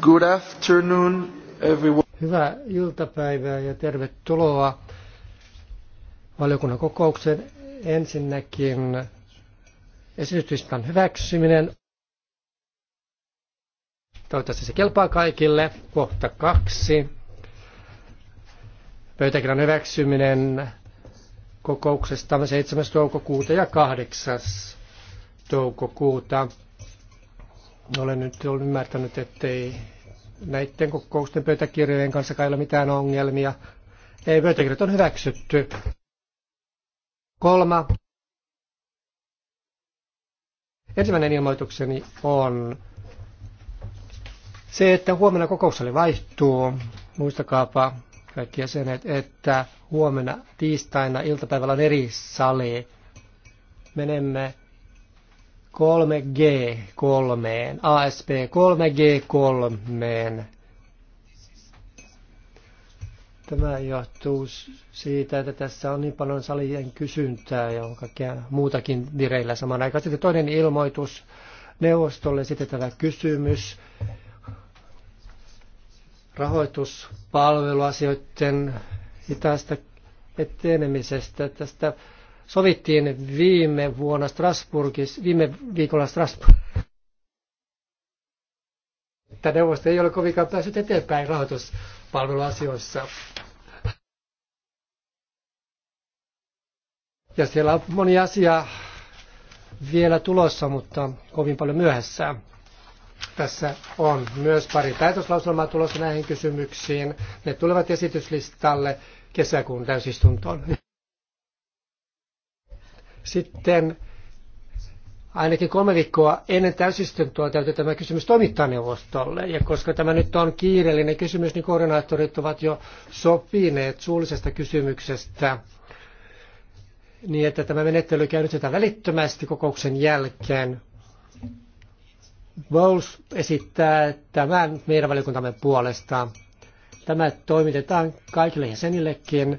Good afternoon, everyone. Hyvää iltapäivää ja tervetuloa valiokunnan kokoukseen. Ensinnäkin esityslistan hyväksyminen. Toivottavasti se kelpaa kaikille. Kohta kaksi. Pöytäkirjan hyväksyminen kokouksesta 7. toukokuuta ja 8 toukokuuta. Olen nyt ymmärtänyt, ettei näiden kokousten pöytäkirjojen kanssa kai ole mitään ongelmia. Ei, pöytäkirjat on hyväksytty. Kolma. Ensimmäinen ilmoitukseni on se, että huomenna kokoussali vaihtuu. Muistakaapa kaikki jäsenet, että huomenna tiistaina iltapäivällä on eri sali. Menemme 3G3, ASP 3G3. Tämä johtuu siitä, että tässä on niin paljon salien kysyntää ja on kaikkea muutakin vireillä Sitten Toinen ilmoitus neuvostolle sitten tämä kysymys rahoituspalveluasioiden hitaasta etenemisestä tästä sovittiin viime vuonna Strasburgissa, viime viikolla Strasbourgissa, että neuvosto ei ole kovinkaan päässyt eteenpäin rahoituspalveluasioissa. Ja siellä on moni asia vielä tulossa, mutta kovin paljon myöhässä. Tässä on myös pari päätöslauselmaa tulossa näihin kysymyksiin. Ne tulevat esityslistalle kesäkuun täysistuntoon. Sitten ainakin kolme viikkoa ennen täysistuntoa täytyy tämä kysymys toimittaa neuvostolle. Ja koska tämä nyt on kiireellinen kysymys, niin koordinaattorit ovat jo sopineet suullisesta kysymyksestä niin, että tämä menettely käynnistetään välittömästi kokouksen jälkeen. Bowles esittää tämän meidän valiokuntamme puolesta. Tämä toimitetaan kaikille jäsenillekin,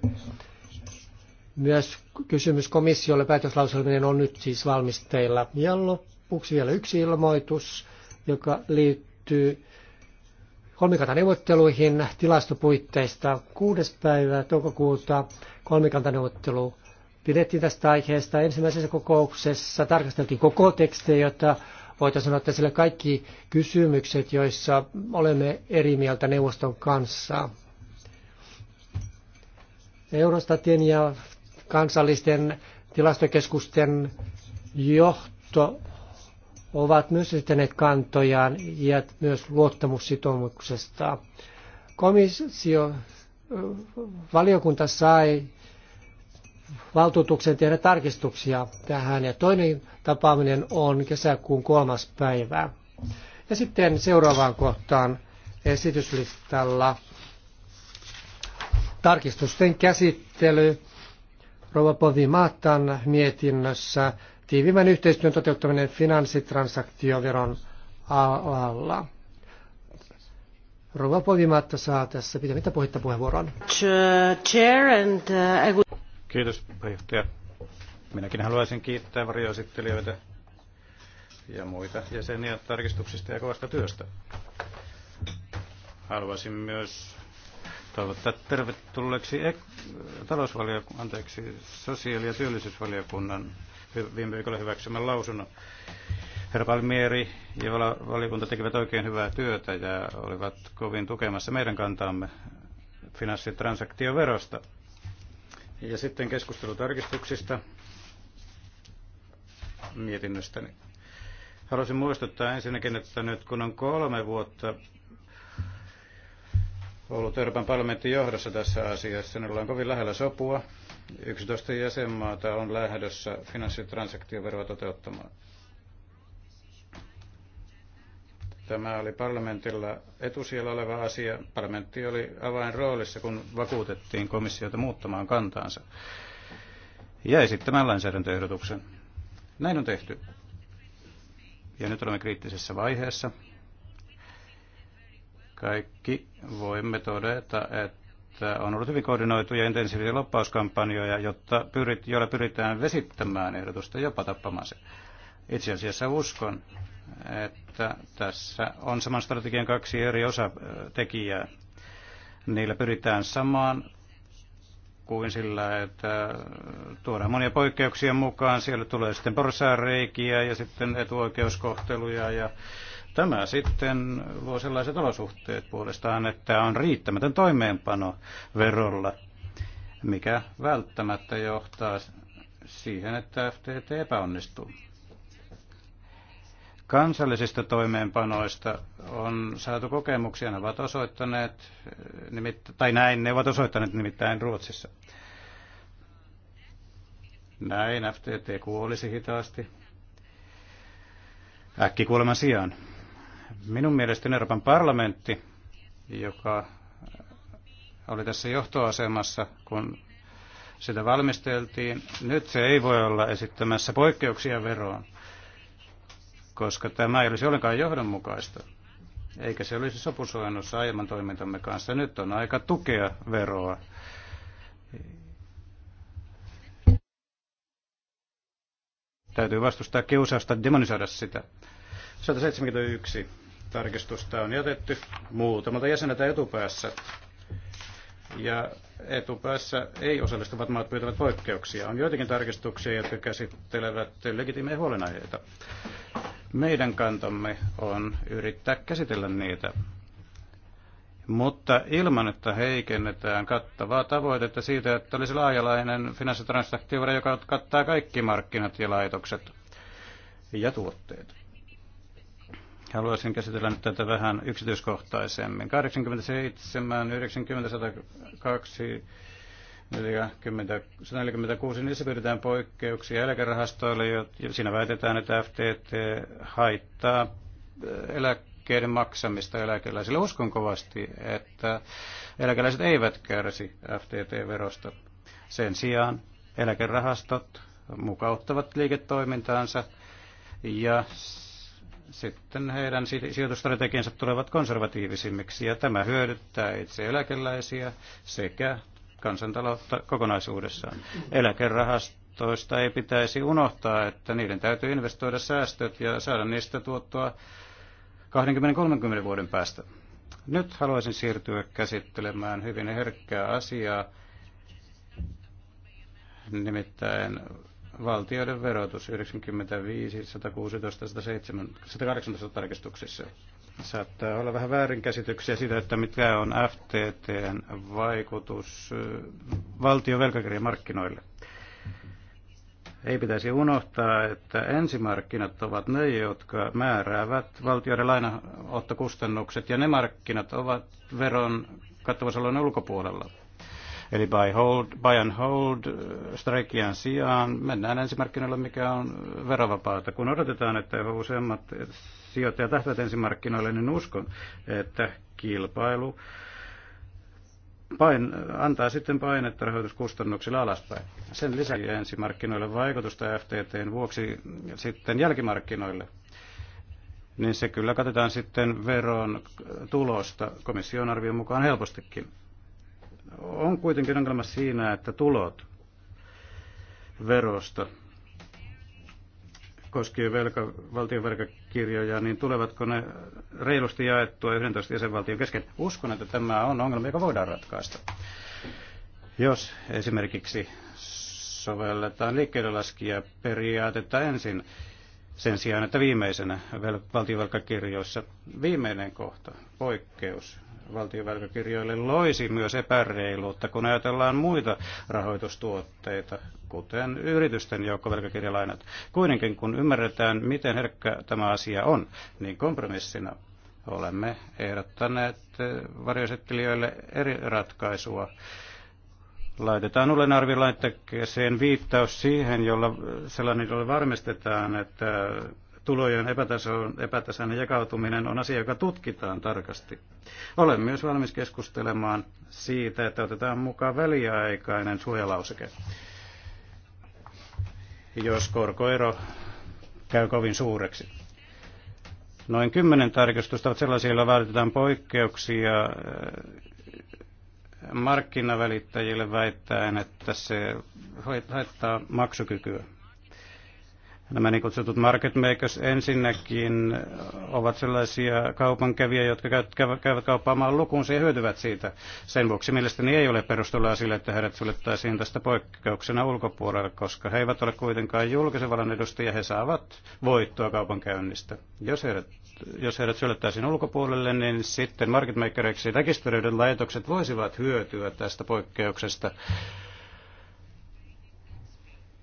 myös kysymys komissiolle päätöslauselminen on nyt siis valmisteilla. Ja lopuksi vielä yksi ilmoitus, joka liittyy kolmikantaneuvotteluihin tilastopuitteista. 6. päivä toukokuuta kolmikantaneuvottelu pidettiin tästä aiheesta. Ensimmäisessä kokouksessa tarkasteltiin koko tekstejä, jotta voitaisiin sanoa, että sille kaikki kysymykset, joissa olemme eri mieltä neuvoston kanssa. Eurostatin ja kansallisten tilastokeskusten johto ovat myös esittäneet kantojaan ja myös luottamussitoumuksesta. Komissio, valiokunta sai valtuutuksen tehdä tarkistuksia tähän ja toinen tapaaminen on kesäkuun kolmas päivä. Ja sitten seuraavaan kohtaan esityslistalla tarkistusten käsittely Rova Povimaattan mietinnössä tiivimmän yhteistyön toteuttaminen finanssitransaktioveron alalla. Rova Povimatta saa tässä pitämättä puhetta puheenvuoron. Uh, Kiitos puheenjohtaja. Minäkin haluaisin kiittää varjoesittelijöitä ja muita jäseniä tarkistuksista ja kovasta työstä. Haluaisin myös toivottaa tervetulleeksi talousvaliokunnan, anteeksi, sosiaali- ja työllisyysvaliokunnan viime viikolla hyväksymän lausunnon. Herra Palmieri ja valiokunta tekivät oikein hyvää työtä ja olivat kovin tukemassa meidän kantaamme finanssitransaktioverosta. Ja sitten keskustelutarkistuksista mietinnöstäni. Haluaisin muistuttaa ensinnäkin, että nyt kun on kolme vuotta ollut Euroopan parlamentin johdossa tässä asiassa. Ne ollaan kovin lähellä sopua. 11 jäsenmaata on lähdössä finanssitransaktioveroa toteuttamaan. Tämä oli parlamentilla etusijalla oleva asia. Parlamentti oli avainroolissa, kun vakuutettiin komissiota muuttamaan kantaansa ja esittämään lainsäädäntöehdotuksen. Näin on tehty. Ja nyt olemme kriittisessä vaiheessa. Kaikki voimme todeta, että on ollut hyvin koordinoituja intensiivisiä loppauskampanjoja, jotta pyrit, joilla pyritään vesittämään ehdotusta jopa tappamaan se. Itse asiassa uskon, että tässä on saman strategian kaksi eri osatekijää. Niillä pyritään samaan kuin sillä, että tuodaan monia poikkeuksia mukaan. Siellä tulee sitten porsaareikiä ja sitten etuoikeuskohteluja ja Tämä sitten luo sellaiset olosuhteet puolestaan, että on riittämätön toimeenpano verolla, mikä välttämättä johtaa siihen, että FTT epäonnistuu. Kansallisista toimeenpanoista on saatu kokemuksia, ne ovat osoittaneet, tai näin ne ovat osoittaneet nimittäin Ruotsissa. Näin FTT kuolisi hitaasti äkkikuoleman sijaan. Minun mielestäni Euroopan parlamentti, joka oli tässä johtoasemassa, kun sitä valmisteltiin, nyt se ei voi olla esittämässä poikkeuksia veroon, koska tämä ei olisi ollenkaan johdonmukaista, eikä se olisi sopusoinnussa aiemman toimintamme kanssa. Nyt on aika tukea veroa. Täytyy vastustaa kiusausta demonisoida sitä. 171 tarkistusta on jätetty muutamalta jäseneltä etupäässä. Ja etupäässä ei osallistuvat maat pyytävät poikkeuksia. On joitakin tarkistuksia, jotka käsittelevät legitiimejä huolenaiheita. Meidän kantamme on yrittää käsitellä niitä, mutta ilman, että heikennetään kattavaa tavoitetta siitä, että olisi laajalainen finanssitransaktioveron, joka kattaa kaikki markkinat ja laitokset ja tuotteet. Haluaisin käsitellä nyt tätä vähän yksityiskohtaisemmin. 87, 90, 102, 40, 146, niissä pyydetään poikkeuksia eläkerahastoille, ja siinä väitetään, että FTT haittaa eh, eläkkeiden maksamista eläkeläisille. Uskon kovasti, että eläkeläiset eivät kärsi FTT-verosta. Sen sijaan eläkerahastot mukauttavat liiketoimintaansa ja sitten heidän sijoitustrategiansa tulevat konservatiivisimmiksi ja tämä hyödyttää itse eläkeläisiä sekä kansantaloutta kokonaisuudessaan. Eläkerahastoista ei pitäisi unohtaa, että niiden täytyy investoida säästöt ja saada niistä tuottoa 20-30 vuoden päästä. Nyt haluaisin siirtyä käsittelemään hyvin herkkää asiaa, nimittäin valtioiden verotus 95, 116, 117, 118 tarkistuksissa. Saattaa olla vähän väärinkäsityksiä siitä, että mikä on FTTn vaikutus äh, valtion velkakirjamarkkinoille. Ei pitäisi unohtaa, että ensimarkkinat ovat ne, jotka määräävät valtioiden lainaottokustannukset, ja ne markkinat ovat veron kattavuusalueen ulkopuolella. Eli buy, hold, buy and hold äh, strikeien sijaan mennään ensimarkkinoille, mikä on verovapaata. Kun odotetaan, että useammat sijoittajat lähtevät ensimarkkinoille, niin uskon, että kilpailu pain, antaa sitten painetta rahoituskustannuksilla alaspäin. Sen lisäksi ensimarkkinoille vaikutusta FTTn vuoksi sitten jälkimarkkinoille, niin se kyllä katsotaan sitten veron tulosta komission arvion mukaan helpostikin on kuitenkin ongelma siinä, että tulot verosta koskien velka, valtion velkakirjoja, niin tulevatko ne reilusti jaettua 11 jäsenvaltion kesken? Uskon, että tämä on ongelma, joka voidaan ratkaista. Jos esimerkiksi sovelletaan liikkeelle periaatetta ensin sen sijaan, että viimeisenä valtionvelkakirjoissa viimeinen kohta, poikkeus, valtionvelkakirjoille loisi myös epäreiluutta, kun ajatellaan muita rahoitustuotteita, kuten yritysten joukkovelkakirjalainat. Kuitenkin kun ymmärretään, miten herkkä tämä asia on, niin kompromissina olemme ehdottaneet eh, varjoesittelijöille eri ratkaisua. Laitetaan uuden arvilaitteeseen viittaus siihen, jolla sellainen jolla varmistetaan, että tulojen epätasainen jakautuminen on asia, joka tutkitaan tarkasti. Olen myös valmis keskustelemaan siitä, että otetaan mukaan väliaikainen suojalauseke, jos korkoero käy kovin suureksi. Noin kymmenen tarkistusta ovat sellaisia, joilla vaaditaan poikkeuksia eh, markkinavälittäjille väittäen, että se haittaa maksukykyä. Nämä niin kutsutut market makers ensinnäkin ovat sellaisia kaupankävijä, jotka käyvät kauppaamaan lukuunsa ja hyötyvät siitä. Sen vuoksi mielestäni ei ole perustelua sille, että heidät suljettaisiin tästä poikkeuksena ulkopuolelle, koska he eivät ole kuitenkaan julkisen vallan edustajia, he saavat voittoa kaupankäynnistä. Jos heidät jos heidät suljettaisiin ulkopuolelle, niin sitten market makereiksi rekisteröidyt laitokset voisivat hyötyä tästä poikkeuksesta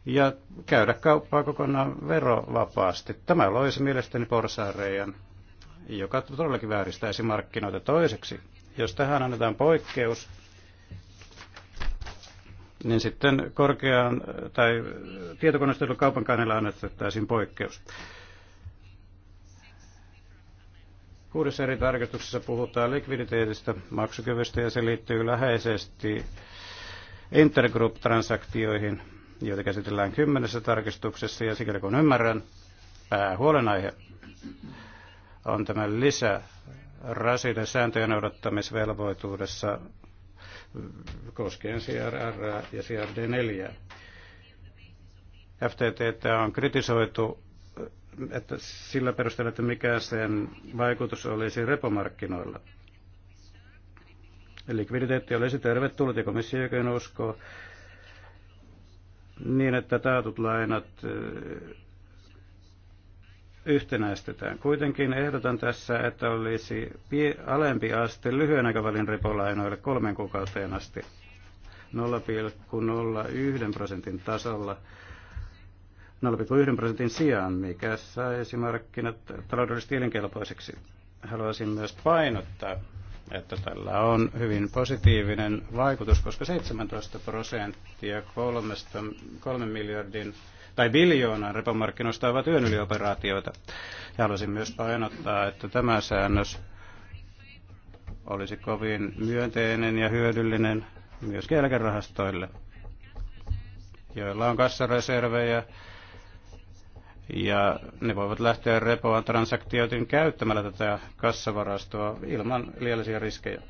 ja käydä kauppaa kokonaan verovapaasti. Tämä loisi mielestäni porsaareijan, joka todellakin vääristäisi markkinoita toiseksi. Jos tähän annetaan poikkeus, niin sitten korkeaan tai kaupan kannella annettaisiin poikkeus. Kuudessa eri tarkastuksessa puhutaan likviditeetistä, maksukyvystä ja se liittyy läheisesti intergroup-transaktioihin, joita käsitellään kymmenessä tarkistuksessa, ja sikäli kun ymmärrän, päähuolenaihe on tämä lisä rasiden sääntöjen noudattamisvelvoituudessa koskien CRR ja CRD4. FTT on kritisoitu että sillä perusteella, että mikä sen vaikutus olisi repomarkkinoilla. Likviditeetti olisi tervetullut ja komissio uskoo, niin, että taatut lainat yhtenäistetään. Kuitenkin ehdotan tässä, että olisi alempi aste lyhyen aikavälin repolainoille kolmen kuukauteen asti 0,01 prosentin tasolla 0,1 prosentin sijaan, mikä saisi markkinat taloudellisesti elinkelpoiseksi. Haluaisin myös painottaa, että tällä on hyvin positiivinen vaikutus, koska 17 prosenttia kolmesta, kolmen miljardin tai biljoonan repomarkkinoista ovat yön ylioperaatioita. Ja haluaisin myös painottaa, että tämä säännös olisi kovin myönteinen ja hyödyllinen myös eläkerahastoille, joilla on kassareservejä ja ne voivat lähteä repoan transaktioitin käyttämällä tätä kassavarastoa ilman liiallisia riskejä.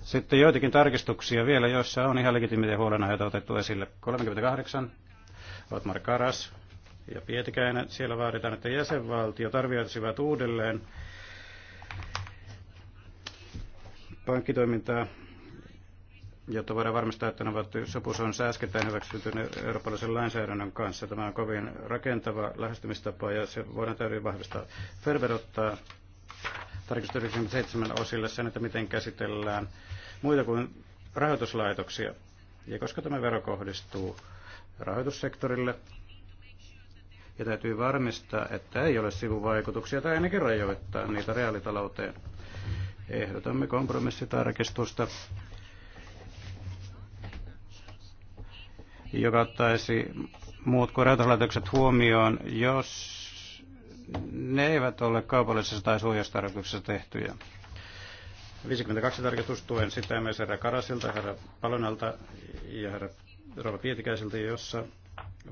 Sitten joitakin tarkistuksia vielä, joissa on ihan legitimitiä huolenaiheita otettu esille. 38, Ovat Markaras ja Pietikäinen. Siellä vaaditaan, että jäsenvaltiot arvioisivat uudelleen pankkitoimintaa jotta voidaan varmistaa, että ne ovat sopusoinnissa äskettäin hyväksytyn eurooppalaisen lainsäädännön kanssa. Tämä on kovin rakentava lähestymistapa ja se voidaan täytyy vahvistaa. Ferber ottaa tarkistus osille sen, että miten käsitellään muita kuin rahoituslaitoksia. Ja koska tämä vero kohdistuu rahoitussektorille, ja täytyy varmistaa, että ei ole sivuvaikutuksia tai ainakin rajoittaa niitä reaalitalouteen. Ehdotamme kompromissitarkistusta joka ottaisi muut kuin rahoituslaitokset huomioon, jos ne eivät ole kaupallisessa tai suojastarkoituksessa tehtyjä. 52 tuen sitä myös herra Karasilta, herra Palonalta ja herra Rova Pietikäiseltä, jossa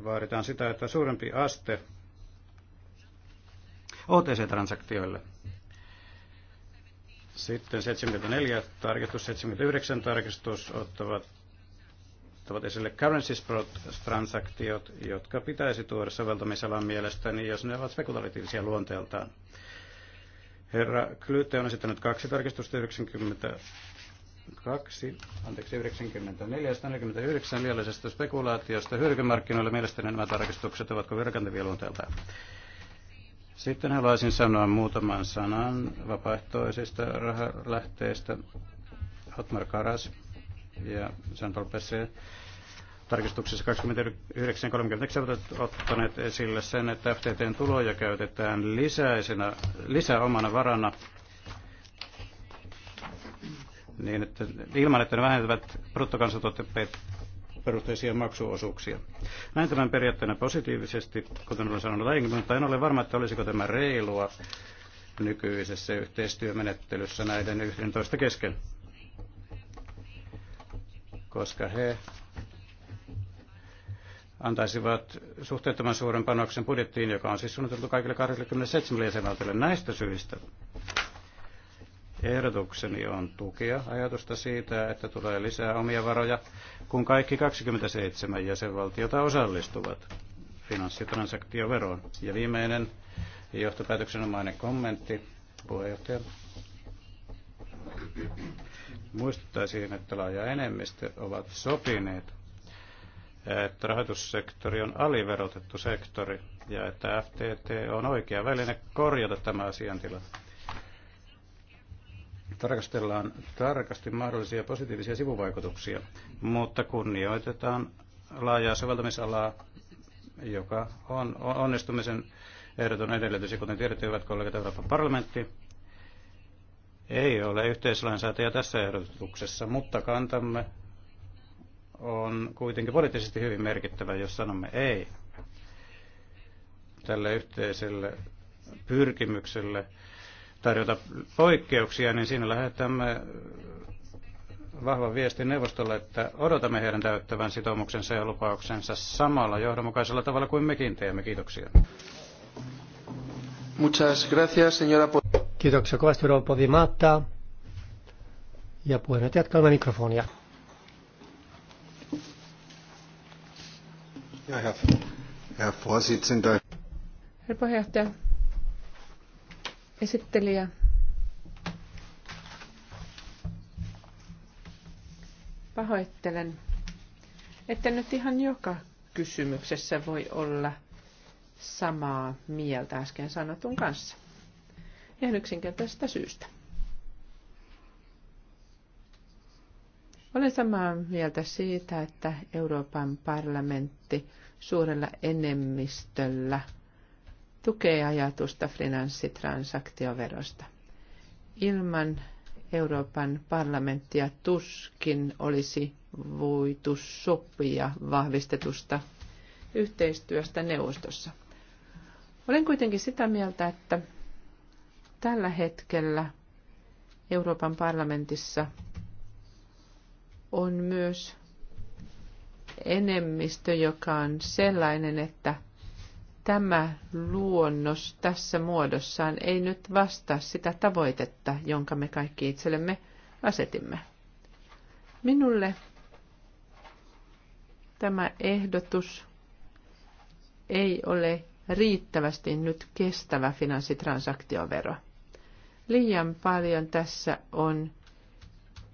vaaditaan sitä, että suurempi aste OTC-transaktioille. Sitten 74 tarkistus, 79 tarkistus ottavat ottavat esille currency transaktiot, jotka pitäisi tuoda soveltamisalan mielestäni, jos ne ovat spekulatiivisia luonteeltaan. Herra Klyte on esittänyt kaksi tarkistusta 92, anteeksi 94 49 liiallisesta spekulaatiosta hyrkymarkkinoille. Mielestäni nämä tarkistukset ovat virkantavia luonteeltaan. Sitten haluaisin sanoa muutaman sanan vapaaehtoisista rahalähteistä. Otmar Karas ja San Tropezin tarkistuksessa 29.39 ottaneet esille sen, että FTTn tuloja käytetään lisäisenä, lisäomana varana niin, että ilman, että ne vähentävät bruttokansantuotteet perusteisia maksuosuuksia. Näin tämän periaatteena positiivisesti, kuten olen sanonut aiemmin, mutta en ole varma, että olisiko tämä reilua nykyisessä yhteistyömenettelyssä näiden 11 kesken koska he antaisivat suhteettoman suuren panoksen budjettiin, joka on siis suunniteltu kaikille 27 jäsenvaltiolle näistä syistä. Ehdotukseni on tukea ajatusta siitä, että tulee lisää omia varoja, kun kaikki 27 jäsenvaltiota osallistuvat finanssitransaktioveroon. Ja viimeinen johtopäätöksenomainen kommentti, puheenjohtaja muistuttaisin, että laaja enemmistö ovat sopineet, että rahoitussektori on aliverotettu sektori ja että FTT on oikea väline korjata tämä asiantila. Tarkastellaan tarkasti mahdollisia positiivisia sivuvaikutuksia, mutta kunnioitetaan laajaa soveltamisalaa, joka on onnistumisen ehdoton edellytys. Ja kuten tiedätte, hyvät kollegat, Euroopan parlamentti ei ole yhteislainsäätäjä tässä ehdotuksessa, mutta kantamme on kuitenkin poliittisesti hyvin merkittävä, jos sanomme ei tälle yhteiselle pyrkimykselle tarjota poikkeuksia, niin siinä lähetämme vahva viesti neuvostolle, että odotamme heidän täyttävän sitoumuksensa ja lupauksensa samalla johdonmukaisella tavalla kuin mekin teemme. Kiitoksia. Muchas gracias, señora. Kiitoksia kovasti Rouva Povimaattaa. Ja puheenjohtaja jatkaa mikrofonia. Ja, herra puheenjohtaja. Herra puheenjohtaja, esittelijä. Pahoittelen, että nyt ihan joka kysymyksessä voi olla samaa mieltä äsken sanotun kanssa ihan yksinkertaisesta syystä. Olen samaa mieltä siitä, että Euroopan parlamentti suurella enemmistöllä tukee ajatusta finanssitransaktioverosta. Ilman Euroopan parlamenttia tuskin olisi voitu sopia vahvistetusta yhteistyöstä neuvostossa. Olen kuitenkin sitä mieltä, että Tällä hetkellä Euroopan parlamentissa on myös enemmistö, joka on sellainen, että tämä luonnos tässä muodossaan ei nyt vastaa sitä tavoitetta, jonka me kaikki itsellemme asetimme. Minulle tämä ehdotus ei ole riittävästi nyt kestävä finanssitransaktiovero – Liian paljon tässä on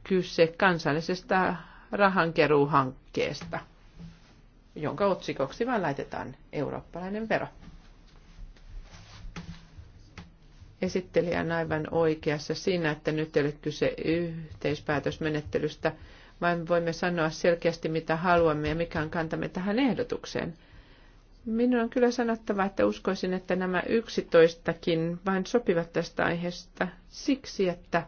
kyse kansallisesta rahankeruuhankkeesta, jonka otsikoksi vain laitetaan eurooppalainen vero. Esittelijä on aivan oikeassa siinä, että nyt ei ole kyse yhteispäätösmenettelystä, vaan voimme sanoa selkeästi, mitä haluamme ja mikä on kantamme tähän ehdotukseen. Minun on kyllä sanottava, että uskoisin, että nämä yksitoistakin vain sopivat tästä aiheesta siksi, että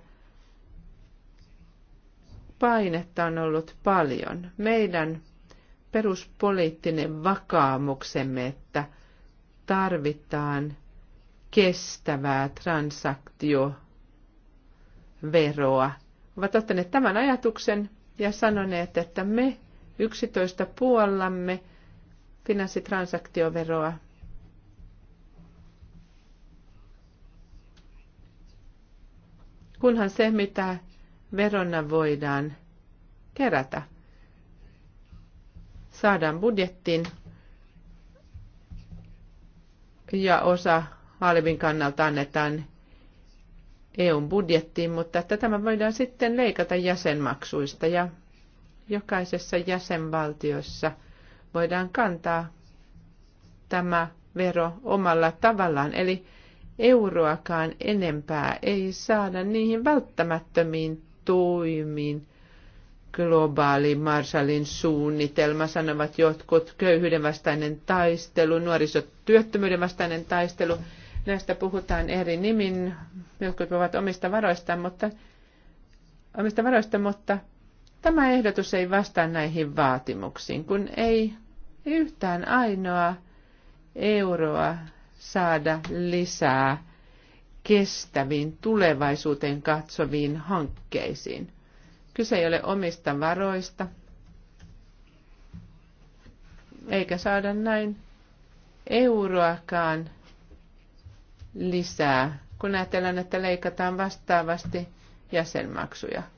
painetta on ollut paljon. Meidän peruspoliittinen vakaamuksemme, että tarvitaan kestävää transaktioveroa, ovat ottaneet tämän ajatuksen ja sanoneet, että me yksitoista puollamme finanssitransaktioveroa. Kunhan se, mitä verona voidaan kerätä, saadaan budjettiin ja osa Halivin kannalta annetaan EUn budjettiin, mutta että tämä voidaan sitten leikata jäsenmaksuista ja jokaisessa jäsenvaltiossa – voidaan kantaa tämä vero omalla tavallaan. Eli euroakaan enempää ei saada niihin välttämättömiin toimiin. Globaali Marshallin suunnitelma, sanovat jotkut, köyhyyden vastainen taistelu, nuorisotyöttömyyden vastainen taistelu. Näistä puhutaan eri nimin, jotkut ovat omista varoista, mutta, omista varoista, mutta Tämä ehdotus ei vastaa näihin vaatimuksiin, kun ei yhtään ainoa euroa saada lisää kestäviin, tulevaisuuteen katsoviin hankkeisiin. Kyse ei ole omista varoista, eikä saada näin euroakaan lisää, kun ajatellaan, että leikataan vastaavasti jäsenmaksuja –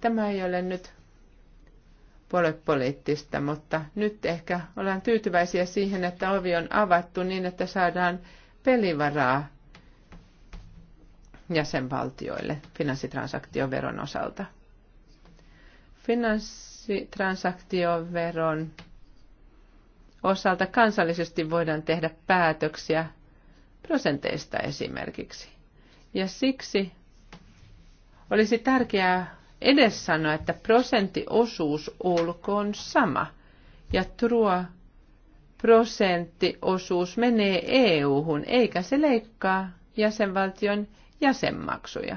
Tämä ei ole nyt puoluepoliittista, mutta nyt ehkä ollaan tyytyväisiä siihen, että ovi on avattu niin, että saadaan pelivaraa jäsenvaltioille finanssitransaktioveron osalta. Finanssitransaktioveron osalta kansallisesti voidaan tehdä päätöksiä prosenteista esimerkiksi. Ja siksi olisi tärkeää edes sanoa, että prosenttiosuus olkoon sama ja tuo prosenttiosuus menee EU-hun, eikä se leikkaa jäsenvaltion jäsenmaksuja.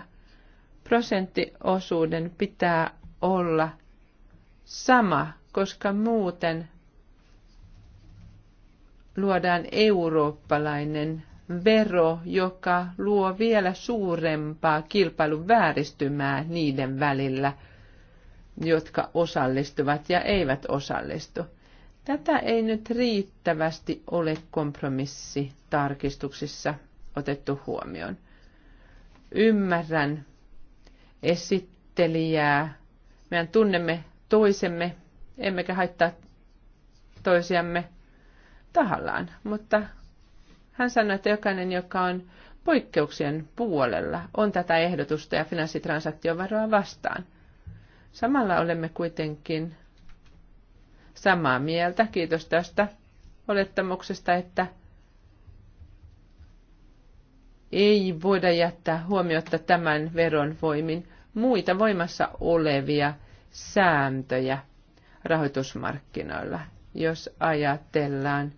Prosenttiosuuden pitää olla sama, koska muuten luodaan eurooppalainen vero, joka luo vielä suurempaa kilpailun vääristymää niiden välillä, jotka osallistuvat ja eivät osallistu. Tätä ei nyt riittävästi ole kompromissitarkistuksissa otettu huomioon. Ymmärrän esittelijää. Meidän tunnemme toisemme, emmekä haittaa toisiamme tahallaan, mutta hän sanoi, että jokainen, joka on poikkeuksien puolella, on tätä ehdotusta ja finanssitransaktiovaroa vastaan. Samalla olemme kuitenkin samaa mieltä, kiitos tästä olettamuksesta, että ei voida jättää huomiota tämän veron voimin muita voimassa olevia sääntöjä rahoitusmarkkinoilla. Jos ajatellaan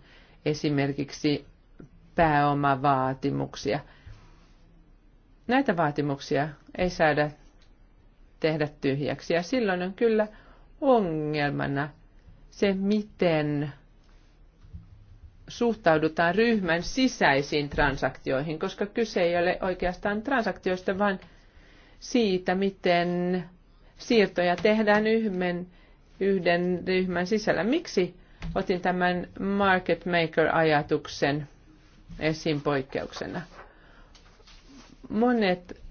esimerkiksi pääomavaatimuksia. Näitä vaatimuksia ei saada tehdä tyhjäksi ja silloin on kyllä ongelmana se, miten suhtaudutaan ryhmän sisäisiin transaktioihin, koska kyse ei ole oikeastaan transaktioista, vaan siitä, miten siirtoja tehdään yhden, yhden ryhmän sisällä. Miksi otin tämän market maker-ajatuksen esiin poikkeuksena. Monet,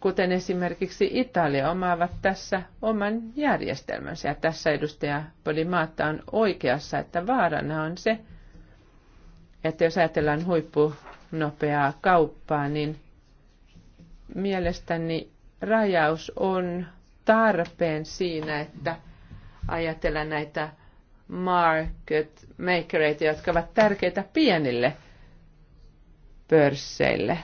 kuten esimerkiksi Italia, omaavat tässä oman järjestelmänsä. Ja tässä edustaja Polimaatta on oikeassa, että vaarana on se, että jos ajatellaan huippunopeaa kauppaa, niin mielestäni rajaus on tarpeen siinä, että ajatellaan näitä market makereita, jotka ovat tärkeitä pienille pörsseille.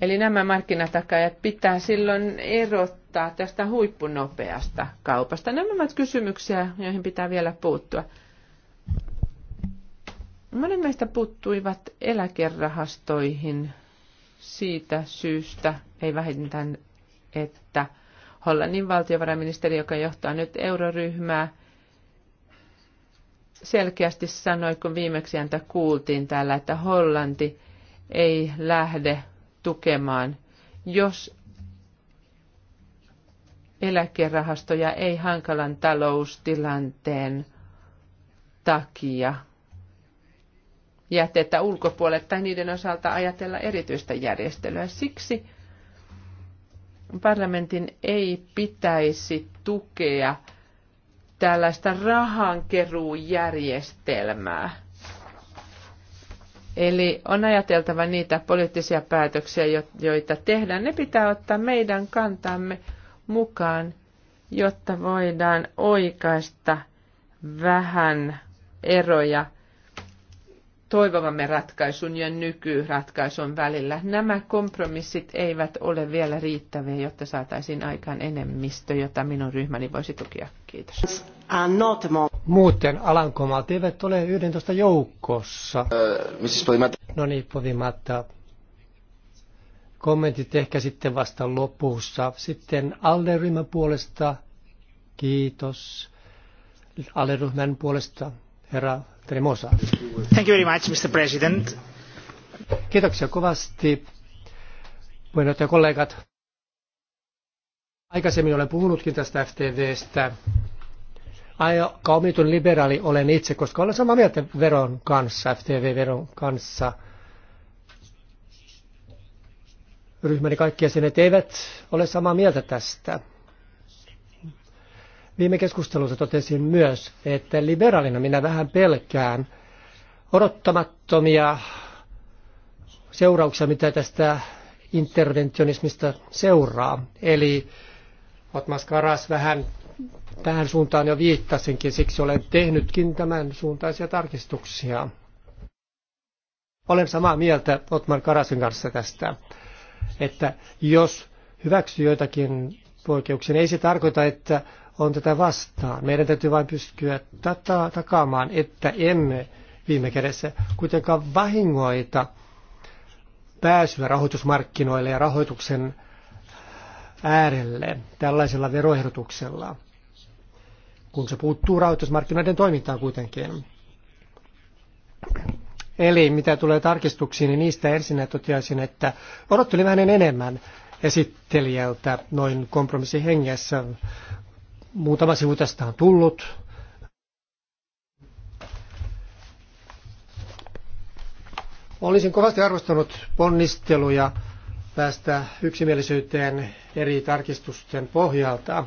Eli nämä markkinatakajat pitää silloin erottaa tästä huippunopeasta kaupasta. Nämä ovat kysymyksiä, joihin pitää vielä puuttua. Monet meistä puuttuivat eläkerahastoihin siitä syystä, ei vähintään että Hollannin valtiovarainministeri, joka johtaa nyt euroryhmää, selkeästi sanoi, kun viimeksi häntä kuultiin täällä, että Hollanti ei lähde tukemaan, jos eläkerahastoja ei hankalan taloustilanteen takia jätetä ulkopuolelle tai niiden osalta ajatella erityistä järjestelyä. Siksi parlamentin ei pitäisi tukea tällaista rahankeruujärjestelmää. Eli on ajateltava niitä poliittisia päätöksiä, joita tehdään. Ne pitää ottaa meidän kantamme mukaan, jotta voidaan oikaista vähän eroja toivomamme ratkaisun ja nykyratkaisun välillä. Nämä kompromissit eivät ole vielä riittäviä, jotta saataisiin aikaan enemmistö, jota minun ryhmäni voisi tukea. Kiitos. Muuten Alankomaat eivät ole 11 joukossa. Äh, no niin, Povimatta. Kommentit ehkä sitten vasta lopussa. Sitten alle puolesta. Kiitos. alle puolesta herra Tremosa. Thank you very much, Mr. President. Kiitoksia kovasti, puheenjohtaja kollegat. Aikaisemmin olen puhunutkin tästä FTVstä. Aika omitun liberaali olen itse, koska olen samaa mieltä veron kanssa, FTV-veron kanssa. Ryhmäni kaikki jäsenet eivät ole samaa mieltä tästä. Viime keskustelussa totesin myös, että liberaalina minä vähän pelkään odottamattomia seurauksia, mitä tästä interventionismista seuraa. Eli Otmas Karas vähän tähän suuntaan jo viittasinkin, siksi olen tehnytkin tämän suuntaisia tarkistuksia. Olen samaa mieltä Otmar Karasin kanssa tästä, että jos hyväksyy joitakin poikkeuksia, niin ei se tarkoita, että on tätä vastaan. Meidän täytyy vain pystyä tätä takaamaan, että emme viime kädessä kuitenkaan vahingoita pääsyä rahoitusmarkkinoille ja rahoituksen äärelle tällaisella veroehdotuksella, kun se puuttuu rahoitusmarkkinoiden toimintaan kuitenkin. Eli mitä tulee tarkistuksiin, niin niistä ensin toteaisin, että odottelin vähän enemmän esittelijältä noin kompromissihengessä, Muutama sivu tästä on tullut. Olisin kovasti arvostanut ponnisteluja päästä yksimielisyyteen eri tarkistusten pohjalta.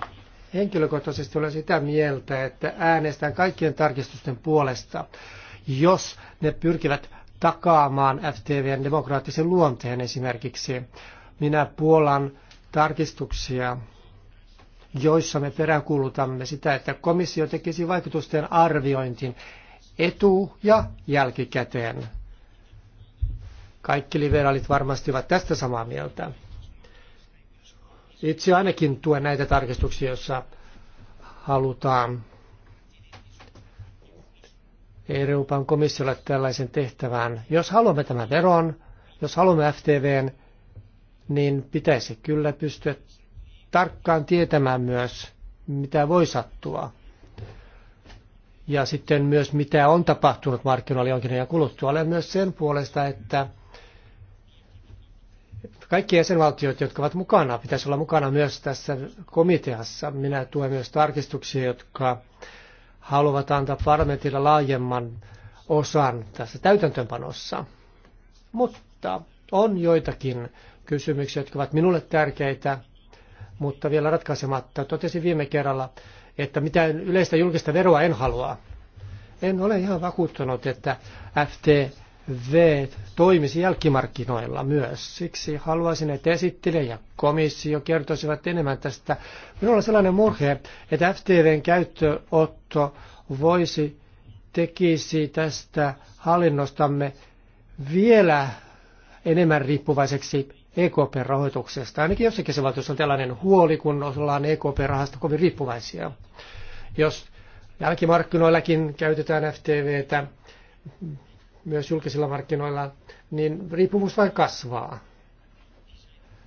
Henkilökohtaisesti olen sitä mieltä, että äänestän kaikkien tarkistusten puolesta, jos ne pyrkivät takaamaan FTVn demokraattisen luonteen esimerkiksi. Minä puolan tarkistuksia, joissa me peräänkuulutamme sitä, että komissio tekisi vaikutusten arviointin etu- ja jälkikäteen. Kaikki liberaalit varmasti ovat tästä samaa mieltä. Itse ainakin tuen näitä tarkistuksia, joissa halutaan Euroopan komissiolle tällaisen tehtävään. Jos haluamme tämän veron, jos haluamme FTVn, niin pitäisi kyllä pystyä tarkkaan tietämään myös, mitä voi sattua. Ja sitten myös, mitä on tapahtunut markkinoilla jonkin ajan kuluttua. Olen myös sen puolesta, että kaikki jäsenvaltiot, jotka ovat mukana, pitäisi olla mukana myös tässä komiteassa. Minä tuen myös tarkistuksia, jotka haluavat antaa parlamentilla laajemman osan tässä täytäntöönpanossa. Mutta on joitakin kysymyksiä, jotka ovat minulle tärkeitä mutta vielä ratkaisematta. Totesin viime kerralla, että mitään yleistä julkista veroa en halua. En ole ihan vakuuttunut, että FTV toimisi jälkimarkkinoilla myös. Siksi haluaisin, että esittelijä ja komissio kertoisivat enemmän tästä. Minulla on sellainen murhe, että FTVn käyttöotto voisi tekisi tästä hallinnostamme vielä enemmän riippuvaiseksi ekp rahoituksesta. Ainakin jossakin se on tällainen huoli, kun ollaan ekp rahasta kovin riippuvaisia. Jos jälkimarkkinoillakin käytetään FTVtä, myös julkisilla markkinoilla, niin riippuvuus vain kasvaa.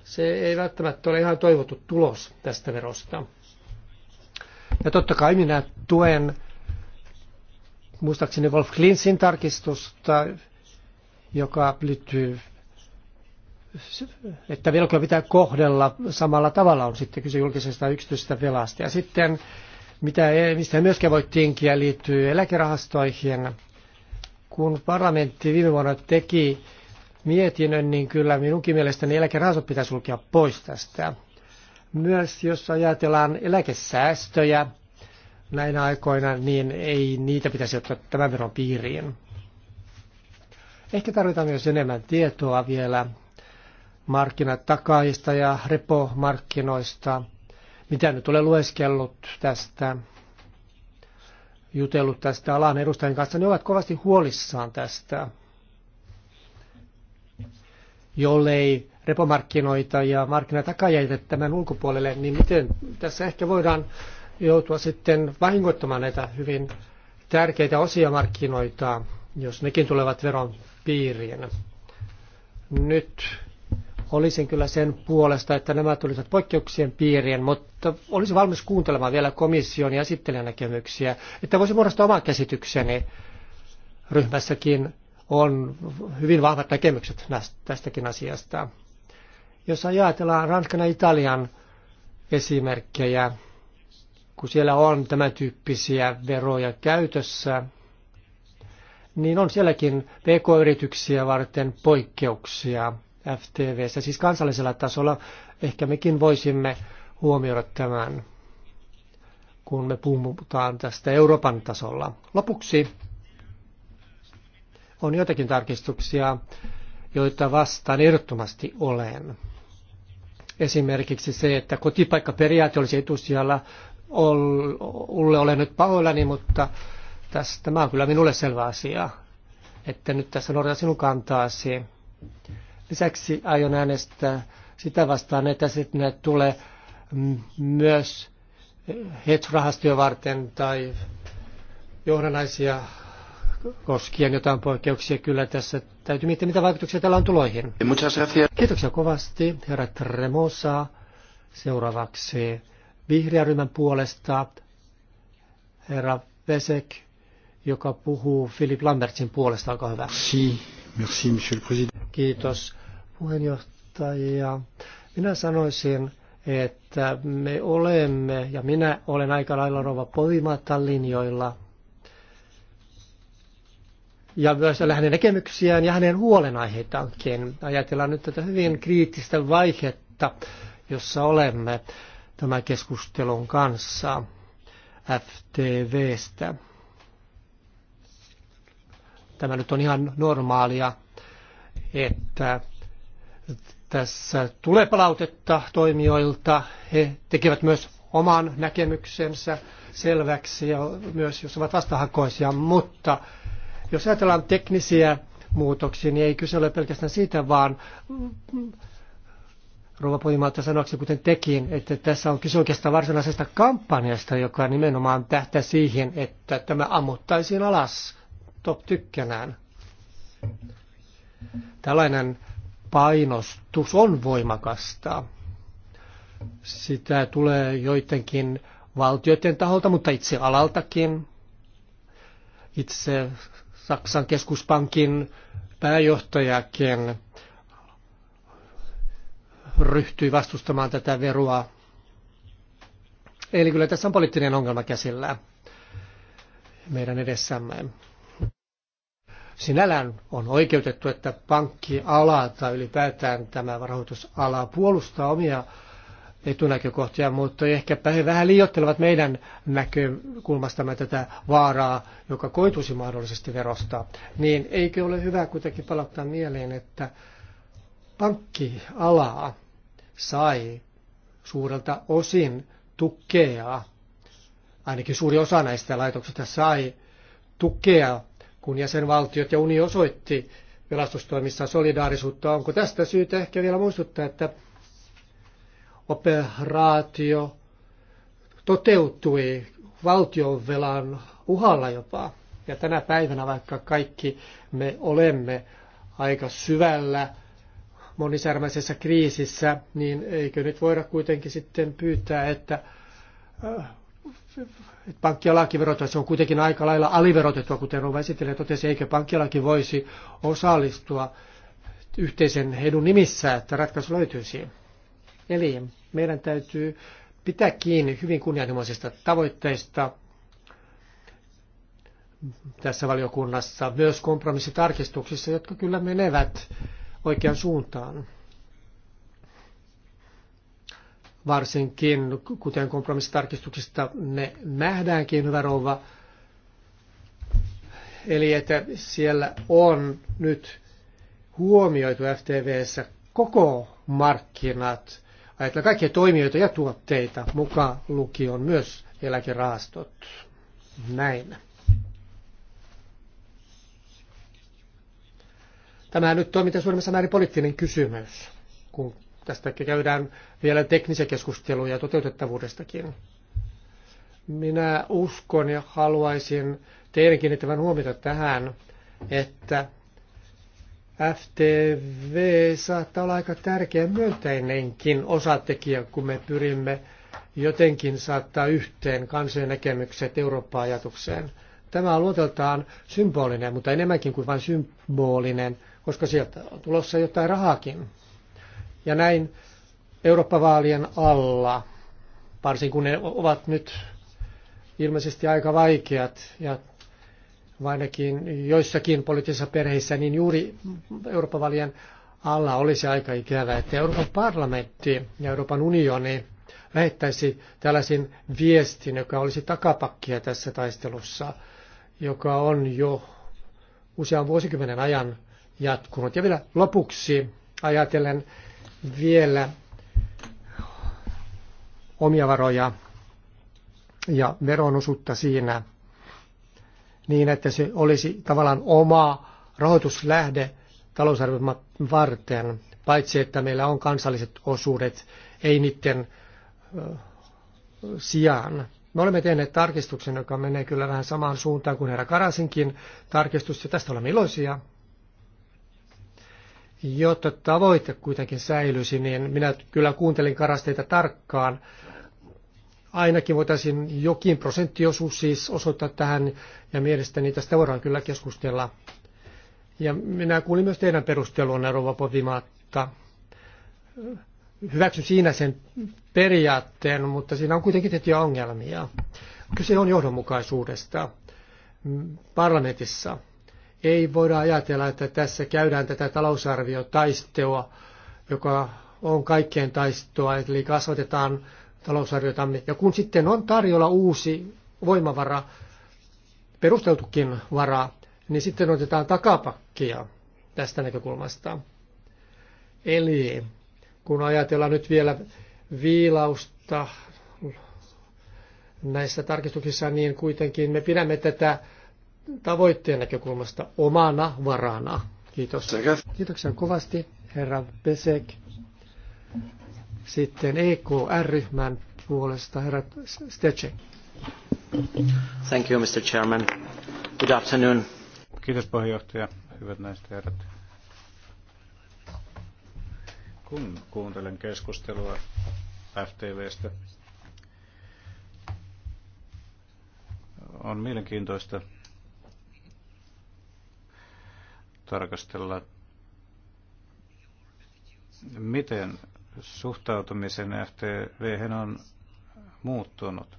Se ei välttämättä ole ihan toivottu tulos tästä verosta. Ja totta kai minä tuen muistaakseni Wolf Klinsin tarkistusta, joka liittyy että velkoja pitää kohdella samalla tavalla, on sitten kyse julkisesta yksityisestä velasta. Ja sitten, mitä, e, mistä myöskään voi tinkiä, liittyy eläkerahastoihin. Kun parlamentti viime vuonna teki mietinnön, niin kyllä minunkin mielestäni eläkerahastot pitäisi sulkea pois tästä. Myös jos ajatellaan eläkesäästöjä näinä aikoina, niin ei niitä pitäisi ottaa tämän veron piiriin. Ehkä tarvitaan myös enemmän tietoa vielä markkinatakaista ja repomarkkinoista, mitä nyt olen lueskellut tästä, jutellut tästä alan edustajien kanssa, ne ovat kovasti huolissaan tästä. Jollei repomarkkinoita ja markkinatakajäitä tämän ulkopuolelle, niin miten tässä ehkä voidaan joutua sitten vahingoittamaan näitä hyvin tärkeitä osia markkinoita, jos nekin tulevat veron piiriin. Nyt Olisin kyllä sen puolesta, että nämä tulisivat poikkeuksien piirien, mutta olisin valmis kuuntelemaan vielä komission ja esittelijän näkemyksiä, että voisin muodostaa oman käsitykseni. Ryhmässäkin on hyvin vahvat näkemykset tästäkin asiasta. Jos ajatellaan Ranskan ja Italian esimerkkejä, kun siellä on tämän tyyppisiä veroja käytössä, niin on sielläkin pk-yrityksiä varten poikkeuksia FTVssä, siis kansallisella tasolla. Ehkä mekin voisimme huomioida tämän, kun me puhutaan tästä Euroopan tasolla. Lopuksi on joitakin tarkistuksia, joita vastaan ehdottomasti olen. Esimerkiksi se, että kotipaikkaperiaate olisi etusijalla. Ulle olen nyt pahoillani, mutta tästä tämä on kyllä minulle selvä asia, että nyt tässä noudataan sinun kantaasi. Lisäksi aion äänestää sitä vastaan, että sitten ne tulee myös hedge varten tai johdanaisia koskien jotain poikkeuksia. Kyllä tässä täytyy miettiä, mitä vaikutuksia tällä on tuloihin. Kiitoksia kovasti, herra Tremosa. Seuraavaksi vihreän ryhmän puolesta herra Vesek, joka puhuu Philip Lambertsin puolesta. Olkaa hyvä. Merci, merci, monsieur le président. Kiitos puheenjohtaja. Minä sanoisin, että me olemme, ja minä olen aika lailla rova poimata linjoilla, ja myös hänen näkemyksiään ja hänen huolenaiheitaankin. Ajatellaan nyt tätä hyvin kriittistä vaihetta, jossa olemme tämän keskustelun kanssa FTVstä. Tämä nyt on ihan normaalia että tässä tulee palautetta toimijoilta. He tekevät myös oman näkemyksensä selväksi ja myös jos ovat vastahakoisia, mutta jos ajatellaan teknisiä muutoksia, niin ei kyse ole pelkästään siitä, vaan Rova Pohjimalta sanoksi, kuten tekin, että tässä on kyse oikeastaan varsinaisesta kampanjasta, joka nimenomaan tähtää siihen, että tämä ammuttaisiin alas top tykkänään. Tällainen painostus on voimakasta. Sitä tulee joidenkin valtioiden taholta, mutta itse alaltakin. Itse Saksan keskuspankin pääjohtajakin ryhtyi vastustamaan tätä veroa. Eli kyllä tässä on poliittinen ongelma käsillä meidän edessämme. Sinällään on oikeutettu, että pankkiala tai ylipäätään tämä rahoitusala puolustaa omia etunäkökohtia, mutta ehkäpä he vähän liioittelevat meidän näkökulmastamme tätä vaaraa, joka koituisi mahdollisesti verosta. Niin eikö ole hyvä kuitenkin palauttaa mieleen, että pankkiala sai suurelta osin tukea, ainakin suuri osa näistä laitoksista sai tukea kun jäsenvaltiot ja uni osoitti pelastustoimissa solidaarisuutta. Onko tästä syytä ehkä vielä muistuttaa, että operaatio toteutui valtionvelan uhalla jopa. Ja tänä päivänä, vaikka kaikki me olemme aika syvällä monisärmäisessä kriisissä, niin eikö nyt voida kuitenkin sitten pyytää, että äh, pankki- ja lakiverot, se on kuitenkin aika lailla aliverotettua, kuten Rova esittelee totesi, eikö pankkialaki voisi osallistua yhteisen edun nimissä, että ratkaisu löytyisi. Eli meidän täytyy pitää kiinni hyvin kunnianhimoisista tavoitteista tässä valiokunnassa, myös kompromissitarkistuksissa, jotka kyllä menevät oikeaan suuntaan varsinkin, kuten kompromissitarkistuksista ne nähdäänkin, hyvä rouva. Eli että siellä on nyt huomioitu FTVssä koko markkinat, ajatellaan kaikkia toimijoita ja tuotteita, mukaan lukion myös eläkerahastot. Näin. Tämä nyt on mitä suurimmassa määrin poliittinen kysymys, kun Tästä käydään vielä teknisiä keskusteluja toteutettavuudestakin. Minä uskon ja haluaisin teidän kiinnittävän huomiota tähän, että FTV saattaa olla aika tärkeä myönteinenkin osatekijä, kun me pyrimme jotenkin saattaa yhteen kansojen näkemykset Eurooppa-ajatukseen. Tämä on luoteltaan symbolinen, mutta enemmänkin kuin vain symbolinen, koska sieltä on tulossa jotain rahakin. Ja näin Eurooppa-vaalien alla, varsin kun ne ovat nyt ilmeisesti aika vaikeat ja ainakin joissakin poliittisissa perheissä, niin juuri Euroopan vaalien alla olisi aika ikävää, että Euroopan parlamentti ja Euroopan unioni lähettäisi tällaisen viestin, joka olisi takapakkia tässä taistelussa, joka on jo usean vuosikymmenen ajan jatkunut. Ja vielä lopuksi ajatellen vielä omia varoja ja veronusutta siinä niin, että se olisi tavallaan oma rahoituslähde talousarvion varten, paitsi että meillä on kansalliset osuudet, ei niiden sijaan. Me olemme tehneet tarkistuksen, joka menee kyllä vähän samaan suuntaan kuin herra Karasinkin tarkistus, ja tästä olemme iloisia jotta tavoite kuitenkin säilyisi, niin minä kyllä kuuntelin karasteita tarkkaan. Ainakin voitaisiin jokin prosenttiosuus siis osoittaa tähän, ja mielestäni tästä voidaan kyllä keskustella. Ja minä kuulin myös teidän perustelunne, Rova Potimaatta. Hyväksyn siinä sen periaatteen, mutta siinä on kuitenkin tiettyjä ongelmia. Kyse on johdonmukaisuudesta parlamentissa ei voida ajatella, että tässä käydään tätä talousarviotaistelua, joka on kaikkien taistoa, eli kasvatetaan talousarviotamme. Ja kun sitten on tarjolla uusi voimavara, perusteltukin vara, niin sitten otetaan takapakkia tästä näkökulmasta. Eli kun ajatellaan nyt vielä viilausta näissä tarkistuksissa, niin kuitenkin me pidämme tätä tavoitteen näkökulmasta omana varana. Kiitos. Kiitoksia kovasti, herra Besek. Sitten EKR-ryhmän puolesta, herra Stecek. Thank you, Mr. Chairman. Good afternoon. Kiitos puheenjohtaja. Hyvät naiset herrat. Kun kuuntelen keskustelua FTVstä, on mielenkiintoista tarkastella, miten suhtautumisen FTV on muuttunut.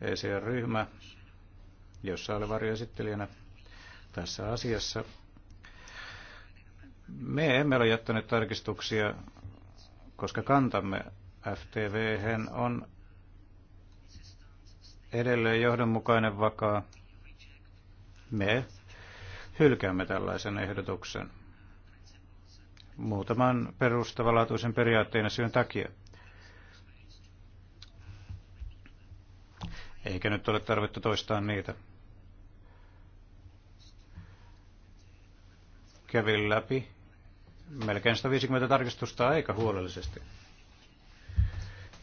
ECR-ryhmä, jossa oli varjoesittelijänä tässä asiassa. Me emme ole jättäneet tarkistuksia, koska kantamme FTV on edelleen johdonmukainen vakaa. Me hylkäämme tällaisen ehdotuksen muutaman perustavanlaatuisen periaatteen asian takia. Eikä nyt ole tarvetta toistaa niitä. Kävin läpi melkein 150 tarkistusta aika huolellisesti.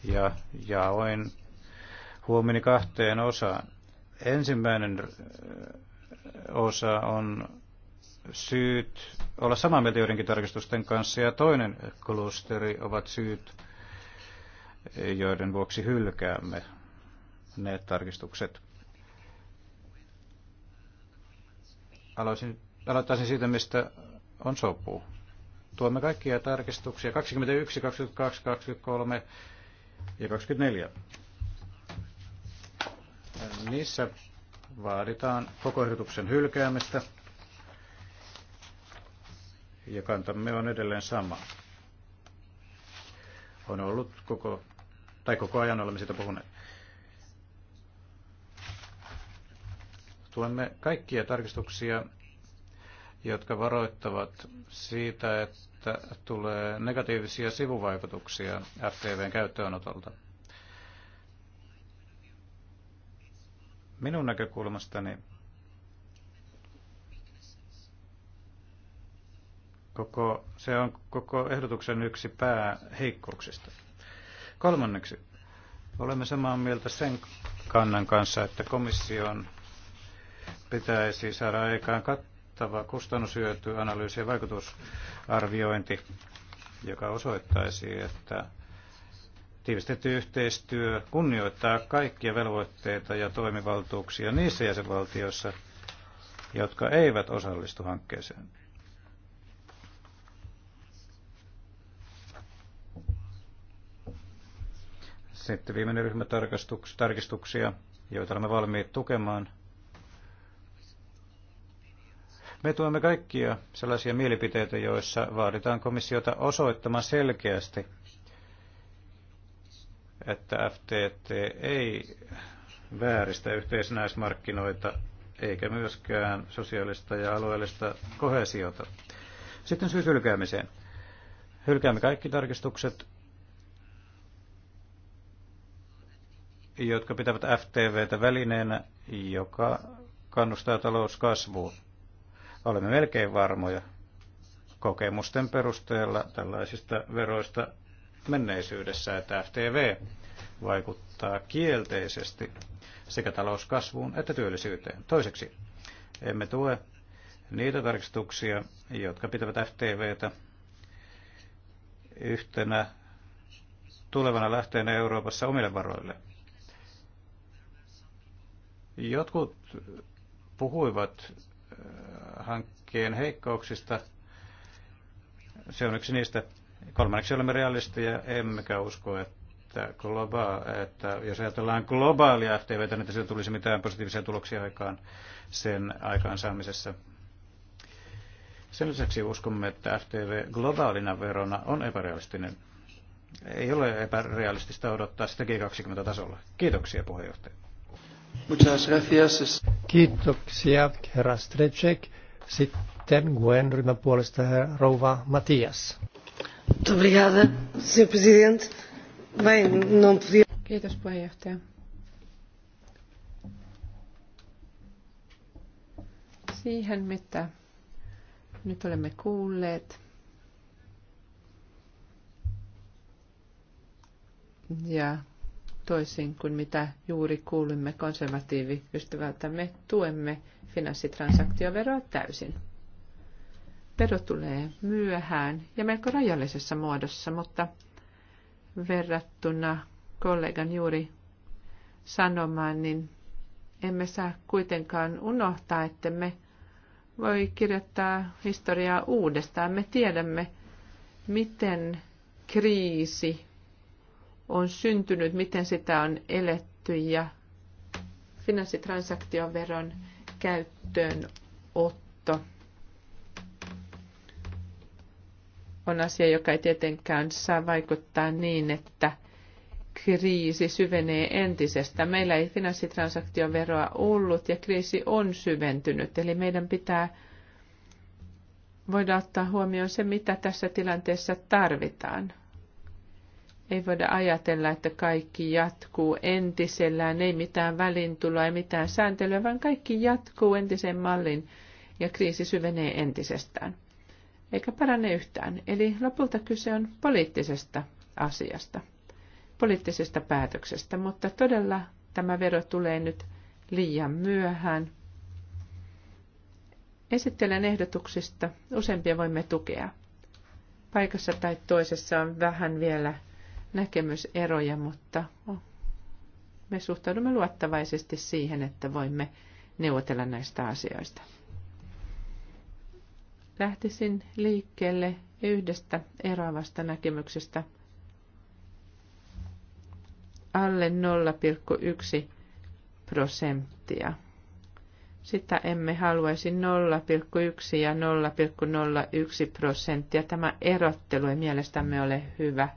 Ja jaoin huomini kahteen osaan. Ensimmäinen osa on syyt olla samaa mieltä joidenkin tarkistusten kanssa ja toinen klusteri ovat syyt, joiden vuoksi hylkäämme ne tarkistukset. Aloisin, aloittaisin siitä, mistä on sopu. Tuomme kaikkia tarkistuksia 21, 22, 23 ja 24. Niissä vaaditaan koko ehdotuksen hylkäämistä ja kantamme on edelleen sama. On ollut koko, tai koko ajan olemme siitä puhuneet. Tuemme kaikkia tarkistuksia, jotka varoittavat siitä, että tulee negatiivisia sivuvaikutuksia FTVn käyttöönotolta. Minun näkökulmastani koko, se on koko ehdotuksen yksi heikkouksista. Kolmanneksi, olemme samaa mieltä sen kannan kanssa, että komission pitäisi saada aikaan kattava kustannushyötyanalyysi ja vaikutusarviointi, joka osoittaisi, että Tiivistetty yhteistyö kunnioittaa kaikkia velvoitteita ja toimivaltuuksia niissä jäsenvaltioissa, jotka eivät osallistu hankkeeseen. Sitten viimeinen ryhmä tarkistuksia, joita olemme valmiit tukemaan. Me tuemme kaikkia sellaisia mielipiteitä, joissa vaaditaan komissiota osoittamaan selkeästi – että FTT ei vääristä yhteisnäismarkkinoita eikä myöskään sosiaalista ja alueellista kohesiota. Sitten syys hylkäämiseen. Hylkäämme kaikki tarkistukset, jotka pitävät FTVtä välineenä, joka kannustaa talouskasvuun. Olemme melkein varmoja kokemusten perusteella tällaisista veroista menneisyydessä, että FTV vaikuttaa kielteisesti sekä talouskasvuun että työllisyyteen. Toiseksi, emme tue niitä tarkistuksia, jotka pitävät FTVtä yhtenä tulevana lähteenä Euroopassa omille varoille. Jotkut puhuivat äh, hankkeen heikkouksista. Se on yksi niistä Kolmanneksi olemme realisteja, emmekä usko, että, globa- että jos ajatellaan globaalia FTV, niin sillä tulisi mitään positiivisia tuloksia aikaan sen aikaansaamisessa. Sen lisäksi uskomme, että FTV globaalina verona on epärealistinen. Ei ole epärealistista odottaa sitä G20-tasolla. Kiitoksia puheenjohtaja. Kiitoksia, herra Strecek. Sitten Gwen ryhmän puolesta herra rouva Matias. Kiitos puheenjohtaja. Siihen, mitä nyt olemme kuulleet ja toisin kuin mitä juuri kuulimme konservatiiviystävältämme, me tuemme finanssitransaktioveroa täysin. Pedo tulee myöhään ja melko rajallisessa muodossa, mutta verrattuna kollegan juuri sanomaan, niin emme saa kuitenkaan unohtaa, että me voi kirjoittaa historiaa uudestaan. Me tiedämme, miten kriisi on syntynyt, miten sitä on eletty ja finanssitransaktioveron käyttöönotto on asia, joka ei tietenkään saa vaikuttaa niin, että kriisi syvenee entisestä. Meillä ei finanssitransaktioveroa ollut ja kriisi on syventynyt, eli meidän pitää voida ottaa huomioon se, mitä tässä tilanteessa tarvitaan. Ei voida ajatella, että kaikki jatkuu entisellään, ei mitään välintuloa, ei mitään sääntelyä, vaan kaikki jatkuu entisen mallin ja kriisi syvenee entisestään eikä parane yhtään. Eli lopulta kyse on poliittisesta asiasta, poliittisesta päätöksestä, mutta todella tämä vero tulee nyt liian myöhään. Esittelen ehdotuksista, useimpia voimme tukea. Paikassa tai toisessa on vähän vielä näkemyseroja, mutta me suhtaudumme luottavaisesti siihen, että voimme neuvotella näistä asioista. Lähtisin liikkeelle yhdestä eroavasta näkemyksestä alle 0,1 prosenttia. Sitä emme haluaisi 0,1 ja 0,01 prosenttia. Tämä erottelu ei mielestämme ole hyvä.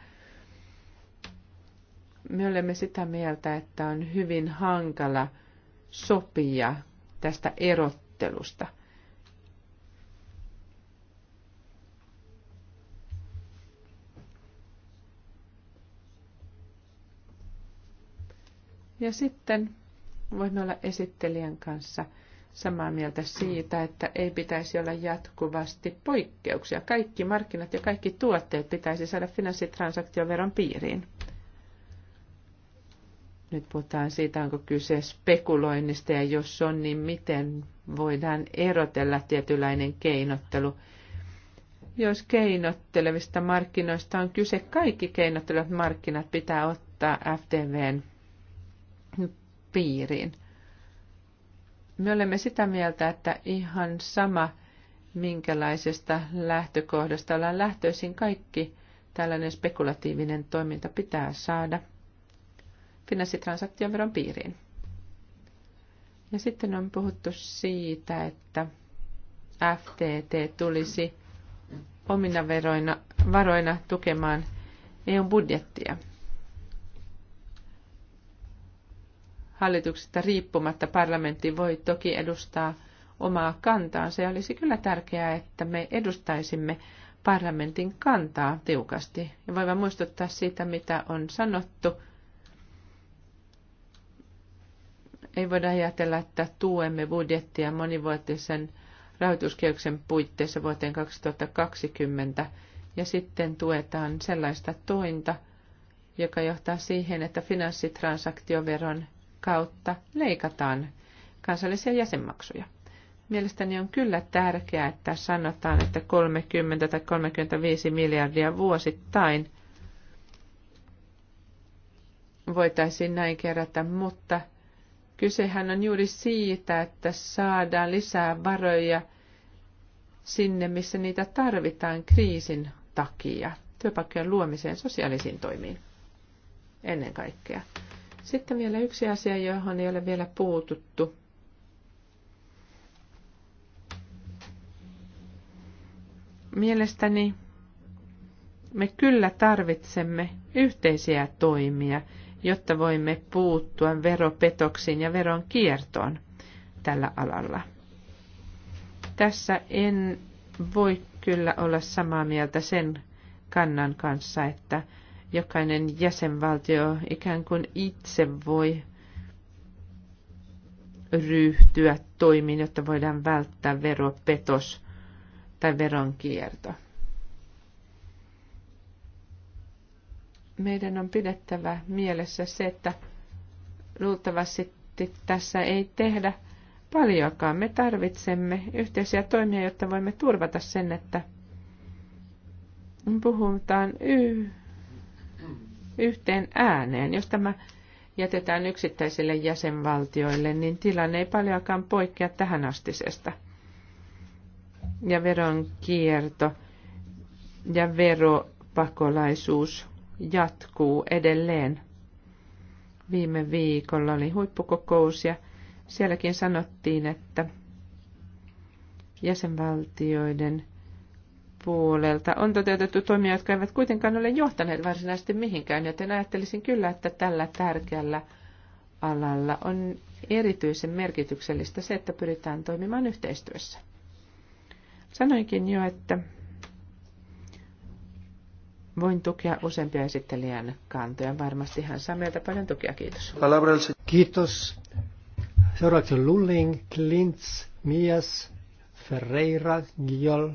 Me olemme sitä mieltä, että on hyvin hankala sopia tästä erottelusta – Ja sitten voimme olla esittelijän kanssa samaa mieltä siitä, että ei pitäisi olla jatkuvasti poikkeuksia. Kaikki markkinat ja kaikki tuotteet pitäisi saada finanssitransaktioveron piiriin. Nyt puhutaan siitä, onko kyse spekuloinnista ja jos on, niin miten voidaan erotella tietynlainen keinottelu. Jos keinottelevista markkinoista on kyse, kaikki keinottelevat markkinat pitää ottaa FTVn piiriin. Me olemme sitä mieltä, että ihan sama minkälaisesta lähtökohdasta ollaan lähtöisin, kaikki tällainen spekulatiivinen toiminta pitää saada finanssitransaktioveron piiriin. Ja sitten on puhuttu siitä, että FTT tulisi omina veroina, varoina tukemaan EUn budjettia. hallituksesta riippumatta parlamentti voi toki edustaa omaa kantaansa ja olisi kyllä tärkeää, että me edustaisimme parlamentin kantaa tiukasti. Ja voimme muistuttaa siitä, mitä on sanottu. Ei voida ajatella, että tuemme budjettia monivuotisen rahoituskehyksen puitteissa vuoteen 2020 ja sitten tuetaan sellaista tointa, joka johtaa siihen, että finanssitransaktioveron kautta leikataan kansallisia jäsenmaksuja. Mielestäni on kyllä tärkeää, että sanotaan, että 30 tai 35 miljardia vuosittain voitaisiin näin kerätä, mutta kysehän on juuri siitä, että saadaan lisää varoja sinne, missä niitä tarvitaan kriisin takia, työpaikkojen luomiseen, sosiaalisiin toimiin ennen kaikkea. Sitten vielä yksi asia, johon ei ole vielä puututtu. Mielestäni me kyllä tarvitsemme yhteisiä toimia, jotta voimme puuttua veropetoksiin ja veron kiertoon tällä alalla. Tässä en voi kyllä olla samaa mieltä sen kannan kanssa, että jokainen jäsenvaltio ikään kuin itse voi ryhtyä toimiin, jotta voidaan välttää veropetos tai veronkierto. Meidän on pidettävä mielessä se, että luultavasti tässä ei tehdä paljonkaan, Me tarvitsemme yhteisiä toimia, jotta voimme turvata sen, että puhutaan yhdessä yhteen ääneen. Jos tämä jätetään yksittäisille jäsenvaltioille, niin tilanne ei paljonkaan poikkea tähän astisesta. Ja veronkierto ja veropakolaisuus jatkuu edelleen. Viime viikolla oli huippukokous ja sielläkin sanottiin, että jäsenvaltioiden puolelta on toteutettu toimia, jotka eivät kuitenkaan ole johtaneet varsinaisesti mihinkään, joten ajattelisin kyllä, että tällä tärkeällä alalla on erityisen merkityksellistä se, että pyritään toimimaan yhteistyössä. Sanoinkin jo, että voin tukea useampia esittelijän kantoja. Varmasti hän saa meiltä paljon tukea. Kiitos. Kiitos. Seuraavaksi Lulling, Klintz, Mias, Ferreira, Giol,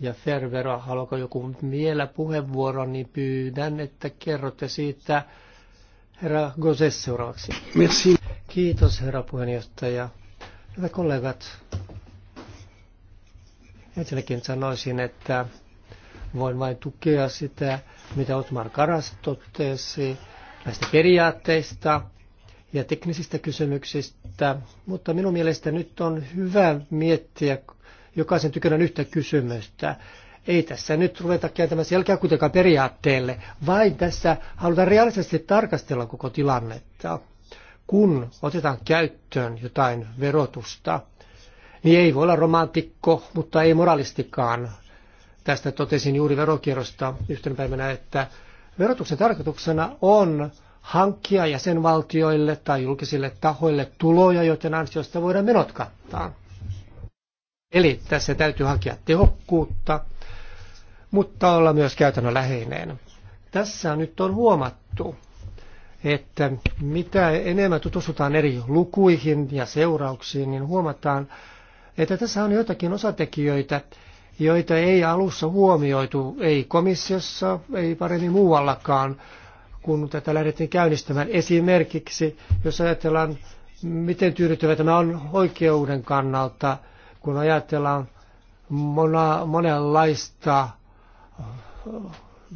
ja Fervera, haluatko joku vielä puheenvuoron, niin pyydän, että kerrotte siitä herra Gose seuraavaksi. Merci. Kiitos herra puheenjohtaja. Hyvät kollegat, ensinnäkin sanoisin, että voin vain tukea sitä, mitä Otmar Karas totesi näistä periaatteista ja teknisistä kysymyksistä, mutta minun mielestä nyt on hyvä miettiä jokaisen tykönän yhtä kysymystä. Ei tässä nyt ruveta kääntämään selkeä kuitenkaan periaatteelle, vaan tässä halutaan realistisesti tarkastella koko tilannetta. Kun otetaan käyttöön jotain verotusta, niin ei voi olla romantikko, mutta ei moralistikaan. Tästä totesin juuri verokierrosta yhtenä päivänä, että verotuksen tarkoituksena on hankkia jäsenvaltioille tai julkisille tahoille tuloja, joten ansiosta voidaan menot kattaa. Eli tässä täytyy hakea tehokkuutta, mutta olla myös läheinen. Tässä nyt on huomattu, että mitä enemmän tutustutaan eri lukuihin ja seurauksiin, niin huomataan, että tässä on joitakin osatekijöitä, joita ei alussa huomioitu, ei komissiossa, ei paremmin muuallakaan, kun tätä lähdettiin käynnistämään. Esimerkiksi, jos ajatellaan, miten tyydyttävä tämä on oikeuden kannalta, kun ajatellaan mona, monenlaista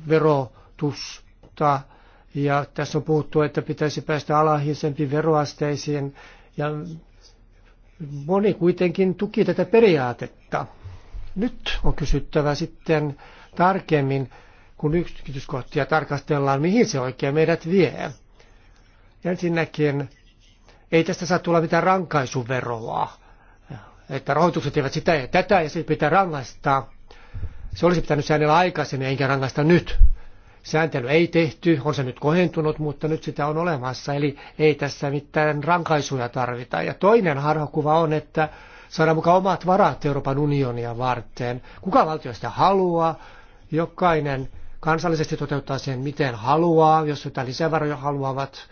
verotusta, ja tässä on puhuttu, että pitäisi päästä alahisempiin veroasteisiin, ja moni kuitenkin tuki tätä periaatetta. Nyt on kysyttävä sitten tarkemmin, kun yksityiskohtia tarkastellaan, mihin se oikein meidät vie. Ensinnäkin ei tästä saa tulla mitään rankaisuveroa että rahoitukset eivät sitä ja tätä ja siitä pitää rangaista. Se olisi pitänyt säännellä aikaisemmin eikä rangaista nyt. Sääntely ei tehty, on se nyt kohentunut, mutta nyt sitä on olemassa, eli ei tässä mitään rankaisuja tarvita. Ja toinen harhakuva on, että saadaan mukaan omat varat Euroopan unionia varten. Kuka valtio sitä haluaa? Jokainen kansallisesti toteuttaa sen, miten haluaa, jos jotain lisävaroja haluavat.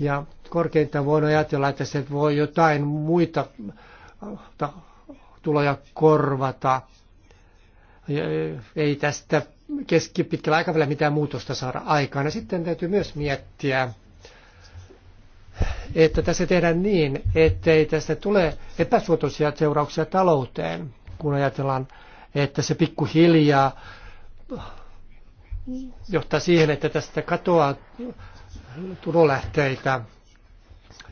Ja korkeintaan voi ajatella, että se voi jotain muita tuloja korvata. E, ei tästä keskipitkällä aikavälillä mitään muutosta saada aikaan. Ja sitten täytyy myös miettiä, että tässä tehdään niin, ettei tästä tule epäsuotoisia seurauksia talouteen, kun ajatellaan, että se pikkuhiljaa johtaa siihen, että tästä katoaa tulolähteitä.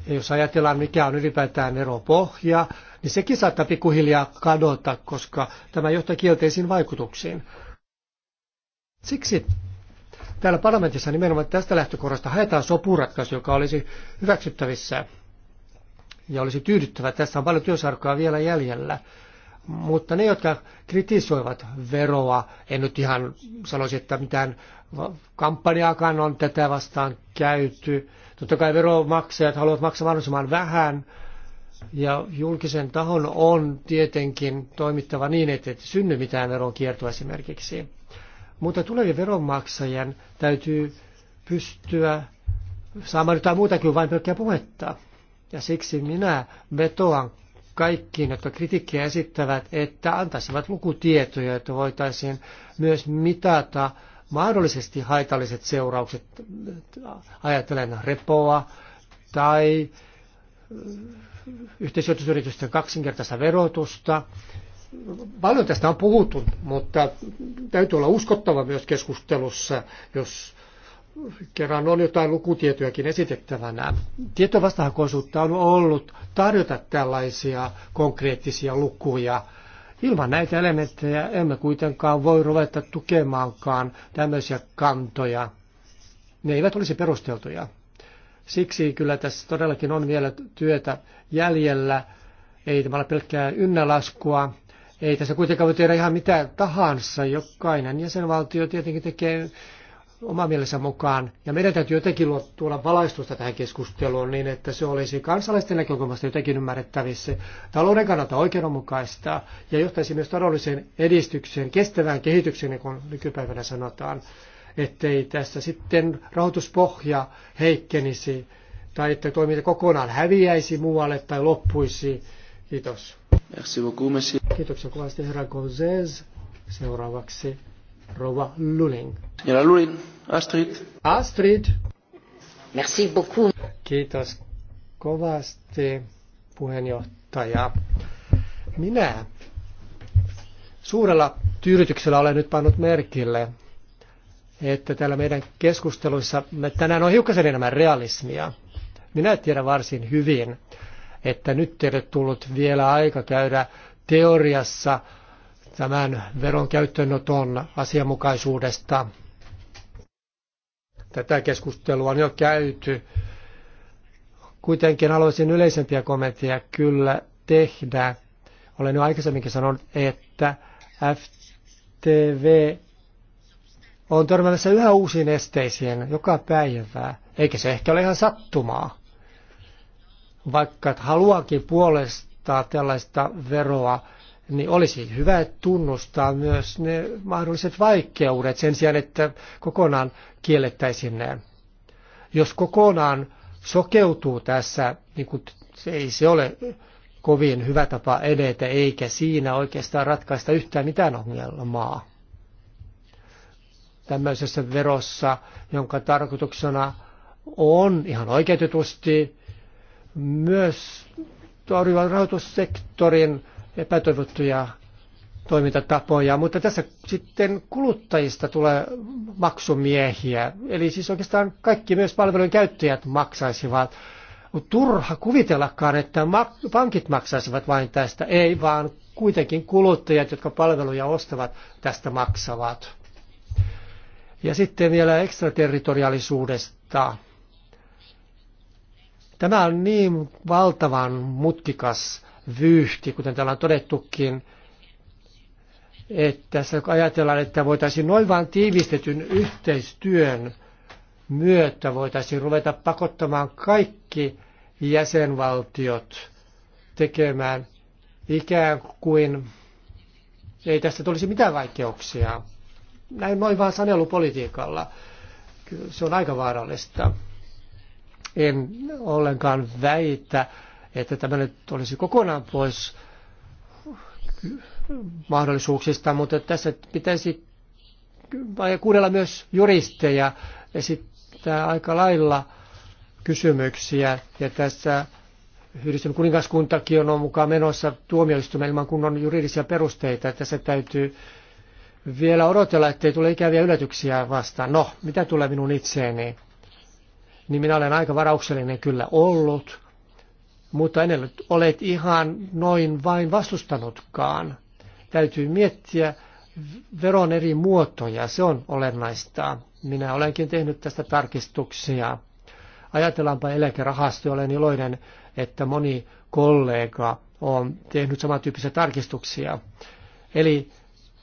Ja jos ajatellaan, mikä on ylipäätään eropohja, niin sekin saattaa pikkuhiljaa kadota, koska tämä johtaa kielteisiin vaikutuksiin. Siksi täällä parlamentissa nimenomaan tästä lähtökohdasta haetaan sopuratkaisu, joka olisi hyväksyttävissä ja olisi tyydyttävä. Tässä on paljon työsarkaa vielä jäljellä. Mutta ne, jotka kritisoivat veroa, en nyt ihan sanoisi, että mitään kampanjaakaan on tätä vastaan käyty. Totta kai veromaksajat haluavat maksaa mahdollisimman vähän, ja julkisen tahon on tietenkin toimittava niin, että et synny mitään veronkiertoa esimerkiksi. Mutta tulevien veronmaksajien täytyy pystyä saamaan jotain muuta kuin vain pelkkää puhetta. Ja siksi minä vetoan kaikkiin, jotka kritiikkiä esittävät, että antaisivat lukutietoja, että voitaisiin myös mitata mahdollisesti haitalliset seuraukset, ajatellen repoa tai yhteisyritysten kaksinkertaista verotusta. Paljon tästä on puhuttu, mutta täytyy olla uskottava myös keskustelussa, jos kerran on jotain lukutietojakin esitettävänä. Tietovastahakoisuutta on ollut tarjota tällaisia konkreettisia lukuja. Ilman näitä elementtejä emme kuitenkaan voi ruveta tukemaankaan tämmöisiä kantoja. Ne eivät olisi perusteltuja. Siksi kyllä tässä todellakin on vielä työtä jäljellä. Ei tämä ole pelkkää ynnälaskua. Ei tässä kuitenkaan voi tehdä ihan mitä tahansa. Jokainen jäsenvaltio tietenkin tekee oma mielensä mukaan. Ja meidän täytyy jotenkin tuoda valaistusta tähän keskusteluun niin, että se olisi kansalaisten näkökulmasta jotenkin ymmärrettävissä, talouden kannalta oikeudenmukaista ja johtaisi myös taloudelliseen edistykseen, kestävään kehitykseen, niin kuin nykypäivänä sanotaan ettei tässä sitten rahoituspohja heikkenisi tai että toiminta kokonaan häviäisi muualle tai loppuisi. Kiitos. Merci beaucoup, monsieur. Kiitoksia kovasti herra Gozes. Seuraavaksi rova Luling. Herra Luling, Astrid. Astrid. Merci beaucoup. Kiitos kovasti puheenjohtaja. Minä suurella tyydytyksellä olen nyt pannut merkille, että täällä meidän keskusteluissa me tänään on hiukkasen enemmän realismia. Minä tiedän varsin hyvin, että nyt teille tullut vielä aika käydä teoriassa tämän veron käyttöönoton asianmukaisuudesta. Tätä keskustelua on jo käyty. Kuitenkin haluaisin yleisempiä kommentteja kyllä tehdä. Olen jo aikaisemminkin sanonut, että FTV on törmäämässä yhä uusiin esteisiin joka päivä, eikä se ehkä ole ihan sattumaa. Vaikka haluakin puolestaa tällaista veroa, niin olisi hyvä tunnustaa myös ne mahdolliset vaikeudet sen sijaan, että kokonaan kiellettäisiin ne. Jos kokonaan sokeutuu tässä, niin kun se ei se ole kovin hyvä tapa edetä, eikä siinä oikeastaan ratkaista yhtään mitään ongelmaa tämmöisessä verossa, jonka tarkoituksena on ihan oikeutetusti myös torjua rahoitussektorin epätoivottuja toimintatapoja, mutta tässä sitten kuluttajista tulee maksumiehiä. Eli siis oikeastaan kaikki myös palvelujen käyttäjät maksaisivat. On turha kuvitellakaan, että pankit maksaisivat vain tästä. Ei, vaan kuitenkin kuluttajat, jotka palveluja ostavat, tästä maksavat. Ja sitten vielä ekstraterritoriaalisuudesta. Tämä on niin valtavan mutkikas vyyhti, kuten täällä on todettukin, että tässä ajatellaan, että voitaisiin noin vain tiivistetyn yhteistyön myötä voitaisiin ruveta pakottamaan kaikki jäsenvaltiot tekemään ikään kuin ei tästä tulisi mitään vaikeuksia näin noin vaan sanelupolitiikalla. Kyllä se on aika vaarallista. En ollenkaan väitä, että tämä nyt olisi kokonaan pois uh, mahdollisuuksista, mutta tässä pitäisi kuunnella myös juristeja esittää aika lailla kysymyksiä. Ja tässä yhdistynyt kuningaskuntakin on mukaan menossa tuomioistuimen ilman kunnon juridisia perusteita. Tässä täytyy vielä odotella, ettei tule ikäviä yllätyksiä vastaan. No, mitä tulee minun itseeni? Niin minä olen aika varauksellinen kyllä ollut, mutta en ole olet ihan noin vain vastustanutkaan. Täytyy miettiä veron eri muotoja, se on olennaista. Minä olenkin tehnyt tästä tarkistuksia. Ajatellaanpa eläkerahastoja, olen iloinen, että moni kollega on tehnyt samantyyppisiä tarkistuksia. Eli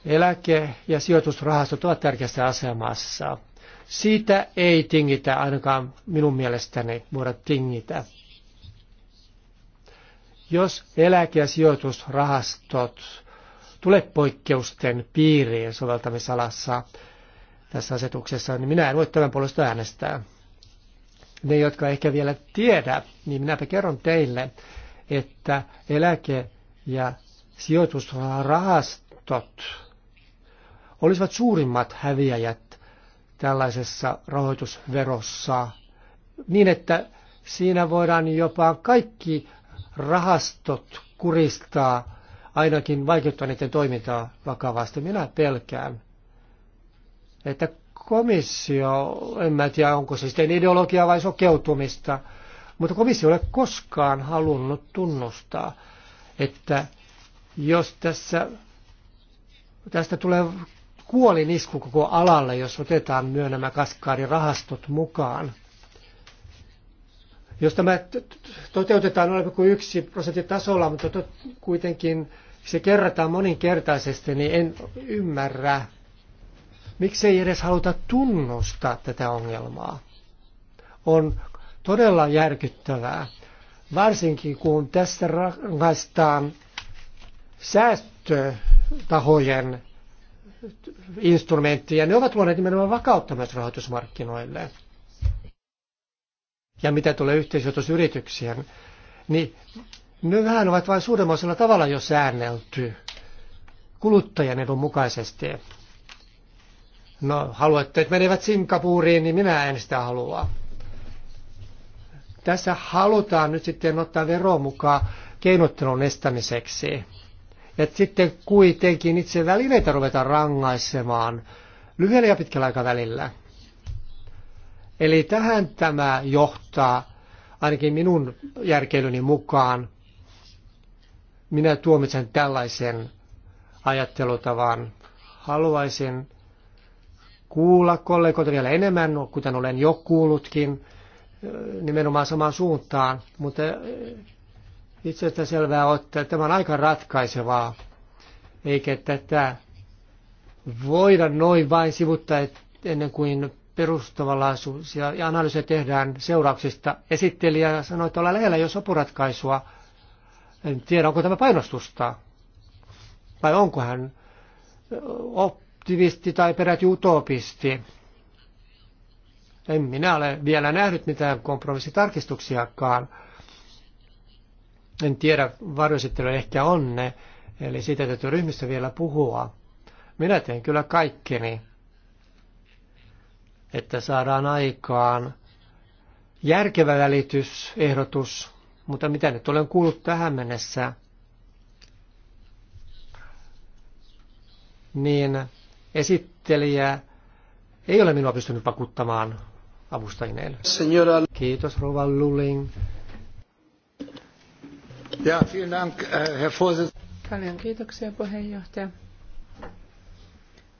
Eläke- ja sijoitusrahastot ovat tärkeässä asemassa. Siitä ei tingitä, ainakaan minun mielestäni voida tingitä. Jos eläke- ja sijoitusrahastot tule poikkeusten piiriin soveltamisalassa tässä asetuksessa, niin minä en voi tämän puolesta äänestää. Ne, jotka ehkä vielä tiedä, niin minäpä kerron teille, että eläke- ja sijoitusrahastot olisivat suurimmat häviäjät tällaisessa rahoitusverossa, niin että siinä voidaan jopa kaikki rahastot kuristaa, ainakin vaikuttaa niiden toimintaa vakavasti. Minä pelkään, että komissio, en mä tiedä onko se sitten ideologia vai sokeutumista, mutta komissio ei ole koskaan halunnut tunnustaa, että jos tässä, tästä tulee kuolin isku koko alalle, jos otetaan myö nämä kaskaarirahastot mukaan. Jos tämä toteutetaan 0,1 prosentin tasolla, mutta tot, kuitenkin se kerrataan moninkertaisesti, niin en ymmärrä, ei edes haluta tunnustaa tätä ongelmaa. On todella järkyttävää, varsinkin kun tässä rangaistaan säästötahojen instrumentti, ja ne ovat luoneet nimenomaan vakautta myös rahoitusmarkkinoille. Ja mitä tulee yhteisjohtosyrityksien, niin ne vähän ovat vain suuremmoisella tavalla jo säännelty kuluttajan edun mukaisesti. No, haluatte, että menevät Singapuriin, niin minä en sitä halua. Tässä halutaan nyt sitten ottaa vero mukaan keinottelun estämiseksi että sitten kuitenkin itse välineitä ruvetaan rangaisemaan lyhyellä ja pitkällä aikavälillä. Eli tähän tämä johtaa, ainakin minun järkeilyni mukaan. Minä tuomitsen tällaisen ajattelutavan. Haluaisin kuulla kollegoita vielä enemmän, kuten olen jo kuullutkin, nimenomaan samaan suuntaan, mutta asiassa selvää ottaa, että tämä on aika ratkaisevaa, eikä tätä voida noin vain sivuttaa ennen kuin perustavanlaisuus ja analyysi tehdään seurauksista. Esittelijä sanoi, että ollaan lähellä jo sopuratkaisua. En tiedä, onko tämä painostusta vai onko hän optimisti tai peräti utopisti. En minä ole vielä nähnyt mitään kompromissitarkistuksiakaan. En tiedä, varjoesittely ehkä on ne, eli siitä täytyy ryhmissä vielä puhua. Minä teen kyllä kaikkeni, että saadaan aikaan järkevä ehdotus, mutta mitä nyt olen kuullut tähän mennessä, niin esittelijä ei ole minua pystynyt vakuuttamaan avustajineille. Kiitos Rova Luling. Ja, vielen Dank, äh, Herr Paljon kiitoksia puheenjohtaja.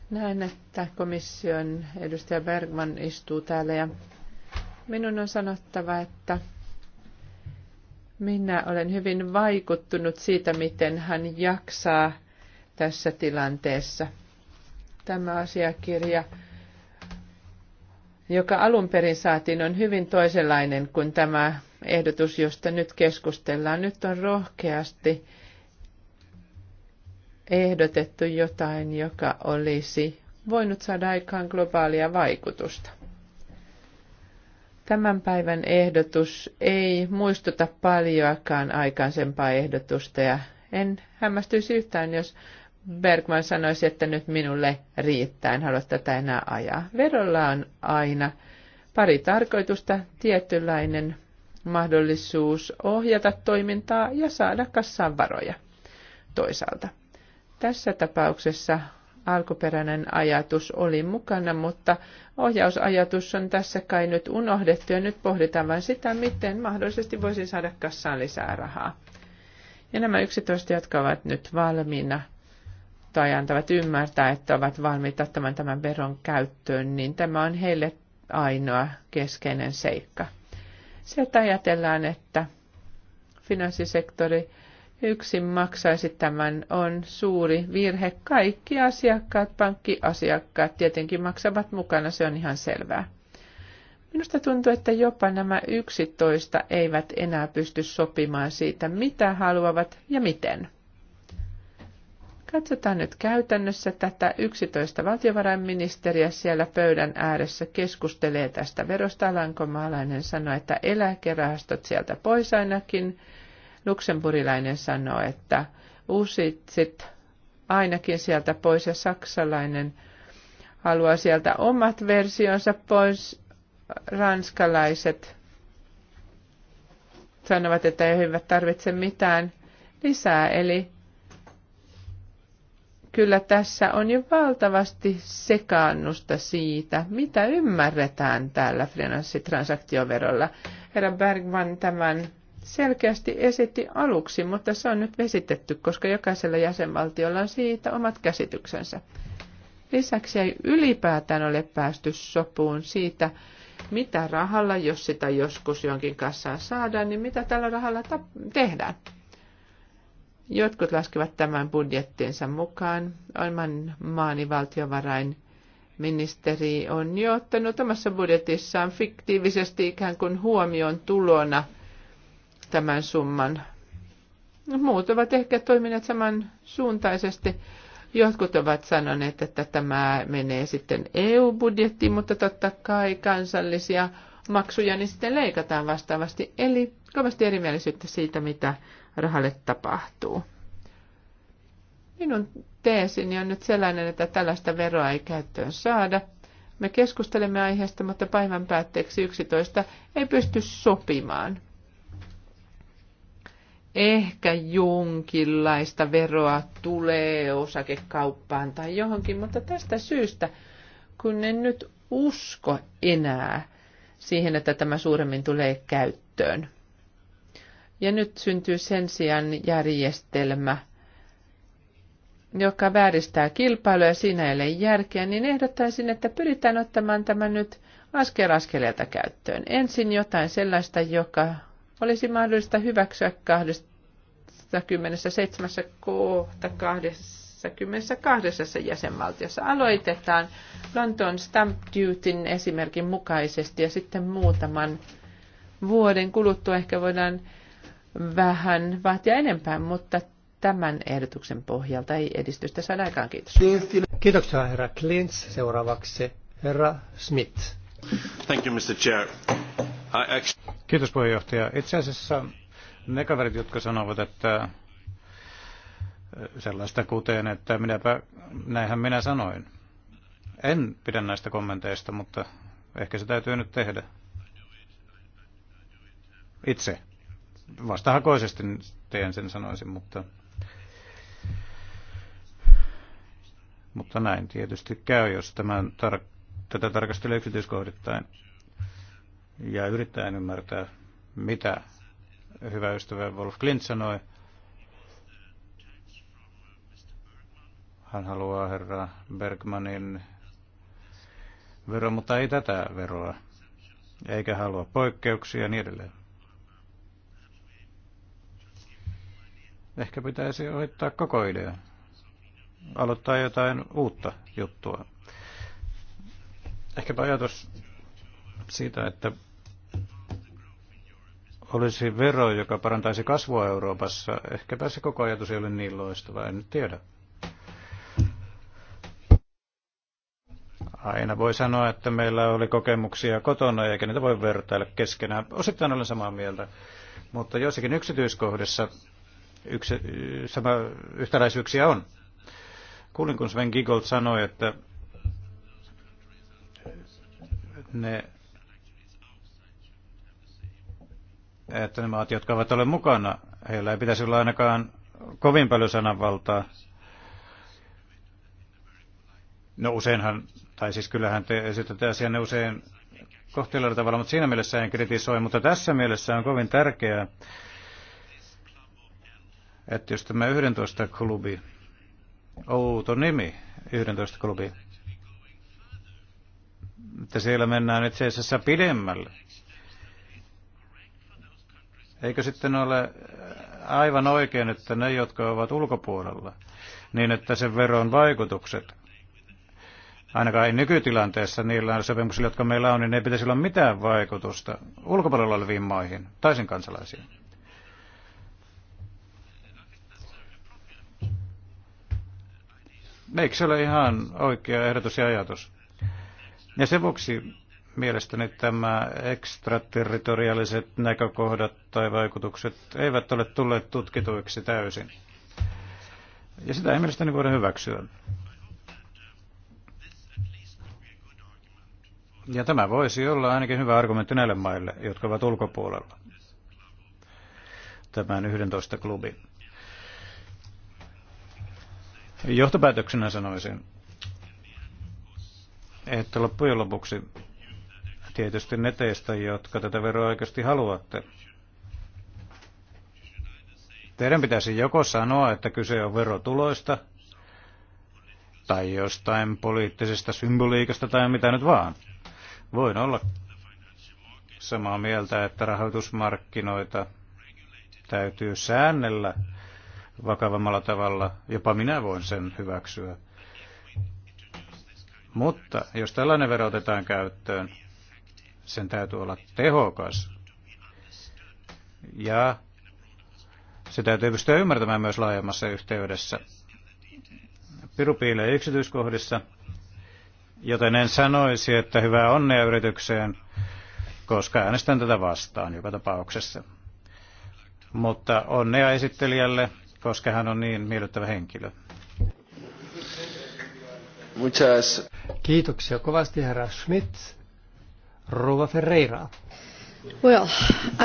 Näen, että komission edustaja Bergman istuu täällä ja minun on sanottava, että minä olen hyvin vaikuttunut siitä, miten hän jaksaa tässä tilanteessa. Tämä asiakirja, joka alun perin saatiin, on hyvin toisenlainen kuin tämä ehdotus, josta nyt keskustellaan. Nyt on rohkeasti ehdotettu jotain, joka olisi voinut saada aikaan globaalia vaikutusta. Tämän päivän ehdotus ei muistuta paljoakaan aikaisempaa ehdotusta ja en hämmästyisi yhtään, jos Bergman sanoisi, että nyt minulle riittää, en halua tätä enää ajaa. Verolla on aina pari tarkoitusta, tietynlainen mahdollisuus ohjata toimintaa ja saada kassaan varoja toisaalta. Tässä tapauksessa alkuperäinen ajatus oli mukana, mutta ohjausajatus on tässä kai nyt unohdettu ja nyt pohditaan vain sitä, miten mahdollisesti voisin saada kassaan lisää rahaa. Ja nämä 11, jotka ovat nyt valmiina tai antavat ymmärtää, että ovat valmiita ottamaan tämän veron käyttöön, niin tämä on heille ainoa keskeinen seikka. Sieltä ajatellaan, että finanssisektori yksin maksaisi tämän on suuri virhe. Kaikki asiakkaat, pankkiasiakkaat tietenkin maksavat mukana, se on ihan selvää. Minusta tuntuu, että jopa nämä yksitoista eivät enää pysty sopimaan siitä, mitä haluavat ja miten. Katsotaan nyt käytännössä tätä 11 valtiovarainministeriä siellä pöydän ääressä keskustelee tästä verosta. Lankomaalainen sanoi, että eläkerahastot sieltä pois ainakin. Luxemburilainen sanoi, että uusitsit ainakin sieltä pois ja saksalainen haluaa sieltä omat versionsa pois. Ranskalaiset sanovat, että he eivät tarvitse mitään lisää, eli kyllä tässä on jo valtavasti sekaannusta siitä, mitä ymmärretään tällä finanssitransaktioverolla. Herra Bergman tämän selkeästi esitti aluksi, mutta se on nyt vesitetty, koska jokaisella jäsenvaltiolla on siitä omat käsityksensä. Lisäksi ei ylipäätään ole päästy sopuun siitä, mitä rahalla, jos sitä joskus jonkin kassaan saadaan, niin mitä tällä rahalla tehdään. Jotkut laskevat tämän budjettinsa mukaan. Oman maani valtiovarain ministeri on jo ottanut omassa budjetissaan fiktiivisesti ikään kuin huomioon tulona tämän summan. Muut ovat ehkä toimineet samansuuntaisesti. Jotkut ovat sanoneet, että tämä menee sitten EU-budjettiin, mutta totta kai kansallisia maksuja niin sitten leikataan vastaavasti. Eli kovasti erimielisyyttä siitä, mitä rahalle tapahtuu. Minun teesini on nyt sellainen, että tällaista veroa ei käyttöön saada. Me keskustelemme aiheesta, mutta päivän päätteeksi 11 ei pysty sopimaan. Ehkä jonkinlaista veroa tulee osakekauppaan tai johonkin, mutta tästä syystä, kun en nyt usko enää siihen, että tämä suuremmin tulee käyttöön. Ja nyt syntyy sen sijaan järjestelmä, joka vääristää kilpailua ja siinä ei ole järkeä, niin ehdottaisin, että pyritään ottamaan tämä nyt askel askeleelta käyttöön. Ensin jotain sellaista, joka olisi mahdollista hyväksyä 27 kohta 22 jäsenvaltiossa. Aloitetaan Lontoon Stamp Dutyn esimerkin mukaisesti ja sitten muutaman vuoden kuluttua ehkä voidaan vähän vaatia enempää, mutta tämän ehdotuksen pohjalta ei edistystä saada aikaan. Kiitos. Kiitoksia herra Klintz. Seuraavaksi herra Smith. Thank you, Mr. Chair. I actually... Kiitos puheenjohtaja. Itse asiassa ne kaverit, jotka sanovat, että äh, sellaista kuten, että minäpä, näinhän minä sanoin. En pidä näistä kommenteista, mutta ehkä se täytyy nyt tehdä. Itse vastahakoisesti teen sen sanoisin, mutta, mutta näin tietysti käy, jos tämän tar- tätä tarkastelee yksityiskohdittain ja yrittää ymmärtää, mitä hyvä ystävä Wolf Klint sanoi. Hän haluaa herra Bergmanin veroa, mutta ei tätä veroa, eikä halua poikkeuksia ja niin edelleen. Ehkä pitäisi ohittaa koko idea. Aloittaa jotain uutta juttua. Ehkäpä ajatus siitä, että olisi vero, joka parantaisi kasvua Euroopassa. Ehkäpä se koko ajatus ei ole niin loistava, en nyt tiedä. Aina voi sanoa, että meillä oli kokemuksia kotona eikä niitä voi vertailla keskenään. Osittain olen samaa mieltä, mutta joissakin yksityiskohdissa yksi, sama yhtäläisyyksiä on. Kuulin, kun Sven Giegold sanoi, että ne että ne maat, jotka ovat olleet mukana, heillä ei pitäisi olla ainakaan kovin paljon sananvaltaa. No useinhan, tai siis kyllähän te esitätte ne usein kohteliaalla tavalla, mutta siinä mielessä en kritisoi, mutta tässä mielessä on kovin tärkeää, että jos tämä 11 klubi, outo nimi, 11 klubi, että siellä mennään itse asiassa pidemmälle. Eikö sitten ole aivan oikein, että ne, jotka ovat ulkopuolella, niin että sen veron vaikutukset, ainakaan ei nykytilanteessa niillä sopimuksilla, jotka meillä on, niin ei pitäisi olla mitään vaikutusta ulkopuolella oleviin maihin, taisin kansalaisiin. Eikö se ole ihan oikea ehdotus ja ajatus? Ja sen vuoksi mielestäni tämä ekstraterritoriaaliset näkökohdat tai vaikutukset eivät ole tulleet tutkituiksi täysin. Ja sitä ei mielestäni voida hyväksyä. Ja tämä voisi olla ainakin hyvä argumentti näille maille, jotka ovat ulkopuolella. Tämän 11 klubin. Johtopäätöksenä sanoisin, että loppujen lopuksi tietysti ne teistä, jotka tätä veroa oikeasti haluatte, teidän pitäisi joko sanoa, että kyse on verotuloista, tai jostain poliittisesta symboliikasta tai mitä nyt vaan. Voin olla samaa mieltä, että rahoitusmarkkinoita täytyy säännellä vakavammalla tavalla. Jopa minä voin sen hyväksyä. Mutta jos tällainen vero otetaan käyttöön, sen täytyy olla tehokas. Ja se täytyy pystyä ymmärtämään myös laajemmassa yhteydessä. Piru piilee yksityiskohdissa, joten en sanoisi, että hyvää onnea yritykseen, koska äänestän tätä vastaan joka tapauksessa. Mutta onnea esittelijälle koska hän on niin miellyttävä henkilö. Muchas. Kiitoksia kovasti herra Schmidt. Rova Ferreira. Well,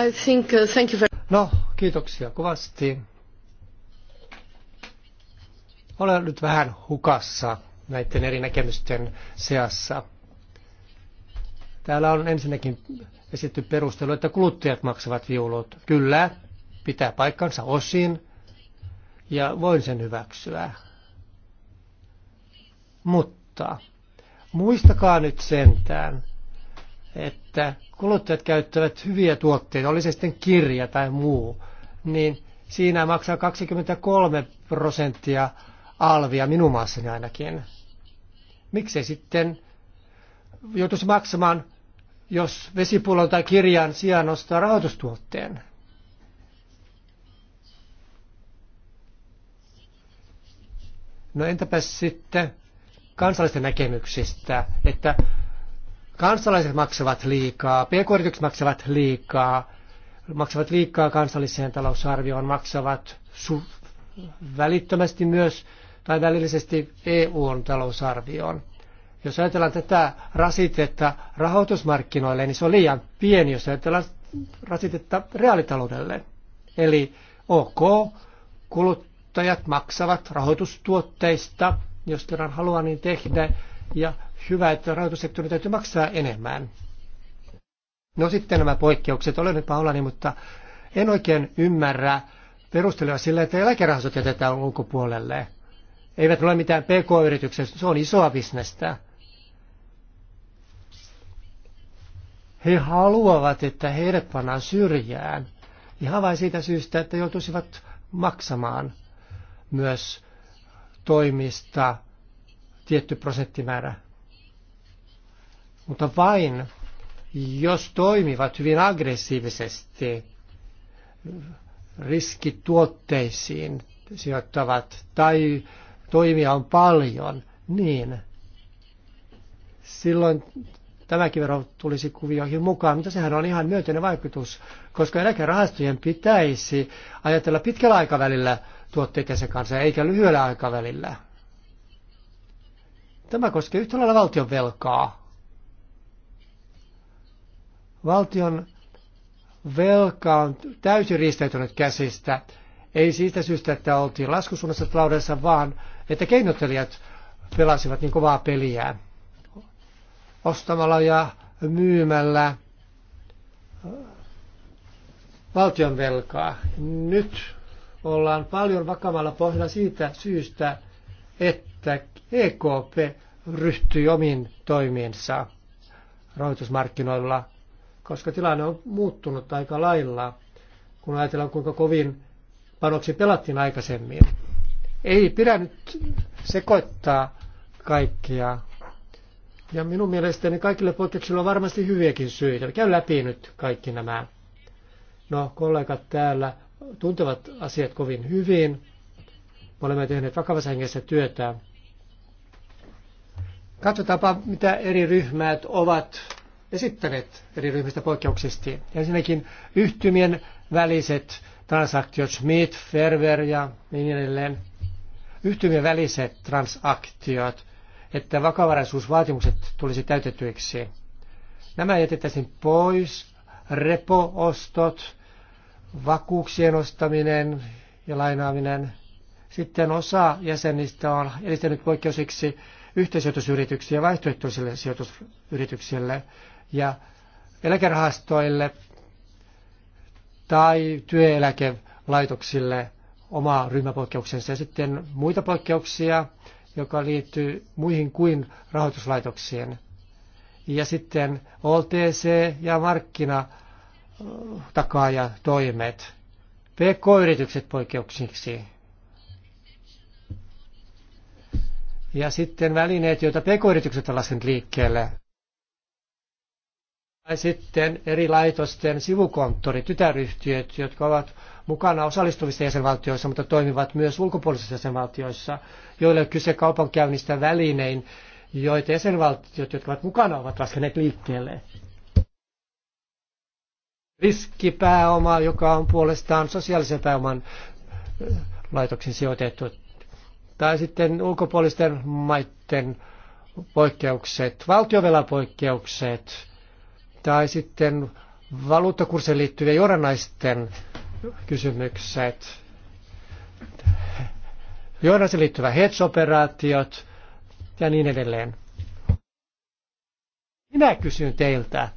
I think, uh, thank you very... No, kiitoksia kovasti. Olen nyt vähän hukassa näiden eri näkemysten seassa. Täällä on ensinnäkin esitetty perustelu, että kuluttajat maksavat viulut. Kyllä, pitää paikkansa osin, ja voin sen hyväksyä. Mutta muistakaa nyt sentään, että kuluttajat käyttävät hyviä tuotteita, oli se sitten kirja tai muu, niin siinä maksaa 23 prosenttia alvia minun maassani ainakin. Miksei sitten joutuisi maksamaan, jos vesipullon tai kirjan sijaan ostaa rahoitustuotteen? No entäpä sitten kansallisten näkemyksistä, että kansalaiset maksavat liikaa, pk-yritykset maksavat liikaa, maksavat liikaa kansalliseen talousarvioon, maksavat välittömästi myös tai välillisesti EUn talousarvioon. Jos ajatellaan tätä rasitetta rahoitusmarkkinoille, niin se on liian pieni, jos ajatellaan rasitetta reaalitaloudelle. Eli ok, kulut kuluttajat maksavat rahoitustuotteista, jos kerran haluaa niin tehdä, ja hyvä, että rahoitussektorin täytyy maksaa enemmän. No sitten nämä poikkeukset, olen nyt pahoillani, mutta en oikein ymmärrä perustelua sillä, että eläkerahastot jätetään ulkopuolelle. Eivät ole mitään pk-yrityksiä, se on isoa bisnestä. He haluavat, että heidät pannaan syrjään. Ihan vain siitä syystä, että joutuisivat maksamaan – myös toimista tietty prosenttimäärä. Mutta vain jos toimivat hyvin aggressiivisesti riskituotteisiin sijoittavat tai toimia on paljon, niin silloin tämäkin vero tulisi kuvioihin mukaan, mutta sehän on ihan myönteinen vaikutus, koska eläkerahastojen pitäisi ajatella pitkällä aikavälillä tuotteidensa kanssa, eikä lyhyellä aikavälillä. Tämä koskee yhtä lailla valtion velkaa. Valtion velka on täysin ristäytynyt käsistä. Ei siitä syystä, että oltiin laskusuunnassa taloudessa, vaan että keinottelijat pelasivat niin kovaa peliä. Ostamalla ja myymällä valtion velkaa. Nyt ollaan paljon vakavalla pohjalla siitä syystä, että EKP ryhtyi omiin toimiinsa rahoitusmarkkinoilla, koska tilanne on muuttunut aika lailla, kun ajatellaan kuinka kovin panoksi pelattiin aikaisemmin. Ei pidä nyt sekoittaa kaikkia. Ja minun mielestäni kaikille poikkeuksille on varmasti hyviäkin syitä. Käy läpi nyt kaikki nämä. No, kollegat täällä tuntevat asiat kovin hyvin. Me olemme tehneet vakavassa hengessä työtä. Katsotaanpa, mitä eri ryhmät ovat esittäneet eri ryhmistä poikkeuksesti. Ensinnäkin yhtymien väliset transaktiot, Schmidt, Ferver ja niin edelleen. Yhtymien väliset transaktiot, että vakavaraisuusvaatimukset tulisi täytetyiksi. Nämä jätettäisiin pois, repoostot, vakuuksien ostaminen ja lainaaminen. Sitten osa jäsenistä on edistänyt poikkeusiksi yhteisijoitusyrityksiä vaihtoehtoisille sijoitusyrityksille ja eläkerahastoille tai työeläkelaitoksille oma ryhmäpoikkeuksensa. Ja sitten muita poikkeuksia, joka liittyy muihin kuin rahoituslaitoksiin. Ja sitten OTC ja markkina takaaja toimet. PK-yritykset poikkeuksiksi. Ja sitten välineet, joita PK-yritykset ovat laskeneet liikkeelle. Tai sitten eri laitosten sivukonttorit, tytäryhtiöt, jotka ovat mukana osallistuvissa jäsenvaltioissa, mutta toimivat myös ulkopuolisissa jäsenvaltioissa, joille on kyse kaupankäynnistä välinein, joita jäsenvaltiot, jotka ovat mukana, ovat laskeneet liikkeelle riskipääoma, joka on puolestaan sosiaalisen pääoman äh, laitoksen sijoitettu. Tai sitten ulkopuolisten maiden poikkeukset, valtiovelapoikkeukset tai sitten valuuttakurssiin liittyviä johdannaisten kysymykset, johdannaisiin liittyvät hedge-operaatiot ja niin edelleen. Minä kysyn teiltä,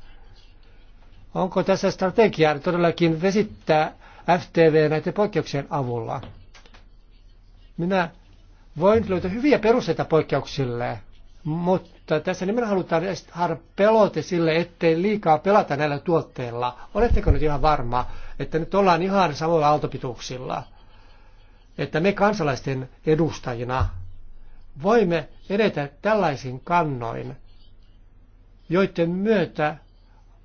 Onko tässä strategiaa todellakin vesittää FTV näiden poikkeuksien avulla? Minä voin löytää hyviä perusteita poikkeuksille, mutta tässä nimenomaan halutaan saada pelote sille, ettei liikaa pelata näillä tuotteilla. Oletteko nyt ihan varma, että nyt ollaan ihan samoilla autopituuksilla? Että me kansalaisten edustajina voimme edetä tällaisin kannoin, joiden myötä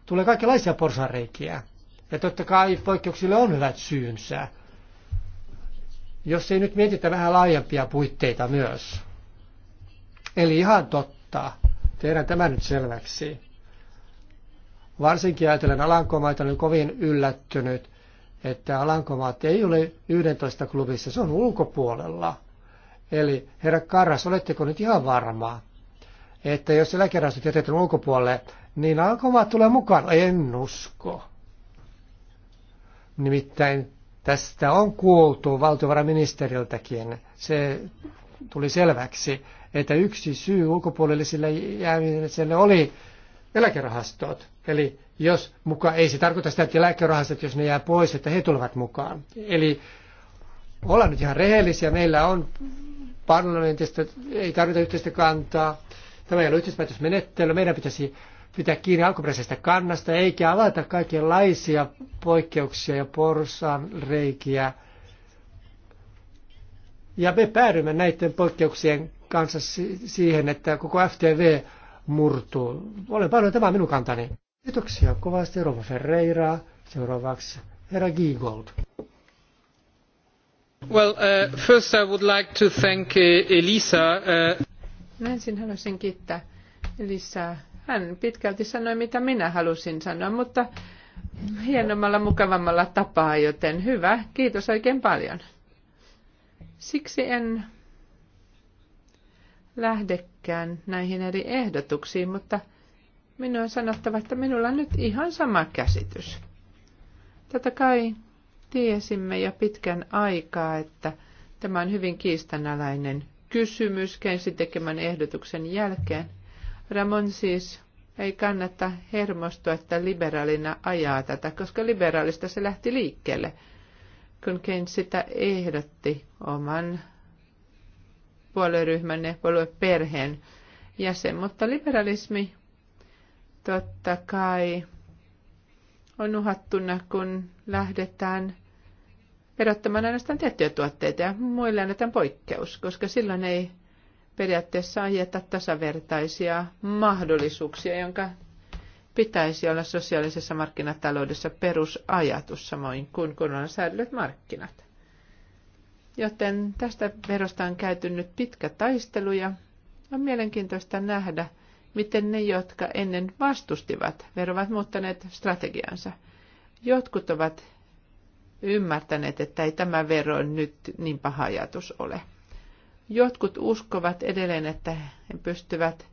tulee kaikenlaisia porsareikiä. Ja totta kai poikkeuksille on hyvät syynsä. Jos ei nyt mietitä vähän laajempia puitteita myös. Eli ihan totta. Tehdään tämä nyt selväksi. Varsinkin ajatellen Alankomaita, olen kovin yllättynyt, että Alankomaat ei ole 11 klubissa, se on ulkopuolella. Eli herra Karras, oletteko nyt ihan varma, että jos eläkerahastot jätetään ulkopuolelle, niin alkoivat tulla mukaan. En usko. Nimittäin tästä on kuultu valtiovarainministeriltäkin. Se tuli selväksi, että yksi syy ulkopuolellisille jäämiselle oli eläkerahastot. Eli jos muka ei se tarkoita sitä, että eläkerahastot, jos ne jää pois, että he tulevat mukaan. Eli ollaan nyt ihan rehellisiä, meillä on parlamentista, ei tarvita yhteistä kantaa. Tämä ei ole yhteispäätösmenettely, meidän pitäisi pitää kiinni alkuperäisestä kannasta, eikä avata kaikenlaisia poikkeuksia ja porsaan reikiä. Ja me päädymme näiden poikkeuksien kanssa siihen, että koko FTV murtuu. Olen paljon tämä minun kantani. Kiitoksia kovasti Rova Ferreira. Seuraavaksi herra Giegold. Well, uh, first I would like to thank uh, Elisa. Uh... Ensin haluaisin kiittää Elisaa hän pitkälti sanoi, mitä minä halusin sanoa, mutta hienommalla, mukavammalla tapaa, joten hyvä, kiitos oikein paljon. Siksi en lähdekään näihin eri ehdotuksiin, mutta minun on sanottava, että minulla on nyt ihan sama käsitys. Tätä kai tiesimme jo pitkän aikaa, että tämä on hyvin kiistanalainen kysymys Kensin tekemän ehdotuksen jälkeen – Ramon siis ei kannata hermostua, että liberaalina ajaa tätä, koska liberaalista se lähti liikkeelle, kun Keynes sitä ehdotti oman puolueryhmänne, puolueperheen jäsen. Mutta liberalismi totta kai on uhattuna, kun lähdetään verottamaan ainoastaan tiettyjä tuotteita ja muille annetaan poikkeus, koska silloin ei periaatteessa ajeta tasavertaisia mahdollisuuksia, jonka pitäisi olla sosiaalisessa markkinataloudessa perusajatus, samoin kuin kunnolla säädellyt markkinat. Joten tästä verosta on käyty nyt pitkä taistelu ja on mielenkiintoista nähdä, miten ne, jotka ennen vastustivat, verovat muuttaneet strategiansa. Jotkut ovat ymmärtäneet, että ei tämä vero nyt niin paha ajatus ole. Jotkut uskovat edelleen, että he pystyvät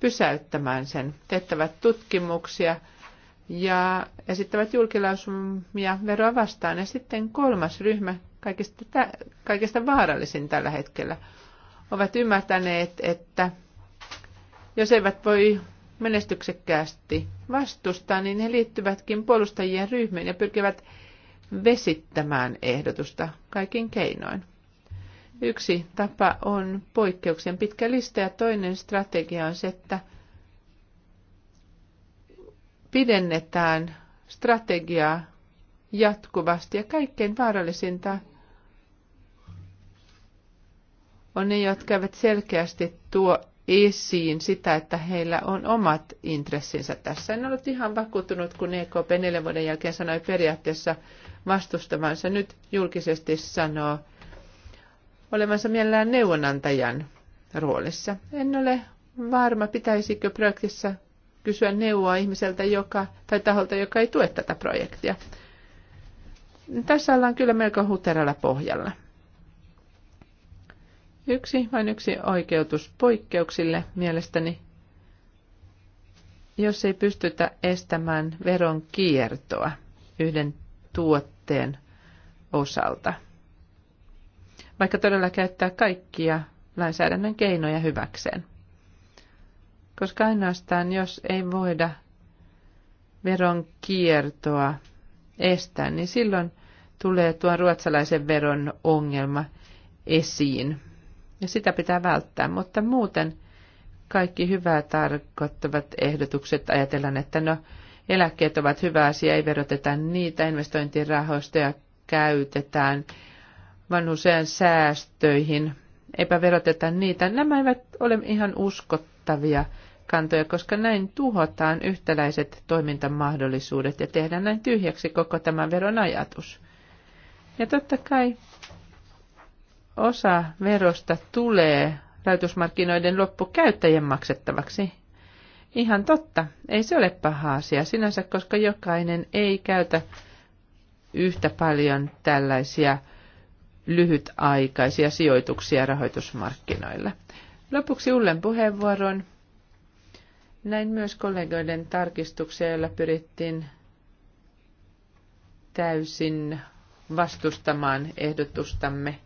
pysäyttämään sen, teettävät tutkimuksia ja esittävät julkilausumia veroa vastaan. Ja sitten kolmas ryhmä, kaikista, kaikista vaarallisin tällä hetkellä, ovat ymmärtäneet, että jos eivät voi menestyksekkäästi vastustaa, niin he liittyvätkin puolustajien ryhmiin ja pyrkivät vesittämään ehdotusta kaikin keinoin. Yksi tapa on poikkeuksen pitkä lista ja toinen strategia on se, että pidennetään strategiaa jatkuvasti ja kaikkein vaarallisinta on ne, jotka eivät selkeästi tuo esiin sitä, että heillä on omat intressinsä tässä. En ollut ihan vakuuttunut, kun EKP neljän vuoden jälkeen sanoi periaatteessa vastustavansa. Nyt julkisesti sanoo, olevansa mielellään neuvonantajan roolissa. En ole varma, pitäisikö projektissa kysyä neuvoa ihmiseltä joka, tai taholta, joka ei tue tätä projektia. Tässä ollaan kyllä melko huteralla pohjalla. Yksi vain yksi oikeutus poikkeuksille mielestäni, jos ei pystytä estämään veron kiertoa yhden tuotteen osalta – vaikka todella käyttää kaikkia lainsäädännön keinoja hyväkseen. Koska ainoastaan jos ei voida veron kiertoa estää, niin silloin tulee tuo ruotsalaisen veron ongelma esiin. Ja sitä pitää välttää, mutta muuten kaikki hyvää tarkoittavat ehdotukset ajatellaan, että no eläkkeet ovat hyvä asia, ei veroteta niitä, investointirahoista ja käytetään vanhuseen säästöihin. Eipä veroteta niitä. Nämä eivät ole ihan uskottavia kantoja, koska näin tuhotaan yhtäläiset toimintamahdollisuudet ja tehdään näin tyhjäksi koko tämä veron ajatus. Ja totta kai osa verosta tulee rahoitusmarkkinoiden loppukäyttäjien maksettavaksi. Ihan totta, ei se ole paha asia sinänsä, koska jokainen ei käytä yhtä paljon tällaisia lyhytaikaisia sijoituksia rahoitusmarkkinoille. Lopuksi Ullen puheenvuoron. Näin myös kollegoiden tarkistuksia, joilla pyrittiin täysin vastustamaan ehdotustamme.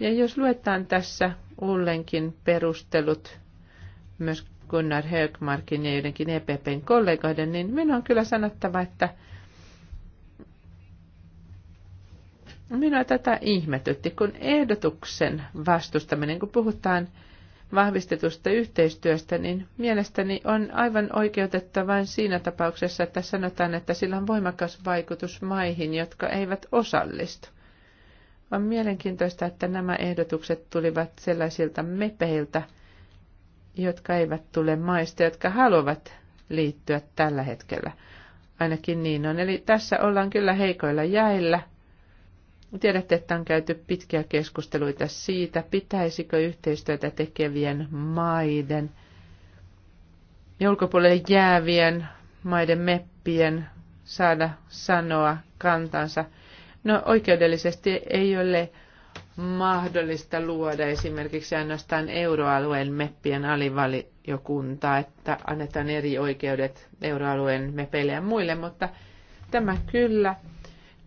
Ja jos luetaan tässä Ullenkin perustelut, myös Gunnar Högmarkin ja joidenkin EPPn kollegoiden, niin minun on kyllä sanottava, että Minua tätä ihmetytti, kun ehdotuksen vastustaminen, kun puhutaan vahvistetusta yhteistyöstä, niin mielestäni on aivan oikeutetta vain siinä tapauksessa, että sanotaan, että sillä on voimakas vaikutus maihin, jotka eivät osallistu. On mielenkiintoista, että nämä ehdotukset tulivat sellaisilta mepeiltä, jotka eivät tule maista, jotka haluavat liittyä tällä hetkellä. Ainakin niin on. Eli tässä ollaan kyllä heikoilla jäillä – Tiedätte, että on käyty pitkiä keskusteluita siitä, pitäisikö yhteistyötä tekevien maiden ja ulkopuolelle jäävien maiden meppien saada sanoa kantansa. No oikeudellisesti ei ole mahdollista luoda esimerkiksi ainoastaan euroalueen meppien alivaliokuntaa, että annetaan eri oikeudet euroalueen mepeille ja muille, mutta tämä kyllä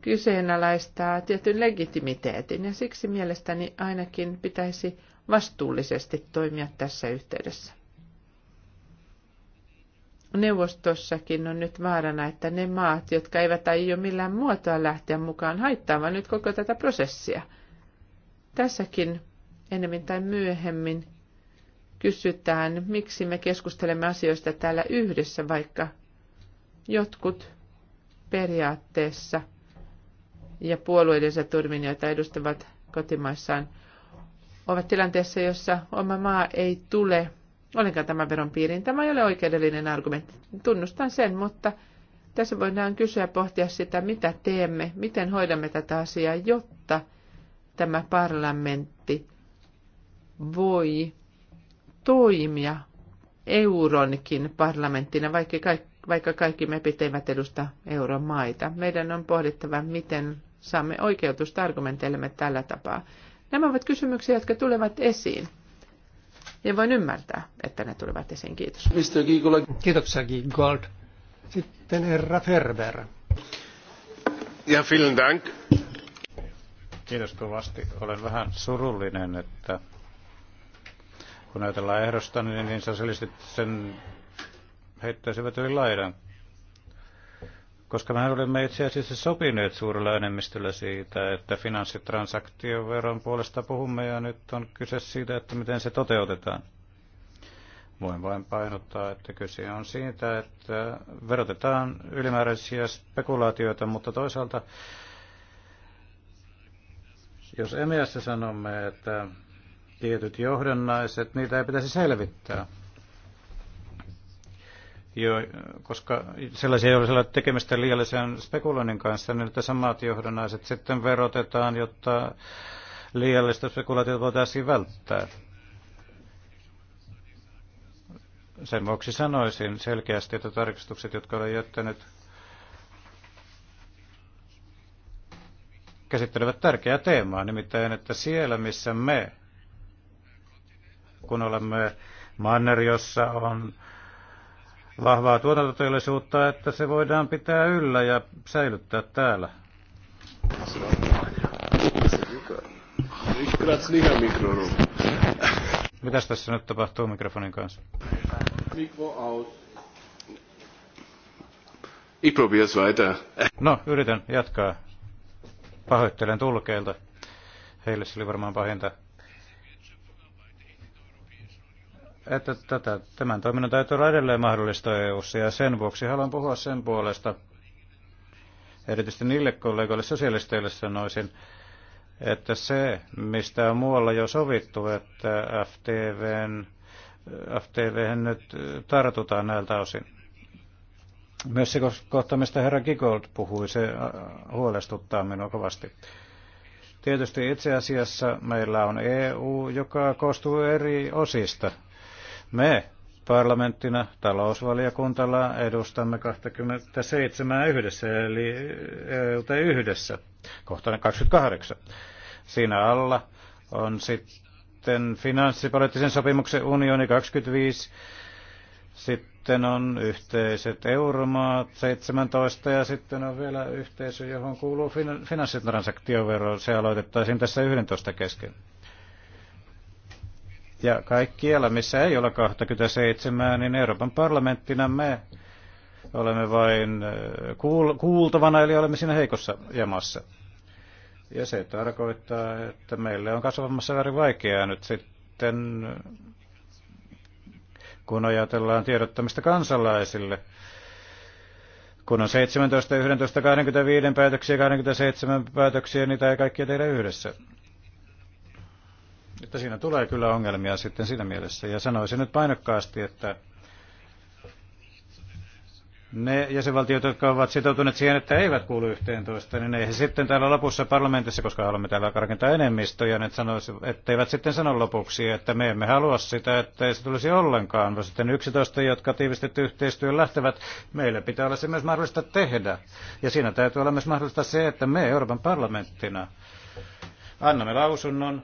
kyseenalaistaa tietyn legitimiteetin ja siksi mielestäni ainakin pitäisi vastuullisesti toimia tässä yhteydessä. Neuvostossakin on nyt vaarana, että ne maat, jotka eivät aio millään muotoa lähteä mukaan, haittaamaan nyt koko tätä prosessia. Tässäkin enemmän tai myöhemmin kysytään, miksi me keskustelemme asioista täällä yhdessä, vaikka jotkut periaatteessa – ja puolueidensa turvin, joita edustavat kotimaissaan, ovat tilanteessa, jossa oma maa ei tule ollenkaan tämän veron piiriin. Tämä ei ole oikeudellinen argumentti, tunnustan sen, mutta tässä voidaan kysyä ja pohtia sitä, mitä teemme, miten hoidamme tätä asiaa, jotta tämä parlamentti voi toimia euronkin parlamenttina, vaikka kaikki vaikka kaikki mepit eivät edusta euromaita. Meidän on pohdittava, miten saamme oikeutusta argumenteillemme tällä tapaa. Nämä ovat kysymyksiä, jotka tulevat esiin. Ja voin ymmärtää, että ne tulevat esiin. Kiitos. Mr. Giegold. Kiitoksia, Giegold. Sitten herra Ferber. Ja vielen dank. Kiitos kovasti. Olen vähän surullinen, että kun ajatellaan ehdosta, niin, niin sosialistit sen heittäisivät yli laidan. Koska mehän olemme itse asiassa sopineet suurella enemmistöllä siitä, että finanssitransaktioveron puolesta puhumme ja nyt on kyse siitä, että miten se toteutetaan. Voin vain painottaa, että kyse on siitä, että verotetaan ylimääräisiä spekulaatioita, mutta toisaalta jos EMEassa sanomme, että tietyt johdannaiset, niitä ei pitäisi selvittää, jo, koska sellaisia ei ole tekemistä liiallisen spekuloinnin kanssa, niin että samat johdonaiset sitten verotetaan, jotta liiallista spekulaatiota voitaisiin välttää. Sen vuoksi sanoisin selkeästi, että tarkistukset, jotka olen jättänyt, käsittelevät tärkeää teemaa, nimittäin, että siellä missä me, kun olemme manner, jossa on vahvaa tuotantoteollisuutta, että se voidaan pitää yllä ja säilyttää täällä. Mitäs tässä nyt tapahtuu mikrofonin kanssa? Ich No, yritän jatkaa. Pahoittelen tulkeilta. Heille se oli varmaan pahinta. että tätä, tämän toiminnan täytyy olla edelleen mahdollista EU-ssa ja sen vuoksi haluan puhua sen puolesta. Erityisesti niille kollegoille sosialisteille sanoisin, että se, mistä on muualla jo sovittu, että FTVn, FTVhän nyt tartutaan näiltä osin. Myös se kohta, mistä herra Gigold puhui, se äh, huolestuttaa minua kovasti. Tietysti itse asiassa meillä on EU, joka koostuu eri osista, me parlamenttina, talousvaliokuntalla edustamme 27 yhdessä, eli EUta yhdessä, kohtana 28. Siinä alla on sitten finanssipoliittisen sopimuksen unioni 25, sitten on yhteiset euromaat 17 ja sitten on vielä yhteisö, johon kuuluu finanssitransaktiovero. Se aloitettaisiin tässä 11 kesken. Ja kaikkialla, missä ei ole 27, niin Euroopan parlamenttina me olemme vain äh, kuultavana, eli olemme siinä heikossa jamassa. Ja se tarkoittaa, että meille on kasvamassa väärin vaikeaa nyt sitten, kun ajatellaan tiedottamista kansalaisille. Kun on 17, 11, 25 päätöksiä, 27 päätöksiä, niitä ei kaikkia tehdä yhdessä että siinä tulee kyllä ongelmia sitten siinä mielessä. Ja sanoisin nyt painokkaasti, että ne jäsenvaltiot, jotka ovat sitoutuneet siihen, että eivät kuulu toista, niin eivät sitten täällä lopussa parlamentissa, koska haluamme täällä rakentaa enemmistöjä, ne niin sanoisivat, eivät sitten sano lopuksi, että me emme halua sitä, että ei se tulisi ollenkaan, vaan sitten 11, jotka tiivistetty yhteistyön lähtevät, meillä pitää olla se myös mahdollista tehdä. Ja siinä täytyy olla myös mahdollista se, että me Euroopan parlamenttina annamme lausunnon,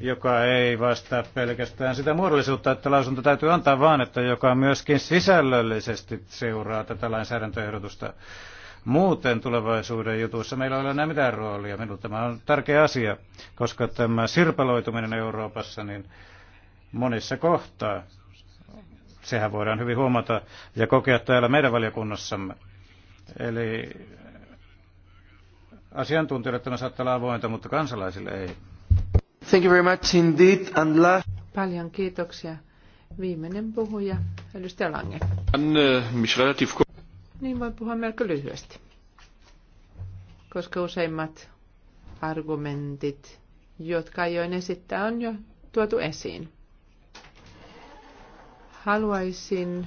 joka ei vastaa pelkästään sitä muodollisuutta, että lausunto täytyy antaa, vaan että joka myöskin sisällöllisesti seuraa tätä lainsäädäntöehdotusta. Muuten tulevaisuuden jutuissa meillä ei ole enää mitään roolia. Minulle tämä on tärkeä asia, koska tämä sirpaloituminen Euroopassa niin monissa kohtaa, sehän voidaan hyvin huomata ja kokea täällä meidän valiokunnassamme. Eli asiantuntijoille tämä saattaa olla avointa, mutta kansalaisille ei. Thank you very much indeed. And last... Paljon kiitoksia. Viimeinen puhuja, edustaja Lange. E, niin voi puhua melko lyhyesti, koska useimmat argumentit, jotka ajoin esittää, on jo tuotu esiin. Haluaisin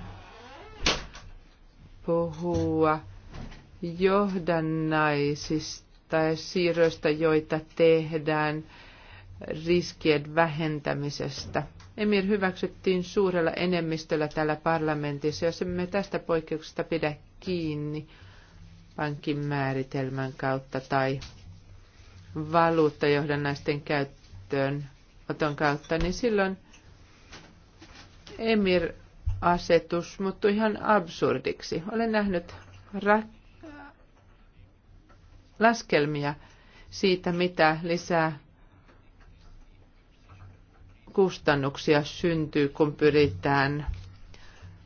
puhua johdannaisista ja siirroista, joita tehdään – riskien vähentämisestä. Emir hyväksyttiin suurella enemmistöllä täällä parlamentissa. Jos emme tästä poikkeuksesta pidä kiinni pankin määritelmän kautta tai valuuttajohdannaisten käyttöön oton kautta, niin silloin Emir-asetus muuttui ihan absurdiksi. Olen nähnyt laskelmia siitä, mitä lisää kustannuksia syntyy, kun pyritään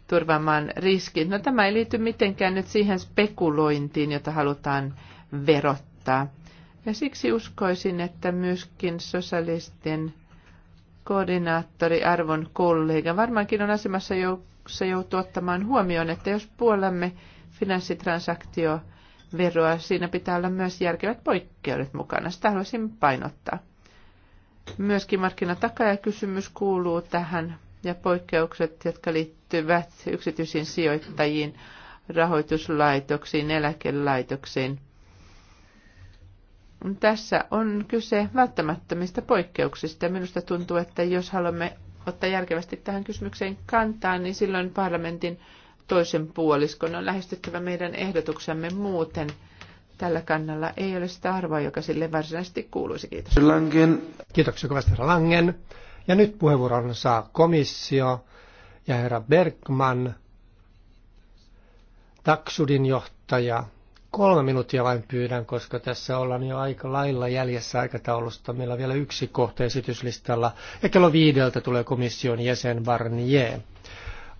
turvaamaan riskit. No tämä ei liity mitenkään nyt siihen spekulointiin, jota halutaan verottaa. Ja siksi uskoisin, että myöskin sosialistien koordinaattori, arvon kollega, varmaankin on asemassa, jossa joutuu ottamaan huomioon, että jos puolemme finanssitransaktioveroa, siinä pitää olla myös järkevät poikkeudet mukana. Sitä haluaisin painottaa. Myöskin markkinatakaajakysymys kuuluu tähän ja poikkeukset, jotka liittyvät yksityisiin sijoittajiin, rahoituslaitoksiin, eläkelaitoksiin. Tässä on kyse välttämättömistä poikkeuksista. Minusta tuntuu, että jos haluamme ottaa järkevästi tähän kysymykseen kantaa, niin silloin parlamentin toisen puoliskon on lähestyttävä meidän ehdotuksemme muuten – tällä kannalla ei ole sitä arvoa, joka sille varsinaisesti kuuluisi. Kiitos. Langen. Kiitoksia kovasti herra Langen. Ja nyt puheenvuoron saa komissio ja herra Bergman, Taksudin johtaja. Kolme minuuttia vain pyydän, koska tässä ollaan jo aika lailla jäljessä aikataulusta. Meillä on vielä yksi kohta esityslistalla ja kello viideltä tulee komission jäsen Barnier.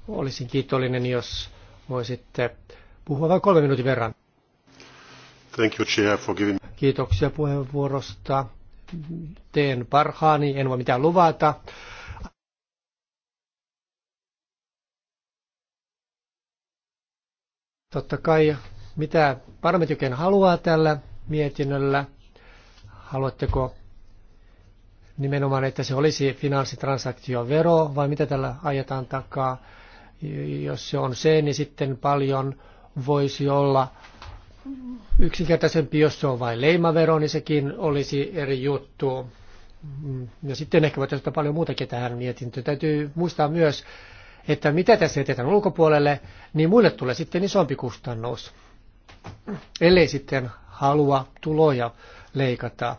Olisin kiitollinen, jos voisitte puhua vain kolme minuutin verran. Thank you, Chair, for giving... Kiitoksia puheenvuorosta. Teen parhaani, en voi mitään luvata. Totta kai, mitä parlamentti haluaa tällä mietinnöllä? Haluatteko nimenomaan, että se olisi finanssitransaktiovero vai mitä tällä ajetaan takaa? Jos se on se, niin sitten paljon voisi olla yksinkertaisempi, jos se on vain leimavero, niin sekin olisi eri juttu. Mm, ja sitten ehkä voitaisiin ottaa paljon muutakin tähän mietintöön. Täytyy muistaa myös, että mitä tässä jätetään ulkopuolelle, niin muille tulee sitten isompi kustannus, ellei sitten halua tuloja leikata.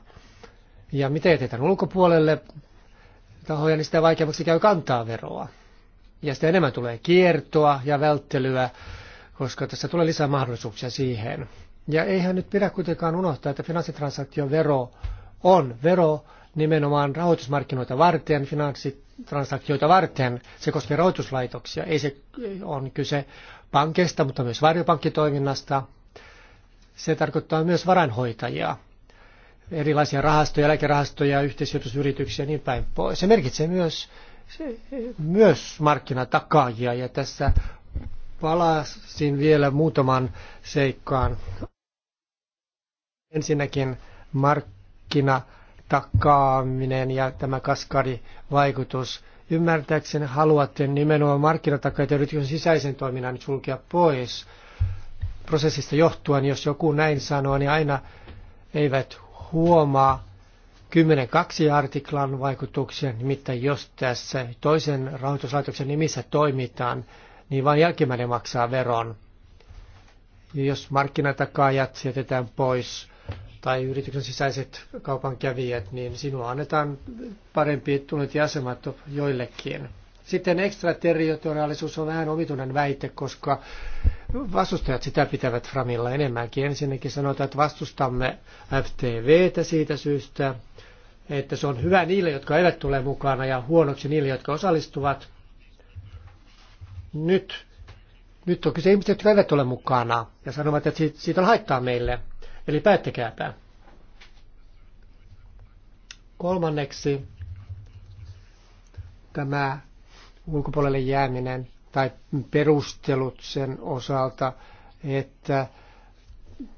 Ja mitä jätetään ulkopuolelle tahoja, niin sitä vaikeammaksi käy kantaa veroa. Ja sitä enemmän tulee kiertoa ja välttelyä koska tässä tulee lisää mahdollisuuksia siihen. Ja eihän nyt pidä kuitenkaan unohtaa, että finanssitransaktiovero on vero nimenomaan rahoitusmarkkinoita varten, finanssitransaktioita varten. Se koskee rahoituslaitoksia. Ei se on kyse pankeista, mutta myös varjopankkitoiminnasta. Se tarkoittaa myös varainhoitajia, erilaisia rahastoja, eläkerahastoja, yhteisijoitusyrityksiä ja niin päin pois. Se merkitsee myös, se, myös markkinatakaajia ja tässä palasin vielä muutaman seikkaan. Ensinnäkin markkina takaaminen ja tämä vaikutus Ymmärtääkseni haluatte nimenomaan ja yrityksen sisäisen toiminnan sulkea pois prosessista johtuen, jos joku näin sanoo, niin aina eivät huomaa 10.2 artiklan vaikutuksia, nimittäin jos tässä toisen rahoituslaitoksen nimissä toimitaan, niin vain jälkimmäinen maksaa veron. Ja jos markkinatakaajat jätetään pois tai yrityksen sisäiset kaupankävijät, niin sinua annetaan parempi tunnettu asemat joillekin. Sitten ekstraterritoriaalisuus on vähän omituinen väite, koska vastustajat sitä pitävät Framilla enemmänkin. Ensinnäkin sanotaan, että vastustamme FTVtä siitä syystä, että se on hyvä niille, jotka eivät tule mukana ja huonoksi niille, jotka osallistuvat. Nyt, nyt on kyse ihmiset, jotka eivät ole mukana ja sanovat, että siitä, siitä on haittaa meille. Eli päättäkääpä. Kolmanneksi tämä ulkopuolelle jääminen tai perustelut sen osalta, että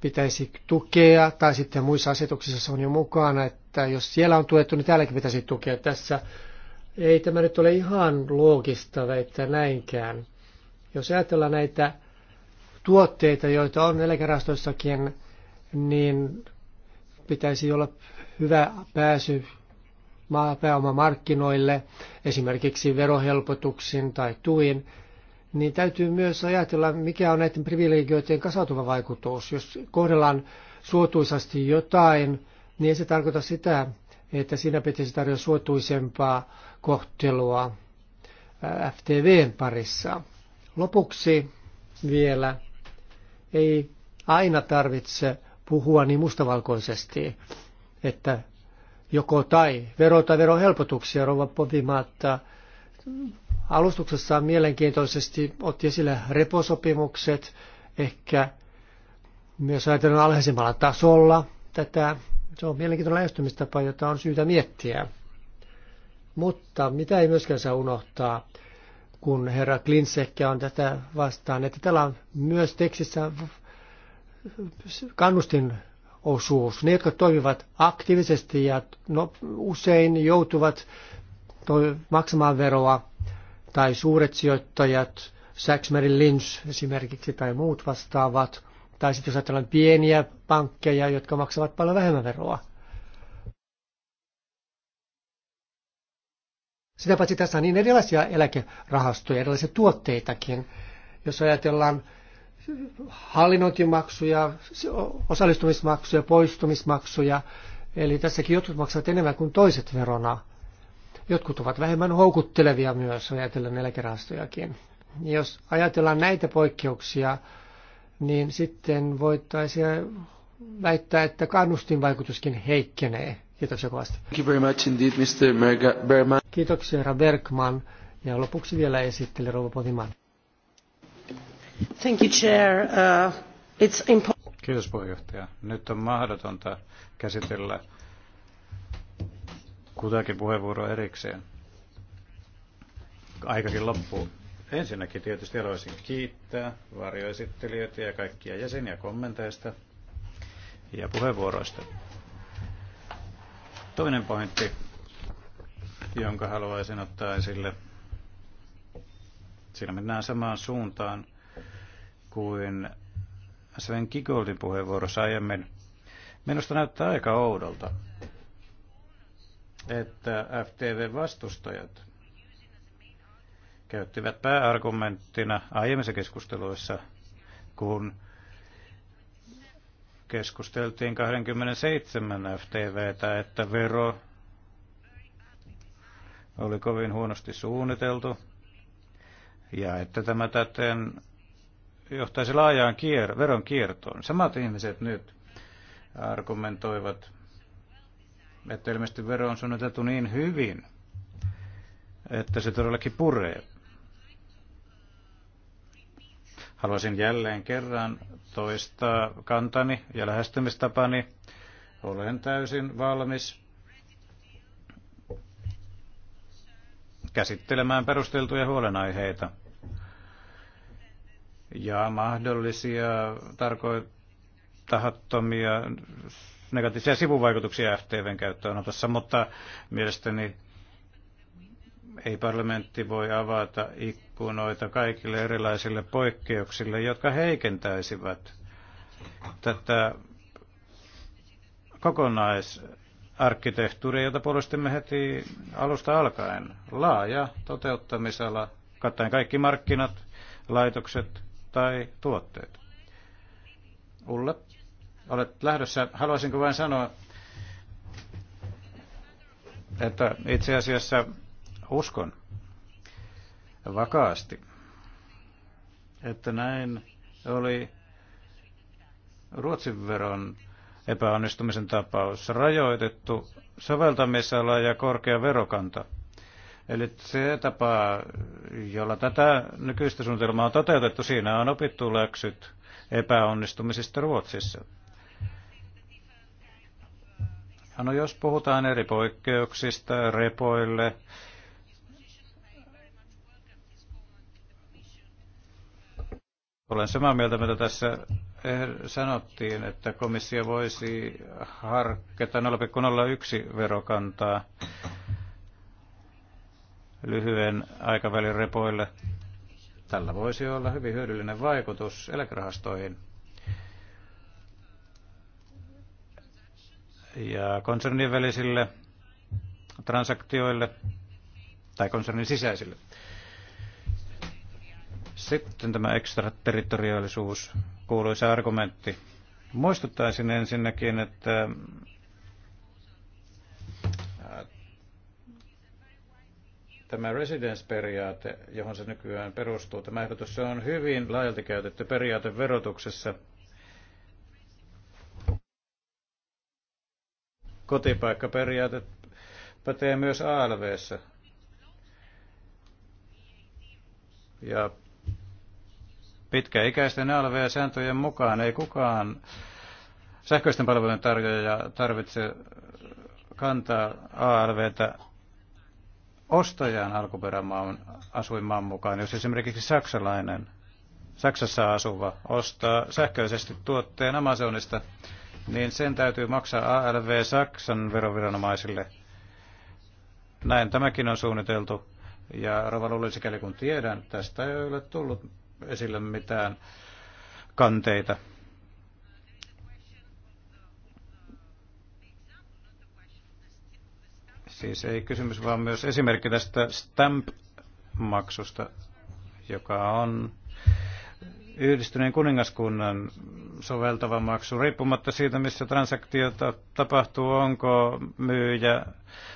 pitäisi tukea, tai sitten muissa asetuksissa se on jo mukana, että jos siellä on tuettu, niin täälläkin pitäisi tukea. Tässä ei tämä nyt ole ihan loogista väittää näinkään. Jos ajatellaan näitä tuotteita, joita on eläkerastoissakin, niin pitäisi olla hyvä pääsy pääomamarkkinoille, esimerkiksi verohelpotuksin tai tuin, niin täytyy myös ajatella, mikä on näiden privilegioiden kasautuva vaikutus. Jos kohdellaan suotuisasti jotain, niin ei se tarkoita sitä, että siinä pitäisi tarjota suotuisempaa kohtelua FTVn parissa. Lopuksi vielä ei aina tarvitse puhua niin mustavalkoisesti, että joko tai vero tai verohelpotuksia rouva Popimaatta alustuksessaan mielenkiintoisesti otti esille reposopimukset, ehkä myös ajatellaan alhaisemmalla tasolla tätä se on mielenkiintoinen lähestymistapa, jota on syytä miettiä. Mutta mitä ei myöskään saa unohtaa, kun herra Klinsek on tätä vastaan, että täällä on myös tekstissä kannustin osuus. Ne, jotka toimivat aktiivisesti ja no, usein joutuvat maksamaan veroa, tai suuret sijoittajat, Saxmerin Lynch esimerkiksi tai muut vastaavat, tai sitten jos ajatellaan pieniä pankkeja, jotka maksavat paljon vähemmän veroa. Sitä paitsi tässä on niin erilaisia eläkerahastoja, erilaisia tuotteitakin. Jos ajatellaan hallinnointimaksuja, osallistumismaksuja, poistumismaksuja, eli tässäkin jotkut maksavat enemmän kuin toiset verona. Jotkut ovat vähemmän houkuttelevia myös, ajatellen eläkerahastojakin. Jos ajatellaan näitä poikkeuksia, niin sitten voitaisiin väittää, että kannustinvaikutuskin heikkenee. Kiitoksia kovasti. Thank you very much indeed, Mr. Bergman. Kiitoksia, herra Bergman. Ja lopuksi vielä esitteli rouva Potiman. Thank you, Chair. Uh, it's Kiitos puheenjohtaja. Nyt on mahdotonta käsitellä kutakin puheenvuoroa erikseen. Aikakin loppuu. Ensinnäkin tietysti haluaisin kiittää varjoesittelijöitä ja kaikkia jäseniä kommenteista ja puheenvuoroista. Toinen pointti, jonka haluaisin ottaa esille, siinä mennään samaan suuntaan kuin Sven Kigoldin puheenvuorossa aiemmin. Minusta näyttää aika oudolta, että FTV-vastustajat käyttivät pääargumenttina aiemmissa keskusteluissa, kun keskusteltiin 27 FTVtä, että vero oli kovin huonosti suunniteltu ja että tämä täten johtaisi laajaan kier- veron kiertoon. Samat ihmiset nyt argumentoivat, että ilmeisesti vero on suunniteltu niin hyvin, että se todellakin puree. Haluaisin jälleen kerran toistaa kantani ja lähestymistapani. Olen täysin valmis käsittelemään perusteltuja huolenaiheita ja mahdollisia tarkoit negatiivisia sivuvaikutuksia FTVn käyttöönotossa, mutta mielestäni ei parlamentti voi avata ikkunoita kaikille erilaisille poikkeuksille, jotka heikentäisivät tätä kokonaisarkkitehtuuria, jota puolustimme heti alusta alkaen. Laaja toteuttamisala, kattaen kaikki markkinat, laitokset tai tuotteet. Ulla, olet lähdössä. Haluaisinko vain sanoa, että itse asiassa Uskon vakaasti, että näin oli Ruotsin veron epäonnistumisen tapaus, rajoitettu soveltamisala ja korkea verokanta. Eli se tapa, jolla tätä nykyistä suunnitelmaa on toteutettu, siinä on opittu läksyt epäonnistumisista Ruotsissa. No jos puhutaan eri poikkeuksista repoille, Olen samaa mieltä, mitä tässä eh, sanottiin, että komissio voisi harkita 0,01 verokantaa lyhyen aikavälin repoille. Tällä voisi olla hyvin hyödyllinen vaikutus eläkerahastoihin. Ja konsernin välisille transaktioille tai konsernin sisäisille. Sitten tämä ekstraterritoriaalisuus, kuuluisa argumentti. Muistuttaisin ensinnäkin, että äh, tämä residence-periaate, johon se nykyään perustuu, tämä ehdotus, se on hyvin laajalti käytetty periaate verotuksessa. Kotipaikkaperiaate pätee myös ALVssä. Ja Pitkäikäisten LV-sääntöjen mukaan ei kukaan sähköisten palvelujen tarjoaja tarvitse kantaa ALVtä ostajan alkuperämaan asuinmaan mukaan. Jos esimerkiksi saksalainen, Saksassa asuva, ostaa sähköisesti tuotteen Amazonista, niin sen täytyy maksaa ALV Saksan veroviranomaisille. Näin tämäkin on suunniteltu. Ja Rova Lulli, sikäli kun tiedän, tästä ei ole tullut esille mitään kanteita. Siis ei kysymys, vaan myös esimerkki tästä stamp-maksusta, joka on yhdistyneen kuningaskunnan soveltava maksu, riippumatta siitä, missä transaktiota tapahtuu, onko myyjä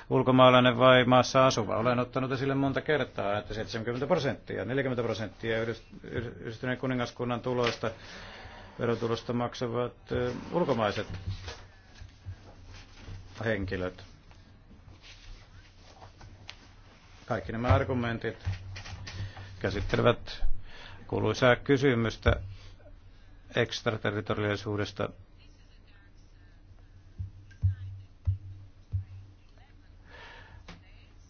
ulkomaalainen vai maassa asuva. Olen ottanut esille monta kertaa, että 70 prosenttia, 40 prosenttia yhdistyneen kuningaskunnan tuloista verotulosta maksavat ulkomaiset henkilöt. Kaikki nämä argumentit käsittelevät kuuluisaa kysymystä ekstraterritoriaalisuudesta.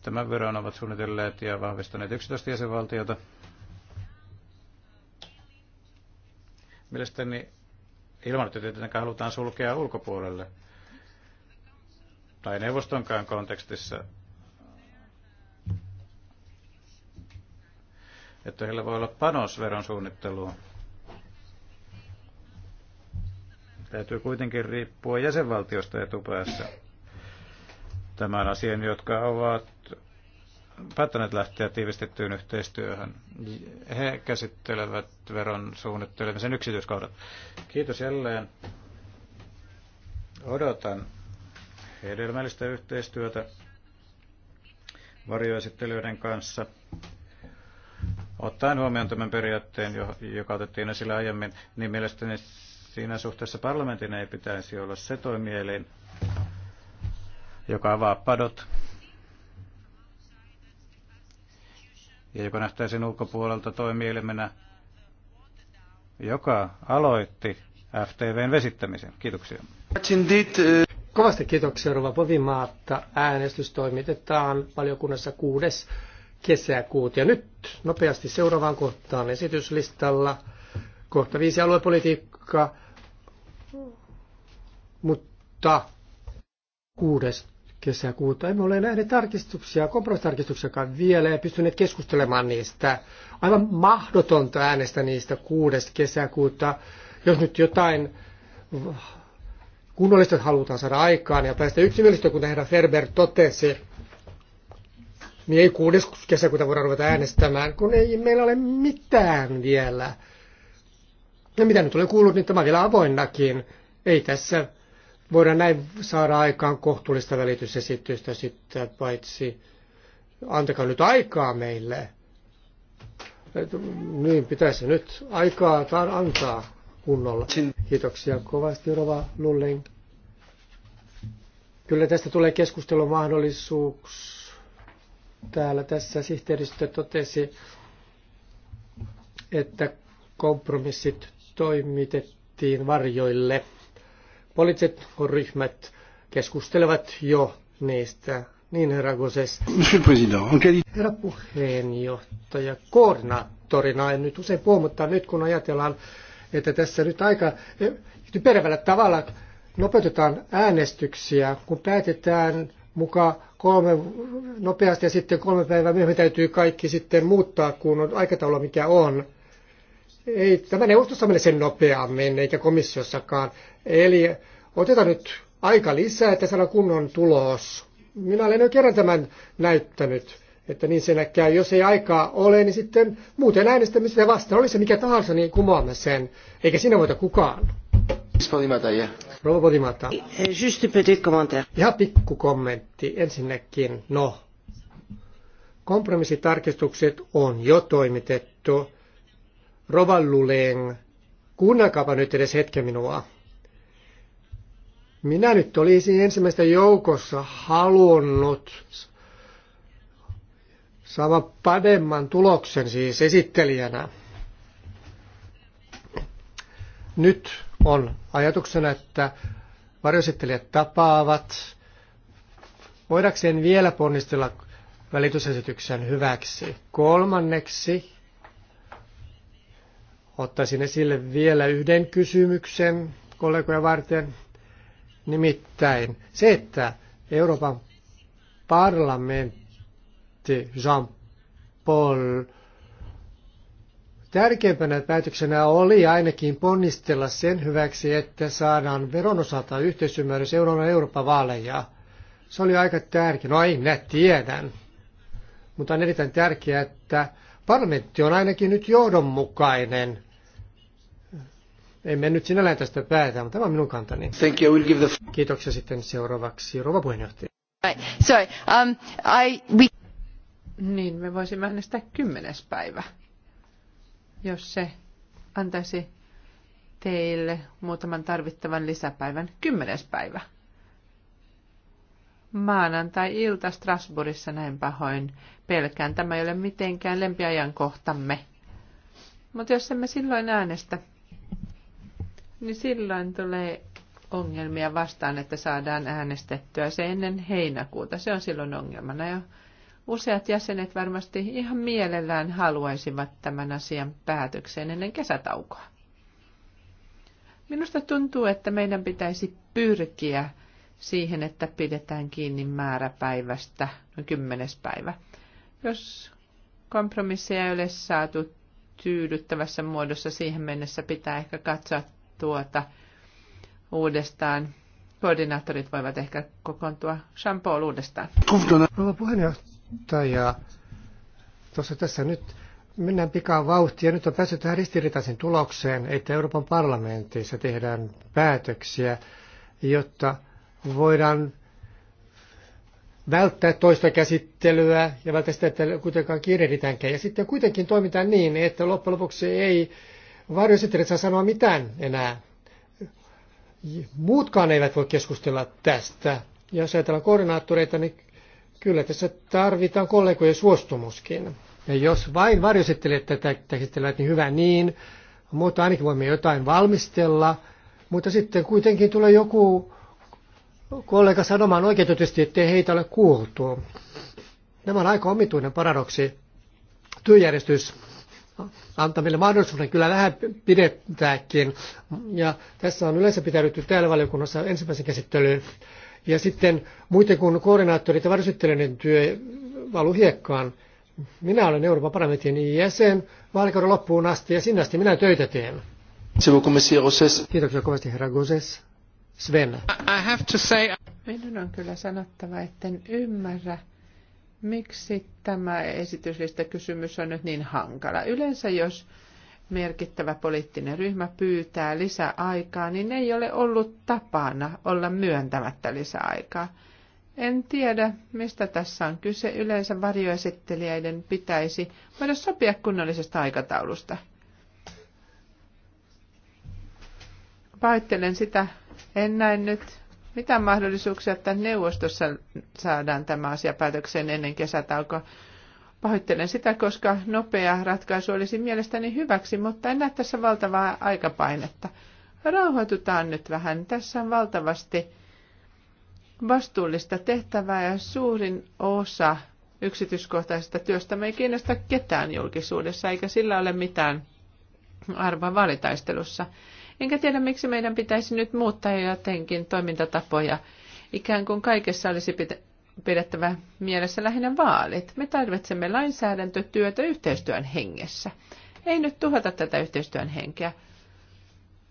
Tämän viran ovat suunnitelleet ja vahvistaneet 11 jäsenvaltiota. Mielestäni ilman, että tietenkään halutaan sulkea ulkopuolelle tai neuvostonkaan kontekstissa että heillä voi olla panos veron Täytyy kuitenkin riippua jäsenvaltiosta etupäässä tämän asian, jotka ovat päättäneet lähteä tiivistettyyn yhteistyöhön. He käsittelevät veron suunnittelemisen yksityiskohdat. Kiitos jälleen. Odotan hedelmällistä yhteistyötä varjoesittelijöiden kanssa. Ottaen huomioon tämän periaatteen, joka otettiin esille aiemmin, niin mielestäni siinä suhteessa parlamentin ei pitäisi olla se toimielin, joka avaa padot ja joka nähtäisiin ulkopuolelta toimielimenä, joka aloitti FTVn vesittämisen. Kiitoksia. Kovasti kiitoksia Rova Povimaatta. Äänestys toimitetaan valiokunnassa 6 kesäkuuta. Ja nyt nopeasti seuraavaan kohtaan esityslistalla. Kohta viisi aluepolitiikkaa, mutta kuudes kesäkuuta emme ole nähneet tarkistuksia, kompromissitarkistuksiakaan vielä ja pystyneet keskustelemaan niistä. Aivan mahdotonta äänestä niistä kuudes kesäkuuta. Jos nyt jotain kunnollista halutaan saada aikaan ja päästä yksimielistä, kun herra Ferber totesi, niin ei kuudes kesäkuuta voida ruveta äänestämään, kun ei meillä ole mitään vielä. Ja mitä nyt olen kuullut, niin tämä on vielä avoinnakin. Ei tässä voida näin saada aikaan kohtuullista välitysesitystä sitten, paitsi antakaa nyt aikaa meille. Et, niin, pitäisi nyt aikaa taan antaa kunnolla. Kiitoksia kovasti, Rova Lulling. Kyllä tästä tulee keskustelumahdollisuus täällä tässä sihteeristö totesi, että kompromissit toimitettiin varjoille. Poliitset ryhmät keskustelevat jo niistä. Niin, herra Goses. Monsieur le Président, en qualité... Herra puheenjohtaja, koordinaattorina en nyt usein puhu, mutta nyt kun ajatellaan, että tässä nyt aika eh, perävällä tavalla nopeutetaan äänestyksiä, kun päätetään mukaan kolme, nopeasti ja sitten kolme päivää myöhemmin täytyy kaikki sitten muuttaa, kun on aikataulu mikä on. Ei tämä neuvostossa mene sen nopeammin, eikä komissiossakaan. Eli otetaan nyt aika lisää, että saadaan kunnon tulos. Minä olen jo kerran tämän näyttänyt, että niin se käy. Jos ei aikaa ole, niin sitten muuten äänestämistä vastaan, oli se mikä tahansa, niin kumoamme sen. Eikä siinä voita kukaan. Rouva Podimata. Eh, Just petit commentaire. Ihan pikku kommentti ensinnäkin. No, kompromissitarkistukset on jo toimitettu. Rovalluleen, kuunnelkaapa nyt edes hetken minua. Minä nyt olisin ensimmäistä joukossa halunnut saada paremman tuloksen siis esittelijänä. Nyt on ajatuksena, että varjosittelijat tapaavat. Voidakseen vielä ponnistella välitysesityksen hyväksi. Kolmanneksi ottaisin esille vielä yhden kysymyksen kollegoja varten. Nimittäin se, että Euroopan parlamentti Jean-Paul Tärkeimpänä päätöksenä oli ainakin ponnistella sen hyväksi, että saadaan veron osalta yhteisymmärrys euron Euroopan vaaleja. Se oli aika tärkeä. No ei, minä tiedän. Mutta on erittäin tärkeää, että parlamentti on ainakin nyt johdonmukainen. Emme nyt sinä tästä päätä, mutta tämä on minun kantani. Thank you. We'll give the... Kiitoksia sitten seuraavaksi rouva puheenjohtaja. Right. Sorry. Um, I, we... Niin, me voisimme äänestää kymmenes päivä jos se antaisi teille muutaman tarvittavan lisäpäivän kymmenes päivä. Maanantai-ilta Strasbourgissa näin pahoin pelkään. Tämä ei ole mitenkään lempiajankohtamme. Mutta jos emme silloin äänestä, niin silloin tulee ongelmia vastaan, että saadaan äänestettyä se ennen heinäkuuta. Se on silloin ongelmana. Ja Useat jäsenet varmasti ihan mielellään haluaisivat tämän asian päätökseen ennen kesätaukoa. Minusta tuntuu, että meidän pitäisi pyrkiä siihen, että pidetään kiinni määräpäivästä, noin kymmenes päivä. Jos kompromisseja ei ole saatu tyydyttävässä muodossa siihen mennessä, pitää ehkä katsoa tuota uudestaan. Koordinaattorit voivat ehkä kokoontua Jean-Paul uudestaan. Rouva puheenjohtaja, ja Tuossa tässä nyt mennään pikaa vauhtia. Nyt on päässyt tähän ristiriitaisen tulokseen, että Euroopan parlamentissa tehdään päätöksiä, jotta voidaan välttää toista käsittelyä ja välttää sitä, että kuitenkaan kiirehditäänkään. Ja sitten kuitenkin toimitaan niin, että loppujen lopuksi ei varjoesittelijät saa sanoa mitään enää. Muutkaan eivät voi keskustella tästä. Ja jos ajatellaan koordinaattoreita, niin Kyllä tässä tarvitaan kollegojen suostumuskin. Ja jos vain varjosittelijat tätä käsittelevät, niin hyvä niin, mutta ainakin voimme jotain valmistella. Mutta sitten kuitenkin tulee joku kollega sanomaan oikeutetusti, ettei heitä ole kuultu. Nämä on aika omituinen paradoksi. Työjärjestys antaa meille mahdollisuuden kyllä vähän pidettääkin. Ja tässä on yleensä pitäydytty täällä valiokunnassa ensimmäisen käsittelyn ja sitten muuten kuin koordinaattorit ja varsittelijoiden työ valu hiekkaan. Minä olen Euroopan parlamentin jäsen vaalikauden loppuun asti ja sinne asti minä töitä teen. Kiitoksia kovasti herra Goses. Sven. I have to say... Minun on kyllä sanottava, että en ymmärrä, miksi tämä esityslistakysymys on nyt niin hankala. Yleensä jos merkittävä poliittinen ryhmä pyytää lisäaikaa, niin ei ole ollut tapana olla myöntämättä lisäaikaa. En tiedä, mistä tässä on kyse. Yleensä varjoesittelijöiden pitäisi voida sopia kunnollisesta aikataulusta. Pahoittelen sitä. En näe nyt mitä mahdollisuuksia, että neuvostossa saadaan tämä asia päätökseen ennen kesätaukoa. Pahoittelen sitä, koska nopea ratkaisu olisi mielestäni hyväksi, mutta en näe tässä valtavaa aikapainetta. Rauhoitutaan nyt vähän. Tässä on valtavasti vastuullista tehtävää ja suurin osa yksityiskohtaisesta työstä me ei kiinnosta ketään julkisuudessa, eikä sillä ole mitään arvoa vaalitaistelussa. Enkä tiedä, miksi meidän pitäisi nyt muuttaa jotenkin toimintatapoja. Ikään kuin kaikessa olisi pitä- pidettävä mielessä lähinnä vaalit. Me tarvitsemme lainsäädäntötyötä yhteistyön hengessä. Ei nyt tuhota tätä yhteistyön henkeä.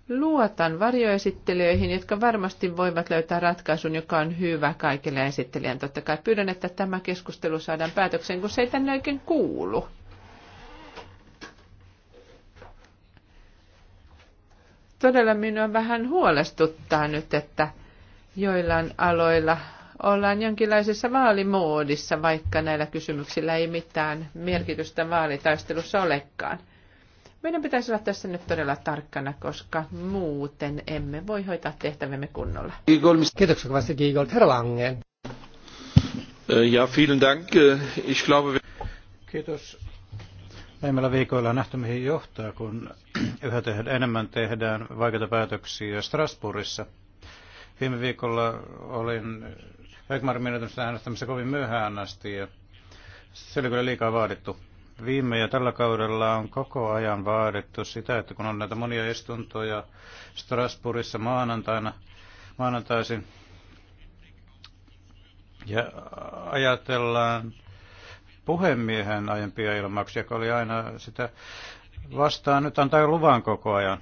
Luotan varjoesittelijöihin, jotka varmasti voivat löytää ratkaisun, joka on hyvä kaikille esittelijän. Totta kai pyydän, että tämä keskustelu saadaan päätökseen, kun se ei tänne oikein kuulu. Todella minua vähän huolestuttaa nyt, että joillain aloilla ollaan jonkinlaisessa vaalimoodissa, vaikka näillä kysymyksillä ei mitään merkitystä vaalitaistelussa olekaan. Meidän pitäisi olla tässä nyt todella tarkkana, koska muuten emme voi hoitaa tehtävämme kunnolla. Kiitoksia kovasti Giegold. Herra Lange. Äh, ja, vielen dank. Äh, ich glaube... Kiitos. Näimmillä viikoilla on nähty, mihin johtaa, kun yhä tehdään, enemmän tehdään vaikeita päätöksiä Strasbourgissa. Viime viikolla olin Ekmarin menetystä äänestämässä kovin myöhään asti ja se oli kyllä liikaa vaadittu. Viime ja tällä kaudella on koko ajan vaadittu sitä, että kun on näitä monia istuntoja Strasbourgissa maanantaina, maanantaisin ja ajatellaan puhemiehen aiempia ilmauksia, joka oli aina sitä vastaan, nyt antaa luvan koko ajan.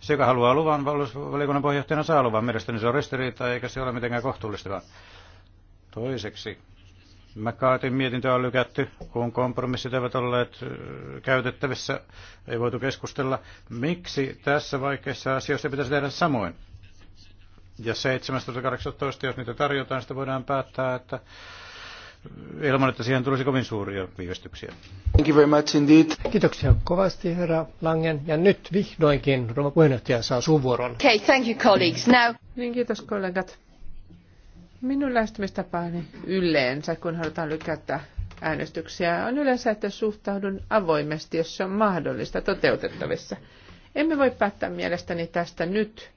Se, joka haluaa luvan valiokunnan puheenjohtajana, saa luvan. Mielestäni se on ristiriita, eikä se ole mitenkään kohtuullista. Toiseksi, McCartin mietintö on lykätty, kun kompromissit eivät olleet käytettävissä, ei voitu keskustella. Miksi tässä vaikeassa asiassa pitäisi tehdä samoin? Ja 17.18, jos niitä tarjotaan, sitä voidaan päättää, että ilman, että siihen tulisi kovin suuria viivästyksiä. Thank you very much indeed. Kiitoksia kovasti, herra Langen. Ja nyt vihdoinkin rouva puheenjohtaja saa vuoron. Okay, thank you colleagues. Now... Niin, kiitos kollegat. Minun lähestymistapaani yleensä, kun halutaan lykätä äänestyksiä, on yleensä, että suhtaudun avoimesti, jos se on mahdollista toteutettavissa. Emme voi päättää mielestäni tästä nyt,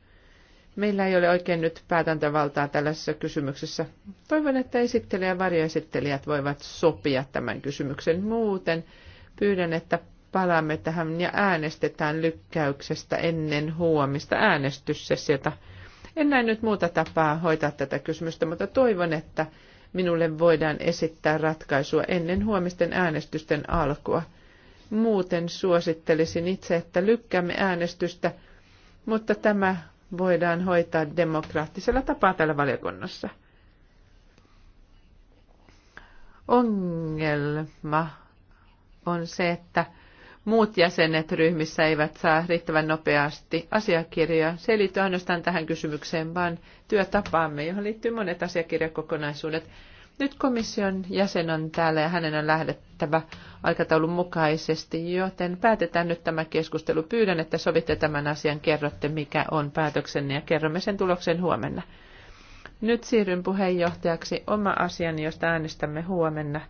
Meillä ei ole oikein nyt päätäntävaltaa tällaisessa kysymyksessä. Toivon, että esittelijä ja varjoesittelijät voivat sopia tämän kysymyksen muuten. Pyydän, että palaamme tähän ja äänestetään lykkäyksestä ennen huomista äänestyssessiota. En näe nyt muuta tapaa hoitaa tätä kysymystä, mutta toivon, että minulle voidaan esittää ratkaisua ennen huomisten äänestysten alkua. Muuten suosittelisin itse, että lykkäämme äänestystä, mutta tämä voidaan hoitaa demokraattisella tapaa täällä valiokunnassa. Ongelma on se, että muut jäsenet ryhmissä eivät saa riittävän nopeasti asiakirjoja. Se ei liittyy ainoastaan tähän kysymykseen, vaan työtapaamme, johon liittyy monet asiakirjakokonaisuudet. Nyt komission jäsen on täällä ja hänen on lähdettävä aikataulun mukaisesti, joten päätetään nyt tämä keskustelu. Pyydän, että sovitte tämän asian, kerrotte mikä on päätöksenne ja kerromme sen tuloksen huomenna. Nyt siirryn puheenjohtajaksi oma asiani, josta äänestämme huomenna.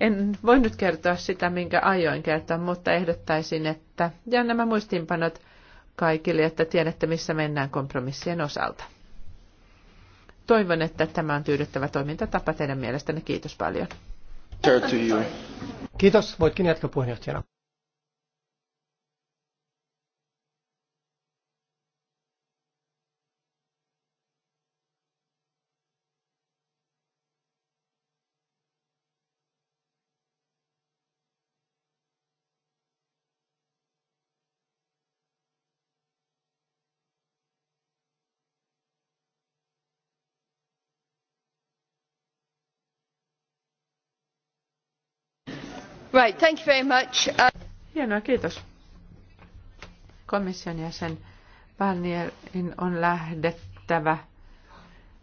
En voi nyt kertoa sitä, minkä ajoin kertoa, mutta ehdottaisin, että jään nämä muistiinpanot kaikille, että tiedätte, missä mennään kompromissien osalta. Toivon, että tämä on tyydyttävä toimintatapa teidän mielestänne. Kiitos paljon. Kiitos. Voitkin jatkaa puheenjohtajana. Uh, Hienoa, kiitos. Komission jäsen Barnierin on lähdettävä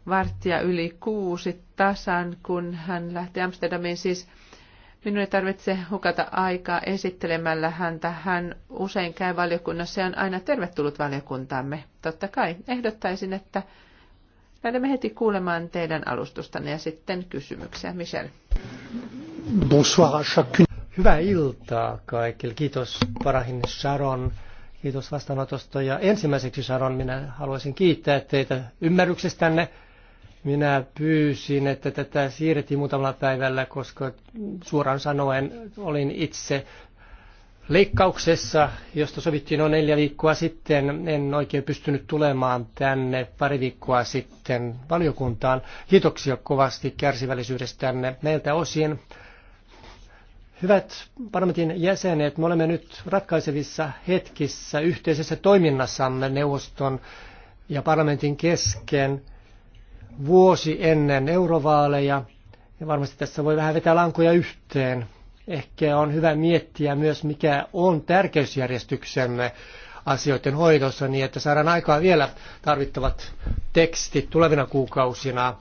varttia yli kuusi tasan, kun hän lähtee Amsterdamiin. Siis minun ei tarvitse hukata aikaa esittelemällä häntä. Hän usein käy valiokunnassa ja on aina tervetullut valiokuntaamme. Totta kai ehdottaisin, että lähdemme heti kuulemaan teidän alustustanne ja sitten kysymyksiä. Michel. Bonsoir à chacune. Hyvää iltaa kaikille. Kiitos Parahin Sharon. Kiitos vastaanotosta. Ja ensimmäiseksi Sharon, minä haluaisin kiittää teitä ymmärryksestänne. Minä pyysin, että tätä siirrettiin muutamalla päivällä, koska suoraan sanoen olin itse leikkauksessa, josta sovittiin noin neljä viikkoa sitten. En oikein pystynyt tulemaan tänne pari viikkoa sitten valiokuntaan. Kiitoksia kovasti kärsivällisyydestänne meiltä osin. Hyvät parlamentin jäsenet, me olemme nyt ratkaisevissa hetkissä yhteisessä toiminnassamme neuvoston ja parlamentin kesken vuosi ennen eurovaaleja. Ja varmasti tässä voi vähän vetää lankoja yhteen. Ehkä on hyvä miettiä myös, mikä on tärkeysjärjestyksemme asioiden hoidossa, niin että saadaan aikaa vielä tarvittavat tekstit tulevina kuukausina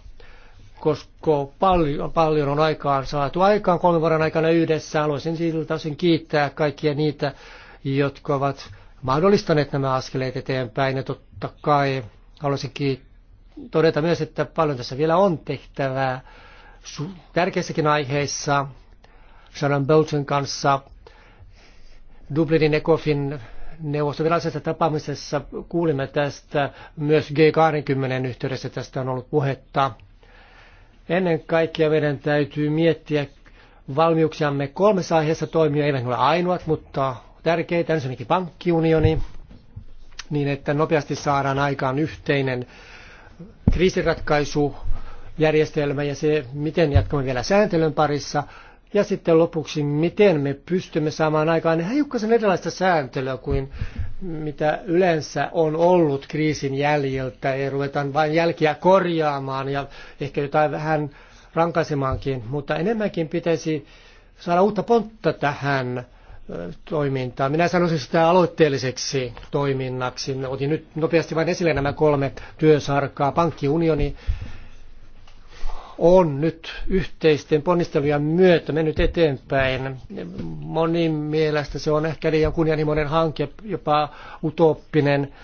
koska paljon, paljon on aikaan saatu aikaan kolmen vuoden aikana yhdessä. Haluaisin siltä osin kiittää kaikkia niitä, jotka ovat mahdollistaneet nämä askeleet eteenpäin. Ja totta kai haluaisin kiittää todeta myös, että paljon tässä vielä on tehtävää tärkeissäkin aiheissa. Sharon Bolton kanssa Dublinin ECOFin neuvostovirallisessa tapaamisessa kuulimme tästä. Myös G20 yhteydessä tästä on ollut puhetta. Ennen kaikkea meidän täytyy miettiä valmiuksiamme kolmessa aiheessa toimia, eivät ole ainoat, mutta tärkeitä. Ensinnäkin pankkiunioni, niin että nopeasti saadaan aikaan yhteinen kriisiratkaisujärjestelmä ja se, miten jatkamme vielä sääntelyn parissa, ja sitten lopuksi, miten me pystymme saamaan aikaan hiukkasen erilaista sääntelyä kuin mitä yleensä on ollut kriisin jäljiltä. Ja ruvetaan vain jälkiä korjaamaan ja ehkä jotain vähän rankaisemaankin, mutta enemmänkin pitäisi saada uutta pontta tähän toimintaan. Minä sanoisin sitä aloitteelliseksi toiminnaksi. Otin nyt nopeasti vain esille nämä kolme työsarkaa. Pankkiunioni, on nyt yhteisten ponnistelujen myötä mennyt eteenpäin. Monin mielestä se on ehkä liian kunnianhimoinen hanke, jopa utoppinen,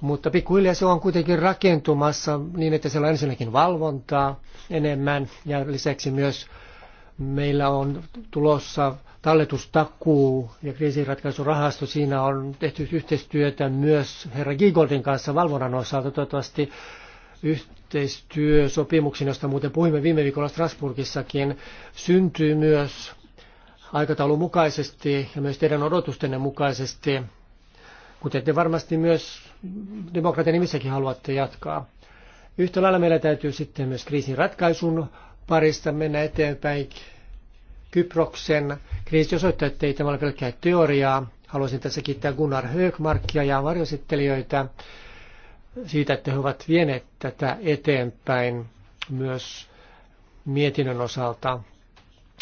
mutta pikkuhiljaa se on kuitenkin rakentumassa niin, että siellä on ensinnäkin valvontaa enemmän ja lisäksi myös meillä on tulossa talletustakuu ja kriisinratkaisurahasto. Siinä on tehty yhteistyötä myös herra Gigoldin kanssa valvonnan osalta. Toivottavasti yhteistyösopimuksen, josta muuten puhuimme viime viikolla Strasburgissakin, syntyy myös aikataulun mukaisesti ja myös teidän odotustenne mukaisesti, kuten te varmasti myös demokratian nimissäkin haluatte jatkaa. Yhtä lailla meillä täytyy sitten myös kriisin ratkaisun parista mennä eteenpäin. Kyproksen kriisi osoittaa, että ei tämä ole pelkkää teoriaa. Haluaisin tässä kiittää Gunnar Högmarkia ja varjosittelijöitä siitä, että he ovat vieneet tätä eteenpäin myös mietinnön osalta.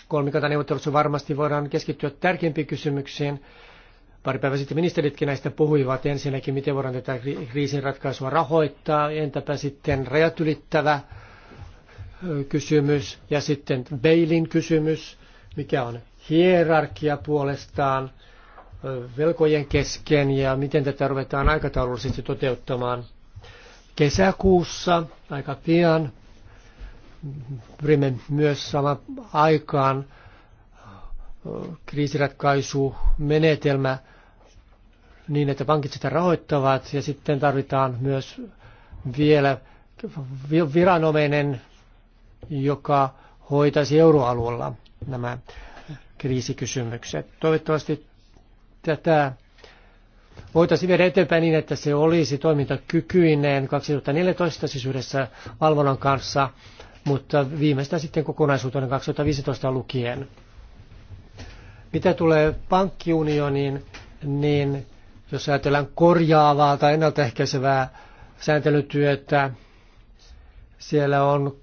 Kolmikantaneuvottelussa varmasti voidaan keskittyä tärkeimpiin kysymyksiin. Pari päivää sitten ministeritkin näistä puhuivat ensinnäkin, miten voidaan tätä kriisinratkaisua rahoittaa, entäpä sitten rajat ylittävä kysymys ja sitten Beilin kysymys, mikä on hierarkia puolestaan velkojen kesken ja miten tätä ruvetaan aikataulullisesti toteuttamaan – kesäkuussa aika pian. Pyrimme myös saman aikaan kriisiratkaisumenetelmä niin, että pankit sitä rahoittavat ja sitten tarvitaan myös vielä viranomainen, joka hoitaisi euroalueella nämä kriisikysymykset. Toivottavasti tätä voitaisiin viedä eteenpäin niin, että se olisi toimintakykyinen 2014 siis yhdessä valvonnan kanssa, mutta viimeistään sitten kokonaisuutena 2015 lukien. Mitä tulee pankkiunioniin, niin jos ajatellaan korjaavaa tai ennaltaehkäisevää sääntelytyötä, siellä on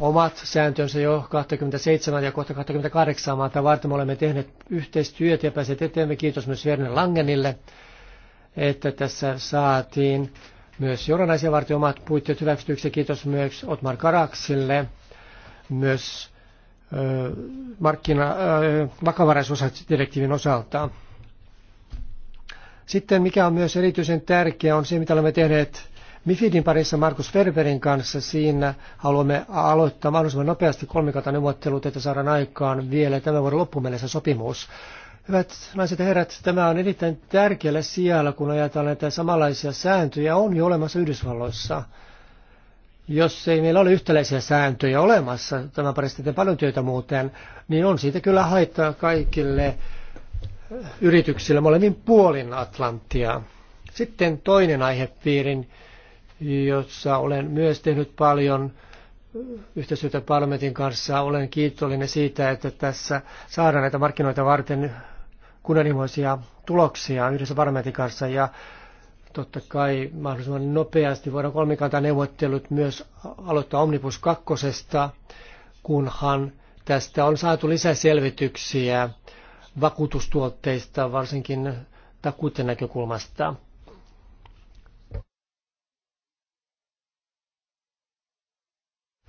omat sääntönsä jo 27 ja kohta 28 maata varten. Me olemme tehneet yhteistyötä ja päässeet eteenpäin. Kiitos myös Verne Langenille että tässä saatiin myös joronaisia varten omat puitteet hyväksytyksi. Kiitos myös Otmar Karaksille, myös markkina, vakavaraisuusdirektiivin osalta. Sitten mikä on myös erityisen tärkeää on se, mitä olemme tehneet Mifidin parissa Markus Ferberin kanssa. Siinä haluamme aloittaa mahdollisimman nopeasti kolmikata neuvottelut, että saadaan aikaan vielä tämän vuoden loppumennessä sopimus. Hyvät naiset ja herrat, tämä on erittäin tärkeällä sijalla, kun ajatellaan, että samanlaisia sääntöjä on jo olemassa Yhdysvalloissa. Jos ei meillä ole yhtäläisiä sääntöjä olemassa, tämä parista paljon työtä muuten, niin on siitä kyllä haittaa kaikille yrityksille molemmin puolin Atlanttia. Sitten toinen aihepiirin, jossa olen myös tehnyt paljon yhteistyötä Palmetin kanssa. Olen kiitollinen siitä, että tässä saadaan näitä markkinoita varten kunnianhimoisia tuloksia yhdessä parlamentin kanssa ja totta kai mahdollisimman nopeasti voidaan kolmikanta neuvottelut myös aloittaa Omnibus 2, kunhan tästä on saatu lisäselvityksiä vakuutustuotteista, varsinkin takuuten näkökulmasta.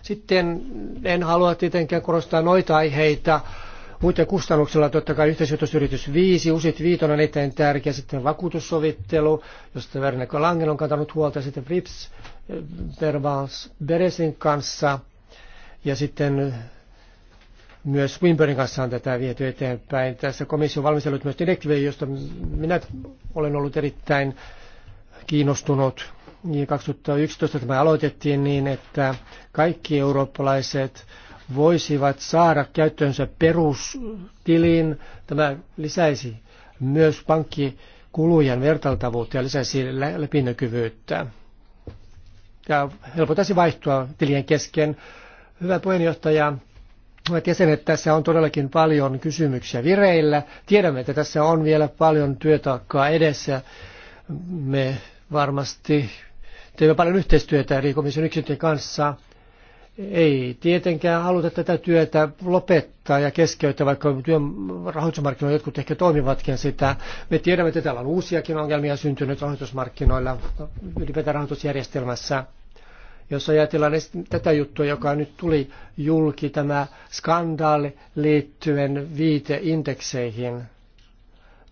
Sitten en halua tietenkään korostaa noita aiheita, kustannuksella totta kai yhteisyritysyritys 5, usit 5 on erittäin tärkeä, sitten vakuutussovittelu, josta Verneko Langen on kantanut huolta, sitten Frips eh, Vervals Beresin kanssa ja sitten eh, myös Swinburnin kanssa on tätä viety eteenpäin. Tässä komissio on valmistellut myös direktiivejä, josta minä olen ollut erittäin kiinnostunut. 2011 niin tämä aloitettiin niin, että kaikki eurooppalaiset voisivat saada käyttöönsä perustilin. Tämä lisäisi myös pankkikulujen vertailtavuutta ja lisäisi läpinäkyvyyttä. Ja helpotaisi vaihtoa tilien kesken. Hyvä puheenjohtaja, hyvät jäsenet, tässä on todellakin paljon kysymyksiä vireillä. Tiedämme, että tässä on vielä paljon työtaakkaa edessä. Me varmasti teemme paljon yhteistyötä eri komission yksityisten kanssa ei tietenkään haluta tätä työtä lopettaa ja keskeyttää, vaikka työn rahoitusmarkkinoilla jotkut ehkä toimivatkin sitä. Me tiedämme, että täällä on uusiakin ongelmia syntynyt rahoitusmarkkinoilla, ylipäätään rahoitusjärjestelmässä. Jos ajatellaan tätä juttua, joka nyt tuli julki, tämä skandaali liittyen viiteindekseihin,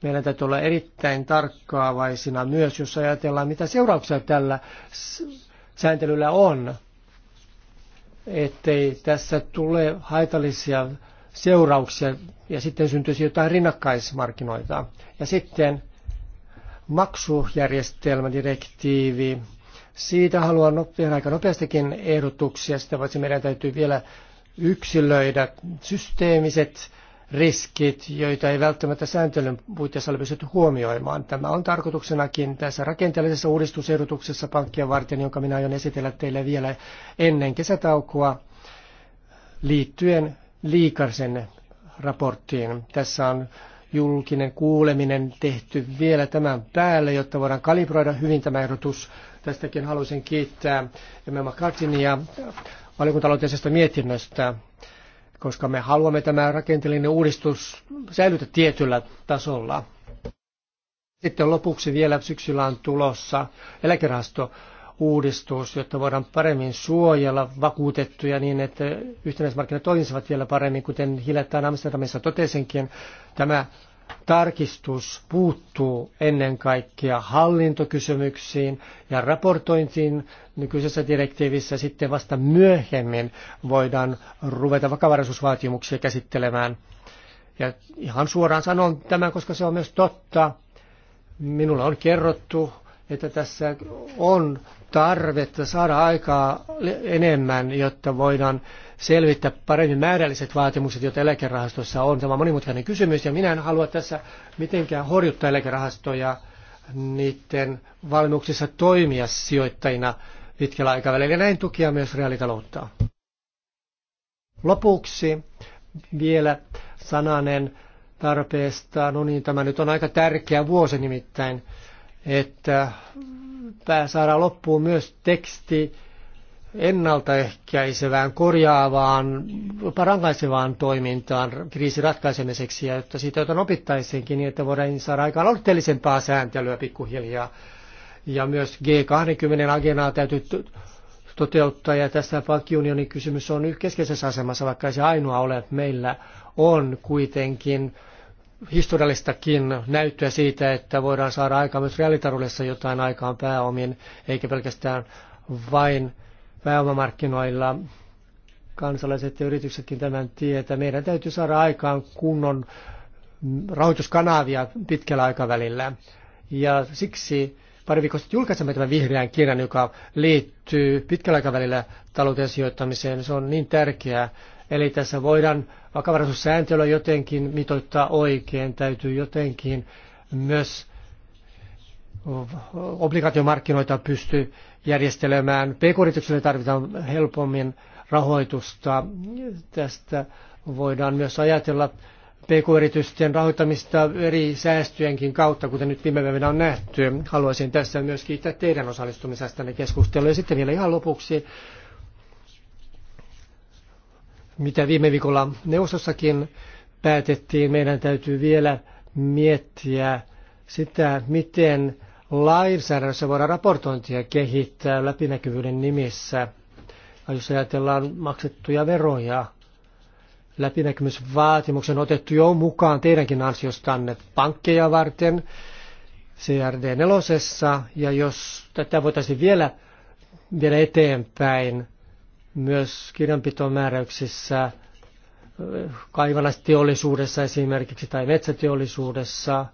meidän täytyy olla erittäin tarkkaavaisina myös, jos ajatellaan, mitä seurauksia tällä sääntelyllä on ettei tässä tule haitallisia seurauksia ja sitten syntyisi jotain rinnakkaismarkkinoita. Ja sitten maksujärjestelmädirektiivi. Siitä haluan nopean aika nopeastikin ehdotuksia. Sitä paitsi meidän täytyy vielä yksilöidä systeemiset riskit, joita ei välttämättä sääntelyn puitteissa ole pystytty huomioimaan. Tämä on tarkoituksenakin tässä rakenteellisessa uudistusehdotuksessa pankkia varten, jonka minä aion esitellä teille vielä ennen kesätaukoa liittyen Liikarsen raporttiin. Tässä on julkinen kuuleminen tehty vielä tämän päälle, jotta voidaan kalibroida hyvin tämä ehdotus. Tästäkin haluaisin kiittää Emma ja valiokuntaloitteisesta mietinnöstä koska me haluamme tämä rakenteellinen uudistus säilytä tietyllä tasolla. Sitten lopuksi vielä syksyllä on tulossa eläkerahasto uudistus, jotta voidaan paremmin suojella vakuutettuja niin, että yhtenäismarkkinat toimisivat vielä paremmin, kuten hiljattain Amsterdamissa totesinkin. Tämä tarkistus puuttuu ennen kaikkea hallintokysymyksiin ja raportointiin nykyisessä direktiivissä. Sitten vasta myöhemmin voidaan ruveta vakavaraisuusvaatimuksia käsittelemään. Ja ihan suoraan sanon tämän, koska se on myös totta. Minulla on kerrottu, että tässä on tarvetta saada aikaa enemmän, jotta voidaan selvittää paremmin määrälliset vaatimukset, joita eläkerahastossa on. Tämä on monimutkainen kysymys ja minä en halua tässä mitenkään horjuttaa eläkerahastoja niiden valmiuksissa toimia sijoittajina pitkällä aikavälillä ja näin tukia myös reaalitaloutta. Lopuksi vielä sananen tarpeesta. No niin, tämä nyt on aika tärkeä vuosi nimittäin, että saadaan loppuun myös teksti, ennaltaehkäisevään, korjaavaan, jopa rankaisevaan toimintaan kriisin ratkaisemiseksi, ja jotta siitä jotain opittaisiinkin, niin että voidaan saada aikaan aloitteellisempaa sääntelyä pikkuhiljaa. Ja myös G20-agendaa täytyy toteuttaa, ja tässä pankkiunionin kysymys on keskeisessä asemassa, vaikka se ainoa ole. Meillä on kuitenkin historiallistakin näyttöä siitä, että voidaan saada aikaan myös reaalitaloudessa jotain aikaan pääomin, eikä pelkästään vain pääomamarkkinoilla. Kansalaiset ja yrityksetkin tämän tietää. Meidän täytyy saada aikaan kunnon rahoituskanavia pitkällä aikavälillä. Ja siksi pari viikosta julkaisemme tämän vihreän kirjan, joka liittyy pitkällä aikavälillä talouteen sijoittamiseen. Se on niin tärkeää. Eli tässä voidaan vakavaraisuussääntelyä jotenkin mitoittaa oikein, täytyy jotenkin myös obligaatiomarkkinoita pysty järjestelemään. PK-yrityksille tarvitaan helpommin rahoitusta. Tästä voidaan myös ajatella PK-yritysten rahoittamista eri säästöjenkin kautta, kuten nyt viime päivänä on nähty. Haluaisin tässä myös kiittää teidän osallistumisestanne keskusteluun. Ja sitten vielä ihan lopuksi, mitä viime viikolla neuvostossakin päätettiin, meidän täytyy vielä miettiä sitä, miten lainsäädännössä voidaan raportointia kehittää läpinäkyvyyden nimissä. ja Jos ajatellaan maksettuja veroja, läpinäkymysvaatimuksen otettu jo mukaan teidänkin ansiostanne pankkeja varten CRD 4. Ja jos tätä voitaisiin vielä vielä eteenpäin myös kirjanpitomääräyksissä, kaivannasteollisuudessa esimerkiksi tai metsäteollisuudessa,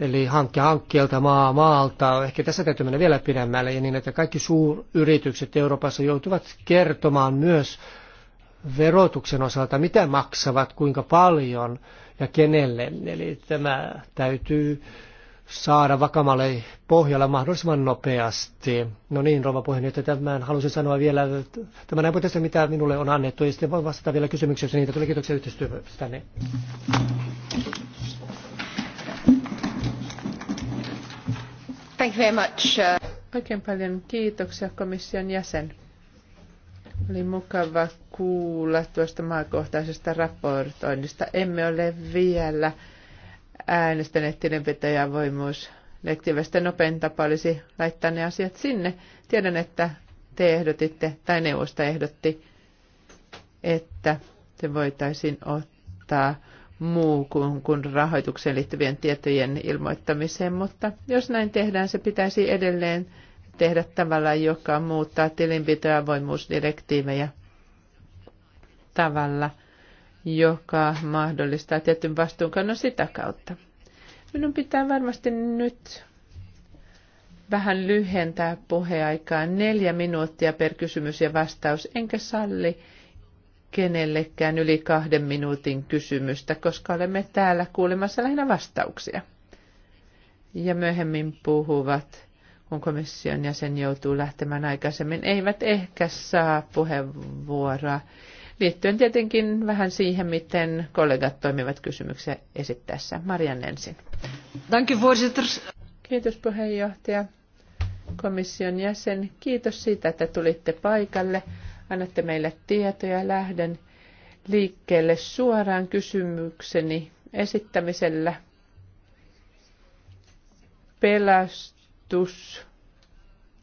Eli hankkia hankkeelta, maa maalta. Ehkä tässä täytyy mennä vielä pidemmälle, ja niin että kaikki suuryritykset Euroopassa joutuvat kertomaan myös verotuksen osalta, mitä maksavat, kuinka paljon ja kenelle. Eli tämä täytyy saada vakamalle pohjalla mahdollisimman nopeasti. No niin, rova rouva että tämän halusin sanoa vielä tämä näin mitä minulle on annettu, ja sitten voin vastata vielä kysymyksiä, jos niitä tulee kiitoksia yhteistyöstä. Thank you very much. Uh, Oikein paljon kiitoksia komission jäsen. Oli mukava kuulla tuosta maakohtaisesta raportoinnista. Emme ole vielä äänestäneet tilinpitäjävoimuus direktiivistä nopein tapa olisi laittaa ne asiat sinne. Tiedän, että te ehdotitte, tai neuvosto ehdotti, että se voitaisiin ottaa muu kuin, kuin rahoitukseen liittyvien tietojen ilmoittamiseen, mutta jos näin tehdään, se pitäisi edelleen tehdä tavalla, joka muuttaa tilinpito- ja avoimuusdirektiivejä tavalla, joka mahdollistaa tietyn vastuunkannon sitä kautta. Minun pitää varmasti nyt vähän lyhentää puheaikaa neljä minuuttia per kysymys ja vastaus, enkä salli kenellekään yli kahden minuutin kysymystä, koska olemme täällä kuulemassa lähinnä vastauksia. Ja myöhemmin puhuvat, kun komission jäsen joutuu lähtemään aikaisemmin, eivät ehkä saa puheenvuoroa, liittyen tietenkin vähän siihen, miten kollegat toimivat kysymyksiä esittäessä. Marian ensin. Kiitos puheenjohtaja, komission jäsen. Kiitos siitä, että tulitte paikalle annatte meille tietoja. Lähden liikkeelle suoraan kysymykseni esittämisellä. Pelastus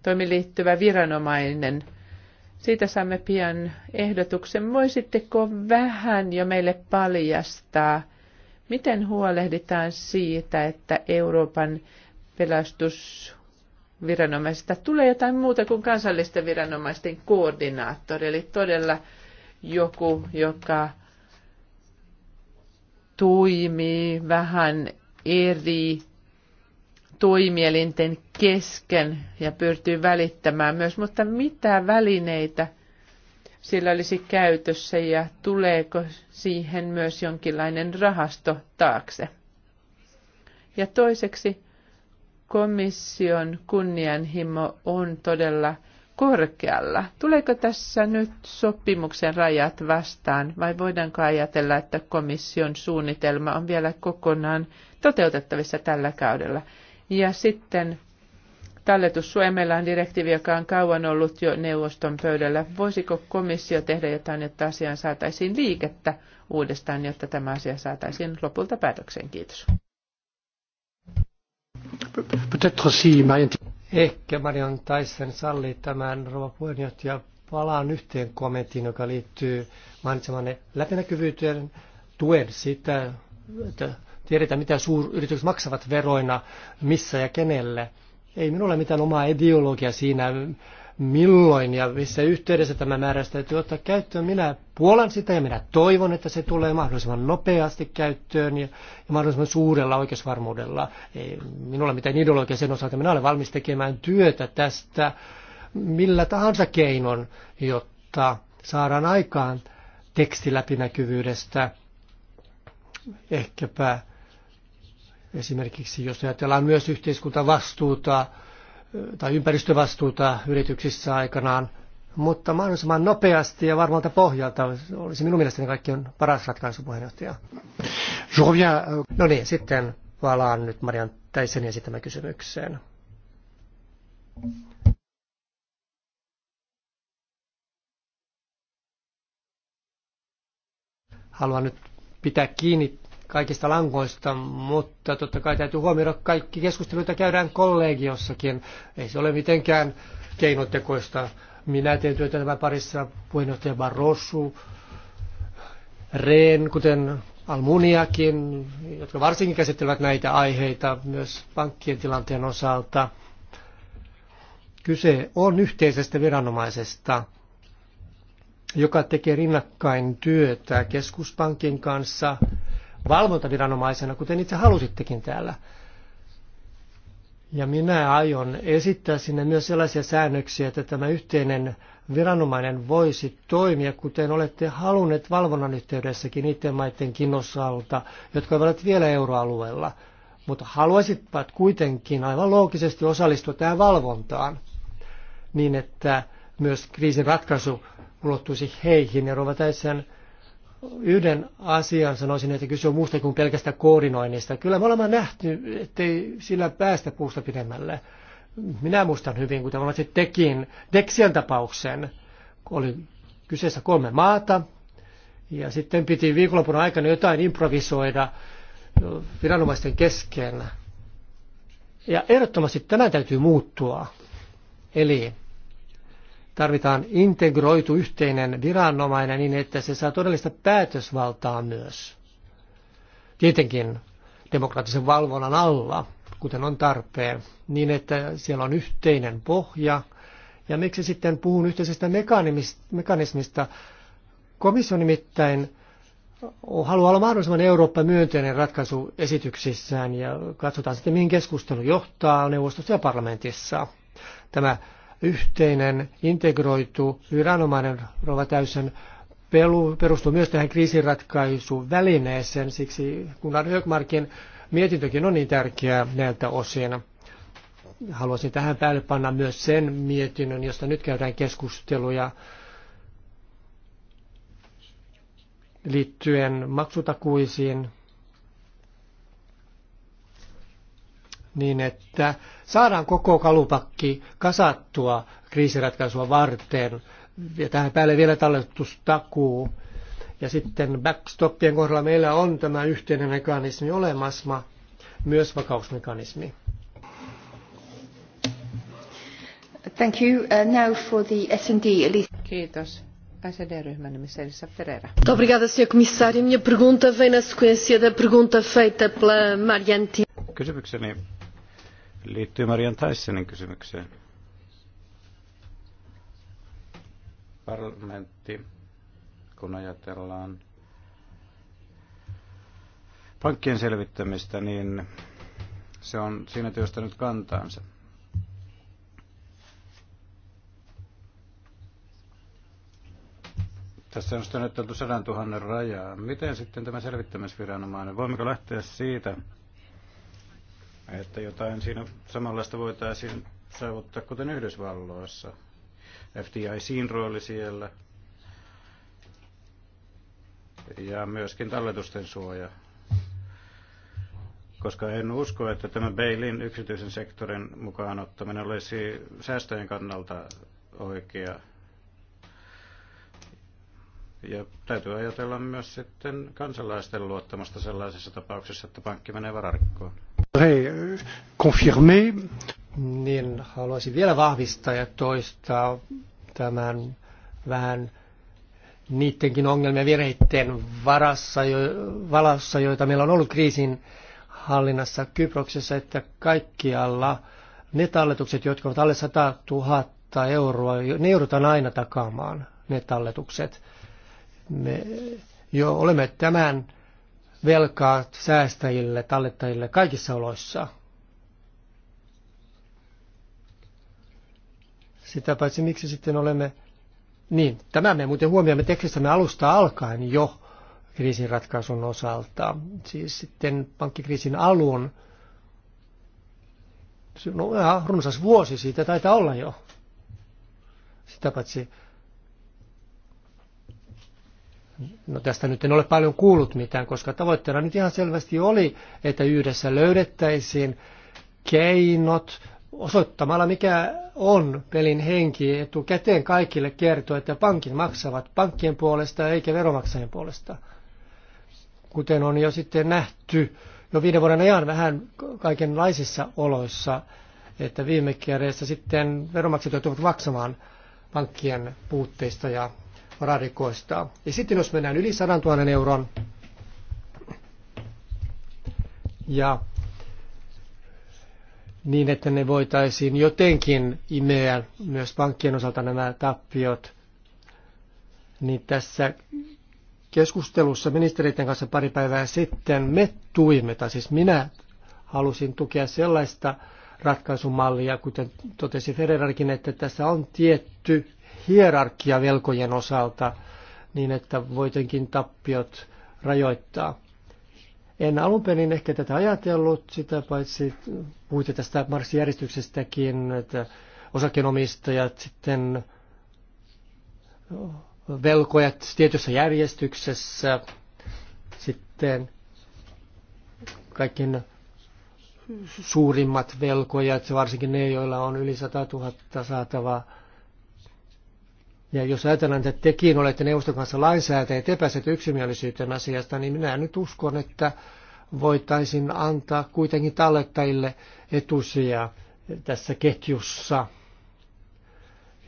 toimi liittyvä viranomainen. Siitä saamme pian ehdotuksen. Voisitteko vähän jo meille paljastaa, miten huolehditaan siitä, että Euroopan pelastus viranomaisista tulee jotain muuta kuin kansallisten viranomaisten koordinaattori, eli todella joku, joka toimii vähän eri toimielinten kesken ja pyrkii välittämään myös, mutta mitä välineitä sillä olisi käytössä ja tuleeko siihen myös jonkinlainen rahasto taakse. Ja toiseksi komission kunnianhimo on todella korkealla. Tuleeko tässä nyt sopimuksen rajat vastaan vai voidaanko ajatella, että komission suunnitelma on vielä kokonaan toteutettavissa tällä kaudella? Ja sitten talletussuoja. Meillä on direktiivi, joka on kauan ollut jo neuvoston pöydällä. Voisiko komissio tehdä jotain, jotta asiaan saataisiin liikettä uudestaan, jotta tämä asia saataisiin lopulta päätökseen? Kiitos. Ehkä Marion Taisen sallii tämän rouva puheenjohtaja. Palaan yhteen kommenttiin, joka liittyy mainitsemanne läpinäkyvyyteen. Tuen sitä, että tiedetään mitä suuryritykset maksavat veroina, missä ja kenelle. Ei minulla ole mitään omaa ideologiaa siinä, milloin ja missä yhteydessä tämä määräys täytyy ottaa käyttöön. Minä puolan sitä ja minä toivon, että se tulee mahdollisimman nopeasti käyttöön ja, ja mahdollisimman suurella oikeusvarmuudella. Ei minulla mitään ideologia sen osalta. Minä olen valmis tekemään työtä tästä millä tahansa keinon, jotta saadaan aikaan tekstiläpinäkyvyydestä. Ehkäpä esimerkiksi jos ajatellaan myös yhteiskuntavastuuta vastuuta tai ympäristövastuuta yrityksissä aikanaan, mutta mahdollisimman nopeasti ja varmalta pohjalta olisi minun mielestäni kaikkien paras ratkaisu puheenjohtaja. Euh, no niin, sitten palaan nyt Marian Täisen esittämään kysymykseen. Haluan nyt pitää kiinni kaikista langoista, mutta totta kai täytyy huomioida kaikki keskusteluita käydään kollegiossakin. Ei se ole mitenkään keinotekoista. Minä teen työtä tämän parissa puheenjohtaja Barroso, reen kuten Almuniakin, jotka varsinkin käsittelevät näitä aiheita myös pankkien tilanteen osalta. Kyse on yhteisestä viranomaisesta, joka tekee rinnakkain työtä keskuspankin kanssa – valvontaviranomaisena, kuten itse halusittekin täällä. Ja minä aion esittää sinne myös sellaisia säännöksiä, että tämä yhteinen viranomainen voisi toimia, kuten olette halunneet valvonnan yhteydessäkin niiden maidenkin osalta, jotka ovat vielä euroalueella, mutta haluaisivat kuitenkin aivan loogisesti osallistua tähän valvontaan, niin että myös kriisin ratkaisu ulottuisi heihin. Ja Rova yhden asian sanoisin, että kyse on muusta kuin pelkästä koordinoinnista. Kyllä me olemme nähty, ettei sillä päästä puusta pidemmälle. Minä muistan hyvin, kun tavallaan sitten tekin Dexian tapauksen, kun oli kyseessä kolme maata, ja sitten piti viikonlopun aikana jotain improvisoida viranomaisten kesken. Ja ehdottomasti tämä täytyy muuttua. Eli Tarvitaan integroitu yhteinen viranomainen niin, että se saa todellista päätösvaltaa myös. Tietenkin demokraattisen valvonnan alla, kuten on tarpeen, niin että siellä on yhteinen pohja. Ja miksi sitten puhun yhteisestä mekanismista? Komissio nimittäin haluaa olla mahdollisimman Eurooppa myönteinen ratkaisu esityksissään ja katsotaan sitten mihin keskustelu johtaa neuvostossa ja parlamentissa. Tämä yhteinen integroitu viranomainen Rova Täysen pelu, perustuu myös tähän kriisinratkaisuun välineeseen, siksi Gunnar Högmarkin mietintökin on niin tärkeä näiltä osin. Haluaisin tähän päälle panna myös sen mietinnön, josta nyt käydään keskusteluja liittyen maksutakuisiin niin, että saadaan koko kalupakki kasattua kriisiratkaisua varten. Ja tähän päälle vielä talletustakuu. Ja sitten backstopien kohdalla meillä on tämä yhteinen mekanismi olemassa, myös vakausmekanismi. Thank you. Uh, now for the S&D, Kiitos. SD-ryhmän nimissä Elisa Ferreira. Obrigada, senhor comissário. Minha pergunta vem na sequência da pergunta feita pela Marianne Kysymykseni liittyy Marian Tyssenin kysymykseen. Parlamentti, kun ajatellaan pankkien selvittämistä, niin se on siinä työstänyt kantaansa. Tässä on sitten nyt 100 000 rajaa. Miten sitten tämä selvittämisviranomainen, voimmeko lähteä siitä, että jotain siinä samanlaista voitaisiin saavuttaa kuten Yhdysvalloissa. FDICin rooli siellä ja myöskin talletusten suoja. Koska en usko, että tämä Beilin yksityisen sektorin mukaan ottaminen olisi säästöjen kannalta oikea. Ja täytyy ajatella myös sitten kansalaisten luottamusta sellaisessa tapauksessa, että pankki menee vararikkoon. Euh, confirmer. Niin haluaisin vielä vahvistaa ja toistaa tämän vähän niidenkin ongelmien vireitten varassa, jo, valassa, joita meillä on ollut kriisin hallinnassa Kyproksessa, että kaikkialla ne talletukset, jotka ovat alle 100 000 euroa, ne joudutaan aina takaamaan, ne talletukset. Me jo olemme tämän velkaa säästäjille, tallettajille kaikissa oloissa. Sitä paitsi miksi sitten olemme, niin tämä me muuten huomioimme tekstissämme alusta alkaen jo kriisin ratkaisun osalta. Siis sitten pankkikriisin alun, no ihan runsas vuosi siitä taitaa olla jo. Sitä paitsi No tästä nyt en ole paljon kuullut mitään, koska tavoitteena nyt ihan selvästi oli, että yhdessä löydettäisiin keinot osoittamalla, mikä on pelin henki etukäteen kaikille kertoa, että pankit maksavat pankkien puolesta eikä veromaksajien puolesta. Kuten on jo sitten nähty jo viiden vuoden ajan vähän kaikenlaisissa oloissa, että viime kerreissä sitten veromaksajat joutuvat maksamaan pankkien puutteista ja vararikoista. Ja sitten jos mennään yli 100 000 euron ja niin, että ne voitaisiin jotenkin imeä myös pankkien osalta nämä tappiot, niin tässä keskustelussa ministeriiden kanssa pari päivää sitten me tuimme, tai siis minä halusin tukea sellaista ratkaisumallia, kuten totesi Ferrarikin, että tässä on tietty hierarkia velkojen osalta niin, että voitenkin tappiot rajoittaa. En alun perin ehkä tätä ajatellut, sitä paitsi puhuitte tästä marssijärjestyksestäkin, että osakkeenomistajat sitten velkojat tietyssä järjestyksessä, sitten kaikkien suurimmat velkojat, varsinkin ne, joilla on yli 100 000 saatavaa, ja jos ajatellaan, että tekin olette neuvoston kanssa lainsäätäjä, te pääsette yksimielisyyteen asiasta, niin minä nyt uskon, että voitaisiin antaa kuitenkin tallettajille etusia tässä ketjussa,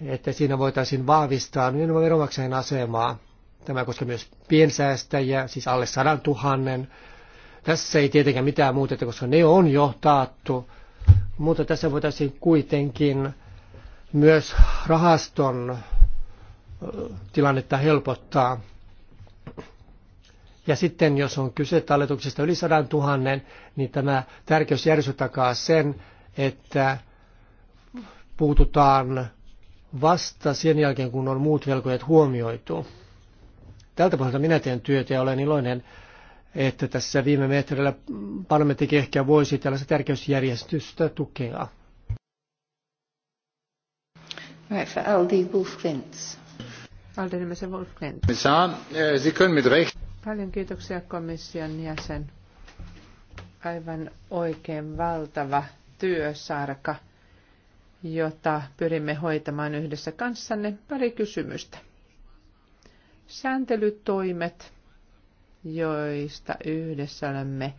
että siinä voitaisiin vahvistaa nimenomaan veronmaksajien asemaa. Tämä koskee myös piensäästäjiä, siis alle sadan tuhannen. Tässä ei tietenkään mitään muuteta, koska ne on jo taattu, mutta tässä voitaisiin kuitenkin myös rahaston tilannetta helpottaa. Ja sitten jos on kyse talletuksesta yli 100 000, niin tämä tärkeysjärjestö takaa sen, että puututaan vasta sen jälkeen, kun on muut velkojat huomioitu. Tältä pohjalta minä teen työtä ja olen iloinen, että tässä viime metrillä parlamentti ehkä voisi tällaista tärkeysjärjestystä tukea. Right, for Aldi Wolf Vince. Äh, Paljon kiitoksia komission jäsen. Aivan oikein valtava työsarka, jota pyrimme hoitamaan yhdessä kanssanne. Pari kysymystä. Sääntelytoimet, joista yhdessä olemme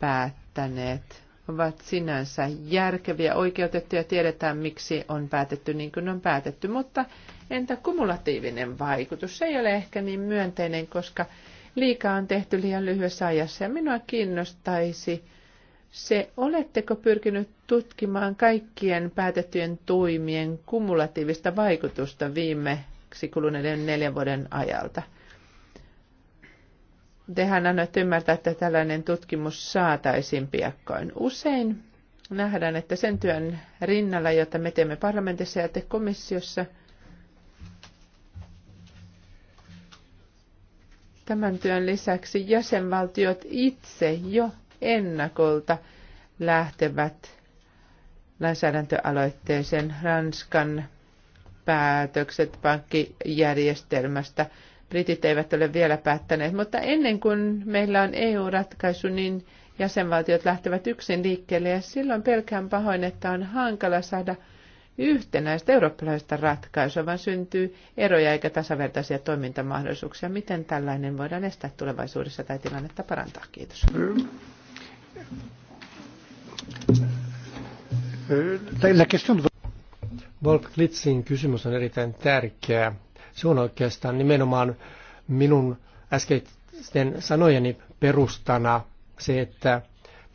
päättäneet, ovat sinänsä järkeviä, oikeutettuja, tiedetään miksi on päätetty niin kuin on päätetty, mutta Entä kumulatiivinen vaikutus? Se ei ole ehkä niin myönteinen, koska liikaa on tehty liian lyhyessä ajassa. Ja minua kiinnostaisi se, oletteko pyrkinyt tutkimaan kaikkien päätettyjen toimien kumulatiivista vaikutusta viimeksi kuluneiden neljän vuoden ajalta? Tehän annoit ymmärtää, että tällainen tutkimus saataisiin piakkoin. Usein nähdään, että sen työn rinnalla, jota me teemme parlamentissa ja te komissiossa – Tämän työn lisäksi jäsenvaltiot itse jo ennakolta lähtevät lainsäädäntöaloitteeseen Ranskan päätökset pankkijärjestelmästä. Britit eivät ole vielä päättäneet, mutta ennen kuin meillä on EU-ratkaisu, niin jäsenvaltiot lähtevät yksin liikkeelle ja silloin pelkään pahoin, että on hankala saada yhtenäistä eurooppalaista ratkaisua, vaan syntyy eroja eikä tasavertaisia toimintamahdollisuuksia. Miten tällainen voidaan estää tulevaisuudessa tai tilannetta parantaa? Kiitos. Wolf Klitsin kysymys on erittäin tärkeä. Se on oikeastaan nimenomaan minun äskeisten sanojeni perustana se, että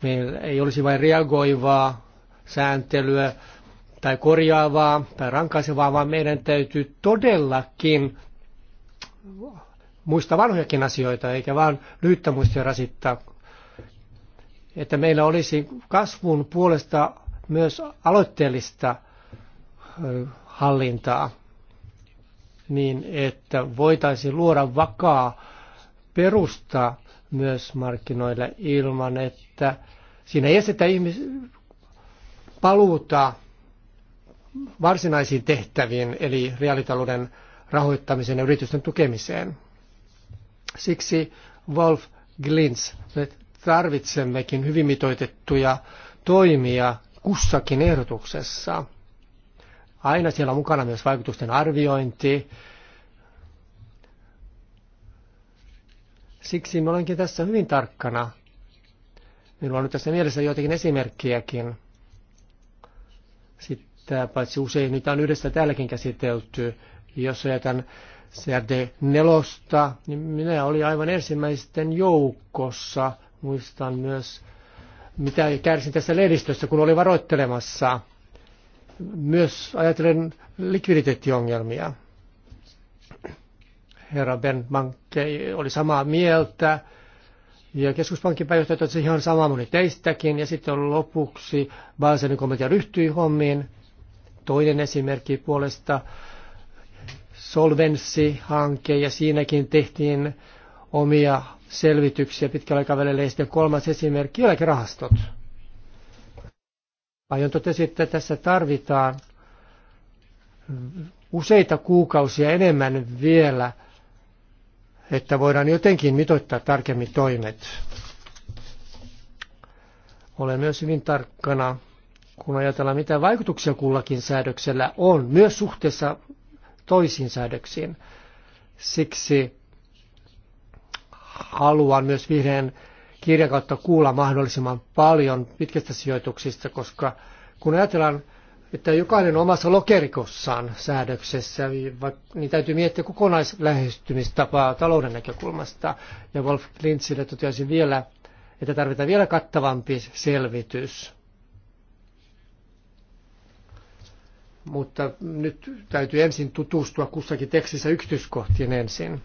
meillä ei olisi vain reagoivaa sääntelyä, tai korjaavaa tai rankaisevaa, vaan meidän täytyy todellakin muistaa vanhojakin asioita, eikä vaan lyhyttä muistia rasittaa. Että meillä olisi kasvun puolesta myös aloitteellista hallintaa, niin että voitaisiin luoda vakaa perusta myös markkinoille ilman, että siinä ei estetä ihmis- paluuta varsinaisiin tehtäviin, eli reaalitalouden rahoittamiseen ja yritysten tukemiseen. Siksi Wolf Glintz, me tarvitsemmekin hyvin mitoitettuja toimia kussakin ehdotuksessa. Aina siellä on mukana myös vaikutusten arviointi. Siksi me olenkin tässä hyvin tarkkana. Minulla on nyt tässä mielessä joitakin esimerkkiäkin. Sitten Tämä paitsi usein niitä on yhdessä täälläkin käsitelty. Jos ajatan CRD nelosta, niin minä olin aivan ensimmäisten joukossa. Muistan myös, mitä kärsin tässä lehdistössä, kun olin varoittelemassa. Myös ajatellen likviditeettiongelmia. Herra Ben Manke oli samaa mieltä. Ja keskuspankin pääjohtajat ovat ihan samaa moni teistäkin. Ja sitten lopuksi Baselin komitea ryhtyi hommiin. Toinen esimerkki puolesta Solvenssi-hanke ja siinäkin tehtiin omia selvityksiä pitkällä aikavälillä. Ja sitten kolmas esimerkki, eläkerahastot. Aion totesi, että tässä tarvitaan useita kuukausia enemmän vielä, että voidaan jotenkin mitoittaa tarkemmin toimet. Olen myös hyvin tarkkana kun ajatellaan mitä vaikutuksia kullakin säädöksellä on, myös suhteessa toisiin säädöksiin. Siksi haluan myös vihreän kirjan kautta kuulla mahdollisimman paljon pitkistä sijoituksista, koska kun ajatellaan, että jokainen omassa lokerikossaan säädöksessä, niin täytyy miettiä kokonaislähestymistapaa talouden näkökulmasta. Ja Wolf Klintzille toteaisin vielä, että tarvitaan vielä kattavampi selvitys mutta nyt täytyy ensin tutustua kussakin tekstissä yksityiskohtiin ensin.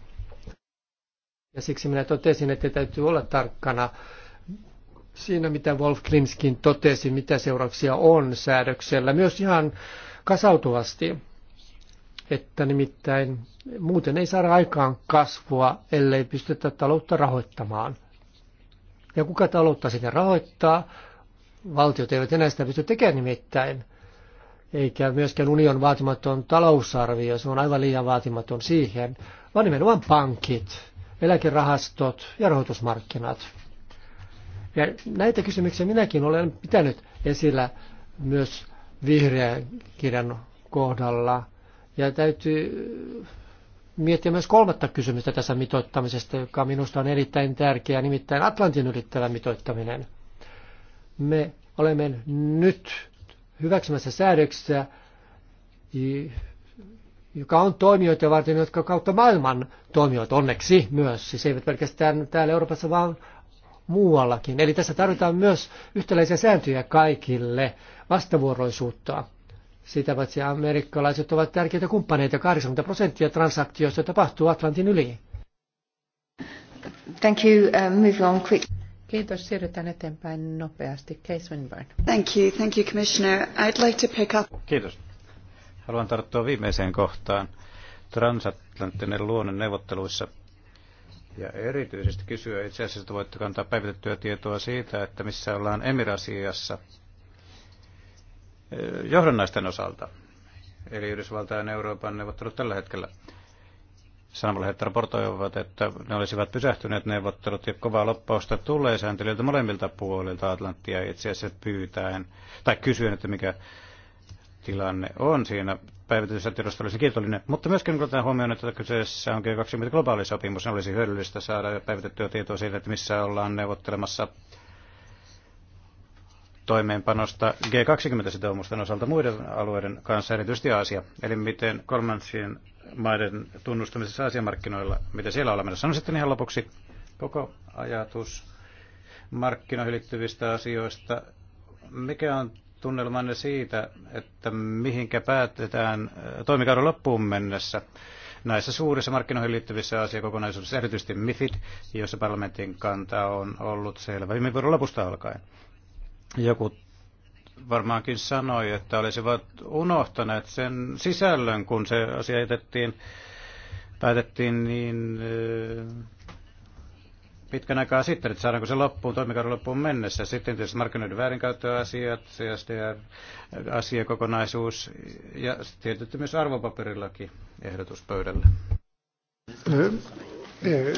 Ja siksi minä totesin, että täytyy olla tarkkana siinä, mitä Wolf Klimskin totesi, mitä seurauksia on säädöksellä, myös ihan kasautuvasti, että nimittäin muuten ei saada aikaan kasvua, ellei pystytä taloutta rahoittamaan. Ja kuka taloutta sitä rahoittaa? Valtiot eivät enää sitä pysty tekemään nimittäin – eikä myöskään union vaatimaton talousarvio, se on aivan liian vaatimaton siihen, vaan nimenomaan pankit, eläkerahastot ja rahoitusmarkkinat. Ja näitä kysymyksiä minäkin olen pitänyt esillä myös vihreän kirjan kohdalla. Ja täytyy miettiä myös kolmatta kysymystä tässä mitoittamisesta, joka minusta on erittäin tärkeä, nimittäin Atlantin ylittävä mitoittaminen. Me olemme nyt hyväksymässä säädöksessä, joka on toimijoita varten, jotka kautta maailman toimijoita onneksi myös, siis eivät pelkästään täällä Euroopassa, vaan muuallakin. Eli tässä tarvitaan myös yhtäläisiä sääntöjä kaikille vastavuoroisuutta. Sitä paitsi amerikkalaiset ovat tärkeitä kumppaneita. 80 prosenttia transaktioista tapahtuu Atlantin yli. Thank you. Uh, move on quick. Kiitos. Siirrytään eteenpäin nopeasti. Case Winburn. Thank you. Thank you, Commissioner. I'd like to pick up... Kiitos. Haluan tarttua viimeiseen kohtaan transatlanttinen luonne neuvotteluissa. Ja erityisesti kysyä itse asiassa, että voitte kantaa päivitettyä tietoa siitä, että missä ollaan Emirasiassa eh, johdonnaisten osalta. Eli Yhdysvaltain ja Euroopan neuvottelut tällä hetkellä sanomalehdet raportoivat, että ne olisivat pysähtyneet neuvottelut ja kovaa loppausta tulee sääntelijöiltä molemmilta puolilta Atlanttia itse asiassa pyytäen tai kysyen, että mikä tilanne on siinä päivitetyssä tiedossa olisi kiitollinen. Mutta myöskin kun otetaan huomioon, että kyseessä on G20 globaali sopimus, niin olisi hyödyllistä saada päivitettyä tietoa siitä, että missä ollaan neuvottelemassa toimeenpanosta G20-sitoumusten osalta muiden alueiden kanssa, erityisesti Aasia. Eli miten kolmansien maiden tunnustamisessa asiamarkkinoilla, mitä siellä ollaan menossa. No sitten ihan lopuksi koko ajatus markkinoihin liittyvistä asioista. Mikä on tunnelmanne siitä, että mihinkä päätetään äh, toimikauden loppuun mennessä näissä suurissa markkinoihin liittyvissä asiakokonaisuuksissa, erityisesti MIFID, jossa parlamentin kanta on ollut selvä viime vuoden lopusta alkaen. Joku varmaankin sanoi, että olisivat unohtaneet sen sisällön, kun se asia jätettiin, päätettiin niin eh, pitkän aikaa sitten, että saadaanko se loppuun, toimikauden loppuun mennessä. Sitten tietysti markkinoiden väärinkäyttöasiat, CSDR-asiakokonaisuus ja tietysti myös arvopaperillakin ehdotus pöydälle. Eh, eh,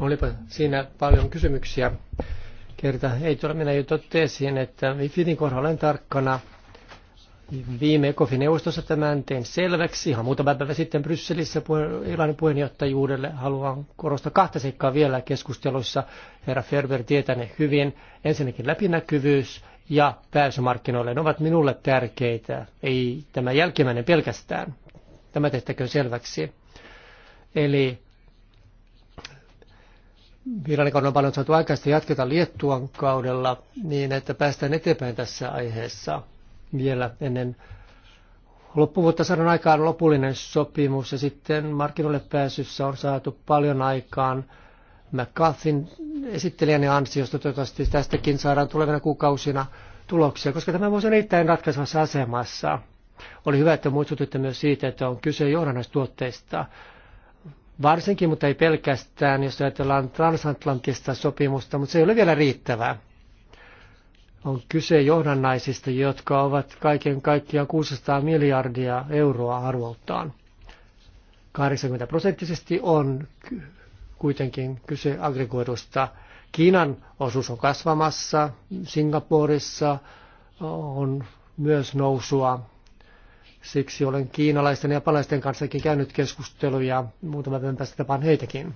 Olipa siinä paljon kysymyksiä kerta. Ei tule, minä jo totesin, että Mifidin kohdalla olen tarkkana. Viime ECOFI-neuvostossa tämän tein selväksi. Ihan muutama päivä sitten Brysselissä Irlannin puheenjohtajuudelle haluan korostaa kahta seikkaa vielä keskusteluissa. Herra Ferber tietää ne hyvin. Ensinnäkin läpinäkyvyys ja pääsymarkkinoille. Ne ovat minulle tärkeitä. Ei tämä jälkimmäinen pelkästään. Tämä tehtäkö selväksi. Eli Virallikauden on paljon saatu aikaista jatketa Liettuan kaudella niin, että päästään eteenpäin tässä aiheessa vielä ennen loppuvuotta saadaan aikaan lopullinen sopimus ja sitten markkinoille pääsyssä on saatu paljon aikaan McCarthyn esittelijän ansiosta. Toivottavasti tästäkin saadaan tulevina kuukausina tuloksia, koska tämä voisi on erittäin ratkaisevassa asemassa. Oli hyvä, että muistutitte myös siitä, että on kyse johdannaistuotteista varsinkin, mutta ei pelkästään, jos ajatellaan transatlanttista sopimusta, mutta se ei ole vielä riittävää. On kyse johdannaisista, jotka ovat kaiken kaikkiaan 600 miljardia euroa arvoltaan. 80 prosenttisesti on kuitenkin kyse aggregoidusta. Kiinan osuus on kasvamassa, Singaporessa on myös nousua Siksi olen kiinalaisten ja japalaisten kanssakin käynyt keskusteluja. Muutama päivän päästä tapaan heitäkin.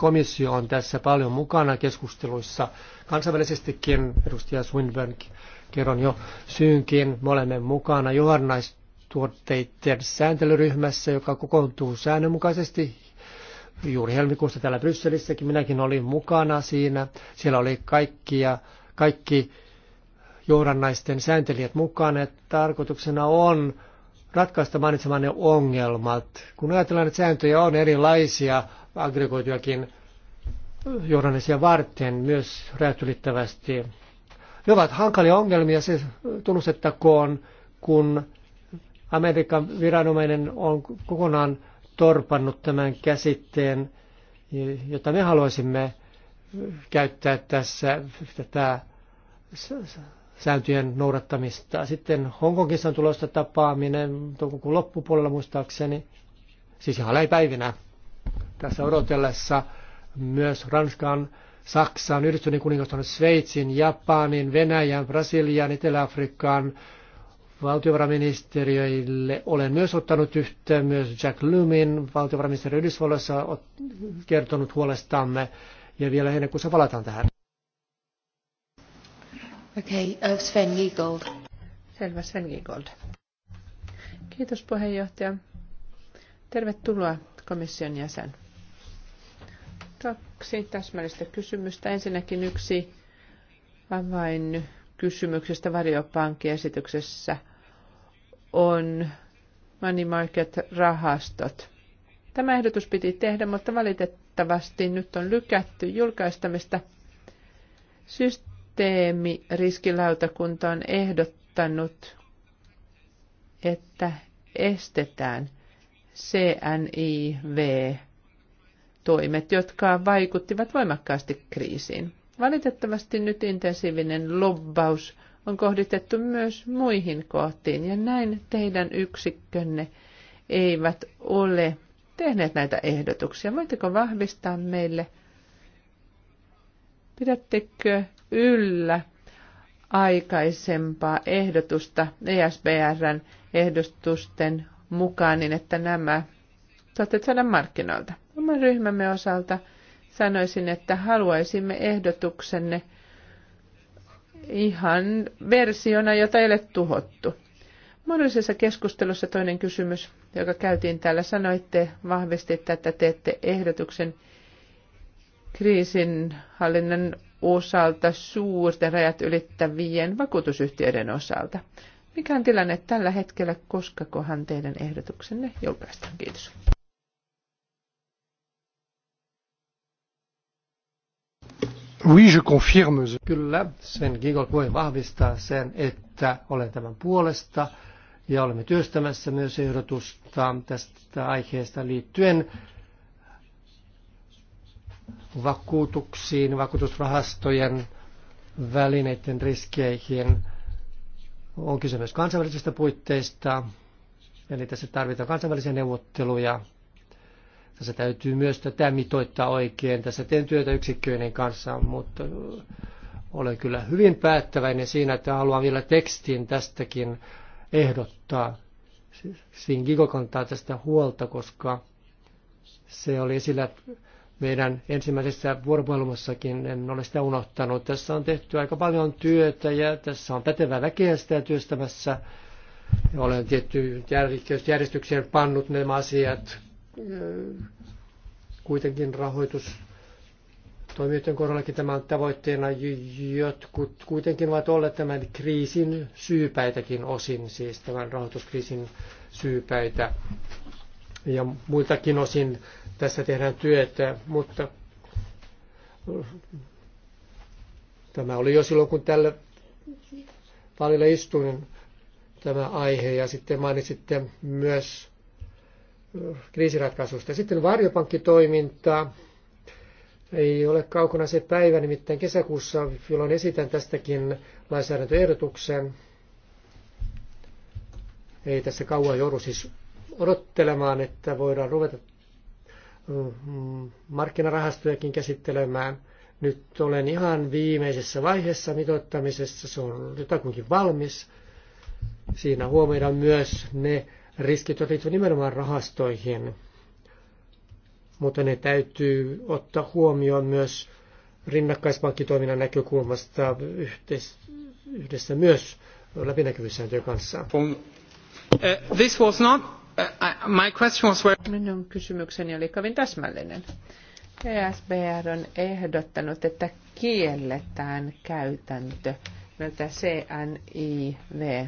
Komissio on tässä paljon mukana keskusteluissa. Kansainvälisestikin edustaja Swinburne kerron jo syynkin. Me olemme mukana johdannaistuotteiden sääntelyryhmässä, joka kokoontuu säännönmukaisesti juuri helmikuussa täällä Brysselissäkin. Minäkin olin mukana siinä. Siellä oli kaikkia, kaikki johdannaisten sääntelijät mukaan, että tarkoituksena on ratkaista mainitsemanne ongelmat. Kun ajatellaan, että sääntöjä on erilaisia, aggregoituakin johdannaisia varten myös räätylittävästi. Ne ovat hankalia ongelmia, se tunnustettakoon, kun Amerikan viranomainen on kokonaan torpannut tämän käsitteen, jota me haluaisimme käyttää tässä tätä sääntöjen noudattamista. Sitten Hongkongissa on tulosta tapaaminen toukokuun loppupuolella muistaakseni, siis ihan päivinä tässä odotellessa myös Ranskan, Saksan, Yhdistyneen kuningaston, Sveitsin, Japanin, Venäjän, Brasilian, Etelä-Afrikan valtiovarainministeriöille. Olen myös ottanut yhteen myös Jack Lumin, valtiovarainministeri Yhdysvalloissa, kertonut huolestamme ja vielä heinäkuussa palataan tähän. Okei, okay, uh, Sven Giegold. Selvä, Sven Giegold. Kiitos puheenjohtaja. Tervetuloa komission jäsen. Kaksi täsmällistä kysymystä. Ensinnäkin yksi avain kysymyksestä varjopankkiesityksessä on money market-rahastot. Tämä ehdotus piti tehdä, mutta valitettavasti nyt on lykätty julkaistamista syystä systeemi riskilautakunta on ehdottanut, että estetään CNIV-toimet, jotka vaikuttivat voimakkaasti kriisiin. Valitettavasti nyt intensiivinen lobbaus on kohditettu myös muihin kohtiin, ja näin teidän yksikkönne eivät ole tehneet näitä ehdotuksia. Voitteko vahvistaa meille? Pidättekö yllä aikaisempaa ehdotusta ESBRn ehdotusten mukaan niin, että nämä saatte saada markkinoilta. Oman ryhmämme osalta sanoisin, että haluaisimme ehdotuksenne ihan versiona, jota ei ole tuhottu. Mahdollisessa keskustelussa toinen kysymys, joka käytiin täällä, sanoitte vahvistitte, että teette ehdotuksen kriisinhallinnan osalta, suurten rajat ylittävien vakuutusyhtiöiden osalta. Mikä on tilanne tällä hetkellä, koska kohan teidän ehdotuksenne julkaistaan? Kiitos. Oui, je confirme. Kyllä, Sven Giegold voi vahvistaa sen, että olen tämän puolesta ja olemme työstämässä myös ehdotusta tästä aiheesta liittyen vakuutuksiin, vakuutusrahastojen välineiden riskeihin. On kyse myös kansainvälisistä puitteista, eli tässä tarvitaan kansainvälisiä neuvotteluja. Tässä täytyy myös tätä mitoittaa oikein. Tässä teen työtä yksikköinen kanssa, mutta olen kyllä hyvin päättäväinen siinä, että haluan vielä tekstin tästäkin ehdottaa. Siinä Gigo kantaa tästä huolta, koska se oli sillä meidän ensimmäisessä vuoropuhelumassakin, en ole sitä unohtanut. Tässä on tehty aika paljon työtä ja tässä on pätevää väkeä sitä työstämässä. Olen tietty järjestykseen pannut nämä asiat. Kuitenkin rahoitus toimijoiden kohdallakin tämä on tavoitteena. Jotkut kuitenkin ovat olleet tämän kriisin syypäitäkin osin, siis tämän rahoituskriisin syypäitä. Ja muiltakin osin tässä tehdään työtä, mutta tämä oli jo silloin, kun tällä palilla istuin tämä aihe ja sitten mainitsitte myös kriisiratkaisusta. Sitten varjopankkitoiminta. Ei ole kaukana se päivä, nimittäin kesäkuussa, jolloin esitän tästäkin lainsäädäntöehdotuksen. Ei tässä kauan joudu siis odottelemaan, että voidaan ruveta Mm, markkinarahastojakin käsittelemään. Nyt olen ihan viimeisessä vaiheessa mitoittamisessa, se on jotakuinkin valmis. Siinä huomioidaan myös ne riskit, jotka liittyvät nimenomaan rahastoihin. Mutta ne täytyy ottaa huomioon myös rinnakkaispankkitoiminnan näkökulmasta yhdessä myös läpinäkyvyyssääntöjen kanssa. Eh, this was not Uh, Minun kysymykseni oli kovin täsmällinen. ESBR on ehdottanut, että kielletään käytäntö näitä CNIV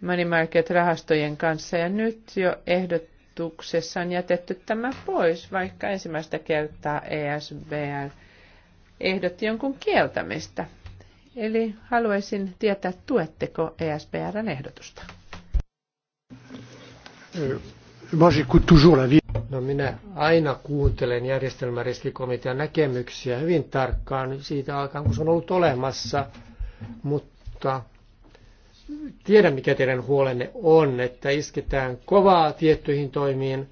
money market rahastojen kanssa ja nyt jo ehdotuksessa on jätetty tämä pois, vaikka ensimmäistä kertaa ESBR ehdotti jonkun kieltämistä. Eli haluaisin tietää, tuetteko ESBRn ehdotusta? No minä aina kuuntelen järjestelmäriskikomitean näkemyksiä hyvin tarkkaan siitä alkaen, kun se on ollut olemassa, mutta tiedän mikä teidän huolenne on, että isketään kovaa tiettyihin toimiin,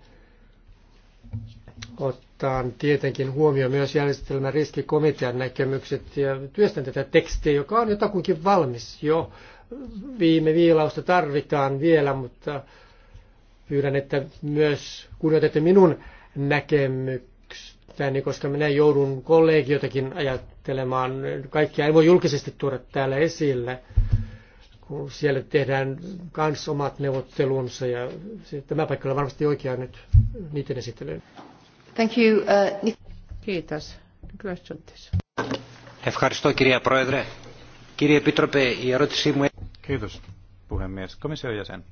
ottaa tietenkin huomioon myös järjestelmäriskikomitean näkemykset ja työstän tätä tekstiä, joka on jotakuinkin valmis jo. Viime viilausta tarvitaan vielä, mutta pyydän, että myös kunnioitatte minun näkemykseni, koska minä joudun kollegiotakin ajattelemaan. Kaikkia ei voi julkisesti tuoda täällä esille, kun siellä tehdään kans omat neuvottelunsa. Ja tämä paikka on varmasti oikea nyt niiden esittelyyn. Thank you, uh, Kiitos. Questions. Ευχαριστώ κυρία Πρόεδρε. Κύριε Επίτροπε, η ερώτησή μου... Κύριος Puhemies, komission jäsen.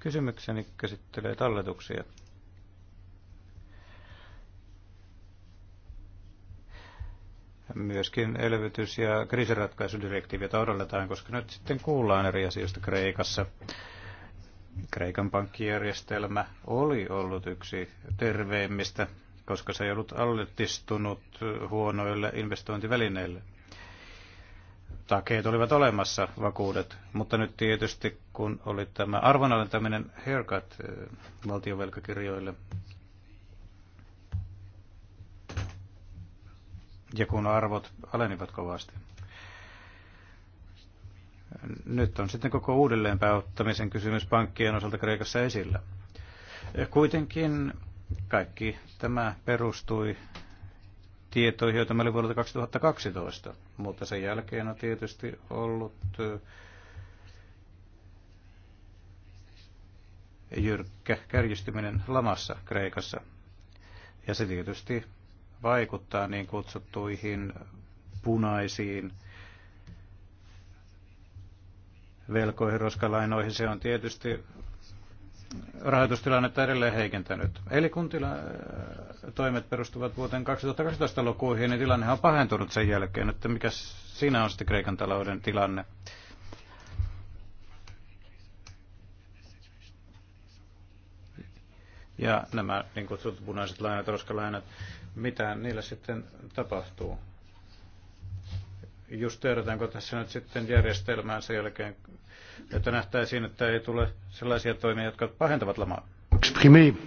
Kysymykseni käsittelee talletuksia. Myöskin elvytys- ja kriisiratkaisudirektiiviä jota odotetaan, koska nyt sitten kuullaan eri asioista Kreikassa. Kreikan pankkijärjestelmä oli ollut yksi terveimmistä, koska se ei ollut altistunut huonoille investointivälineille takeet olivat olemassa, vakuudet, mutta nyt tietysti kun oli tämä arvonalentaminen haircut eh, valtionvelkakirjoille, ja kun arvot alenivat kovasti. Nyt on sitten koko uudelleenpäyttämisen kysymys pankkien osalta Kreikassa esillä. Kuitenkin kaikki tämä perustui tietoihin, joita meillä oli vuodelta 2012, mutta sen jälkeen on tietysti ollut eh, jyrkkä kärjistyminen lamassa Kreikassa. Ja se tietysti vaikuttaa niin kutsuttuihin punaisiin velkoihin, roskalainoihin. Se on tietysti rahoitustilannetta edelleen heikentänyt. Eli kun tila, toimet perustuvat vuoteen 2012 lukuihin, niin tilanne on pahentunut sen jälkeen, että mikä siinä on sitten Kreikan talouden tilanne. Ja nämä niin kutsut, punaiset lainat, roskalainat, mitä niillä sitten tapahtuu? Just tässä nyt sitten järjestelmään sen jälkeen, että nähtäisiin, että ei tule sellaisia toimia, jotka pahentavat lamaa.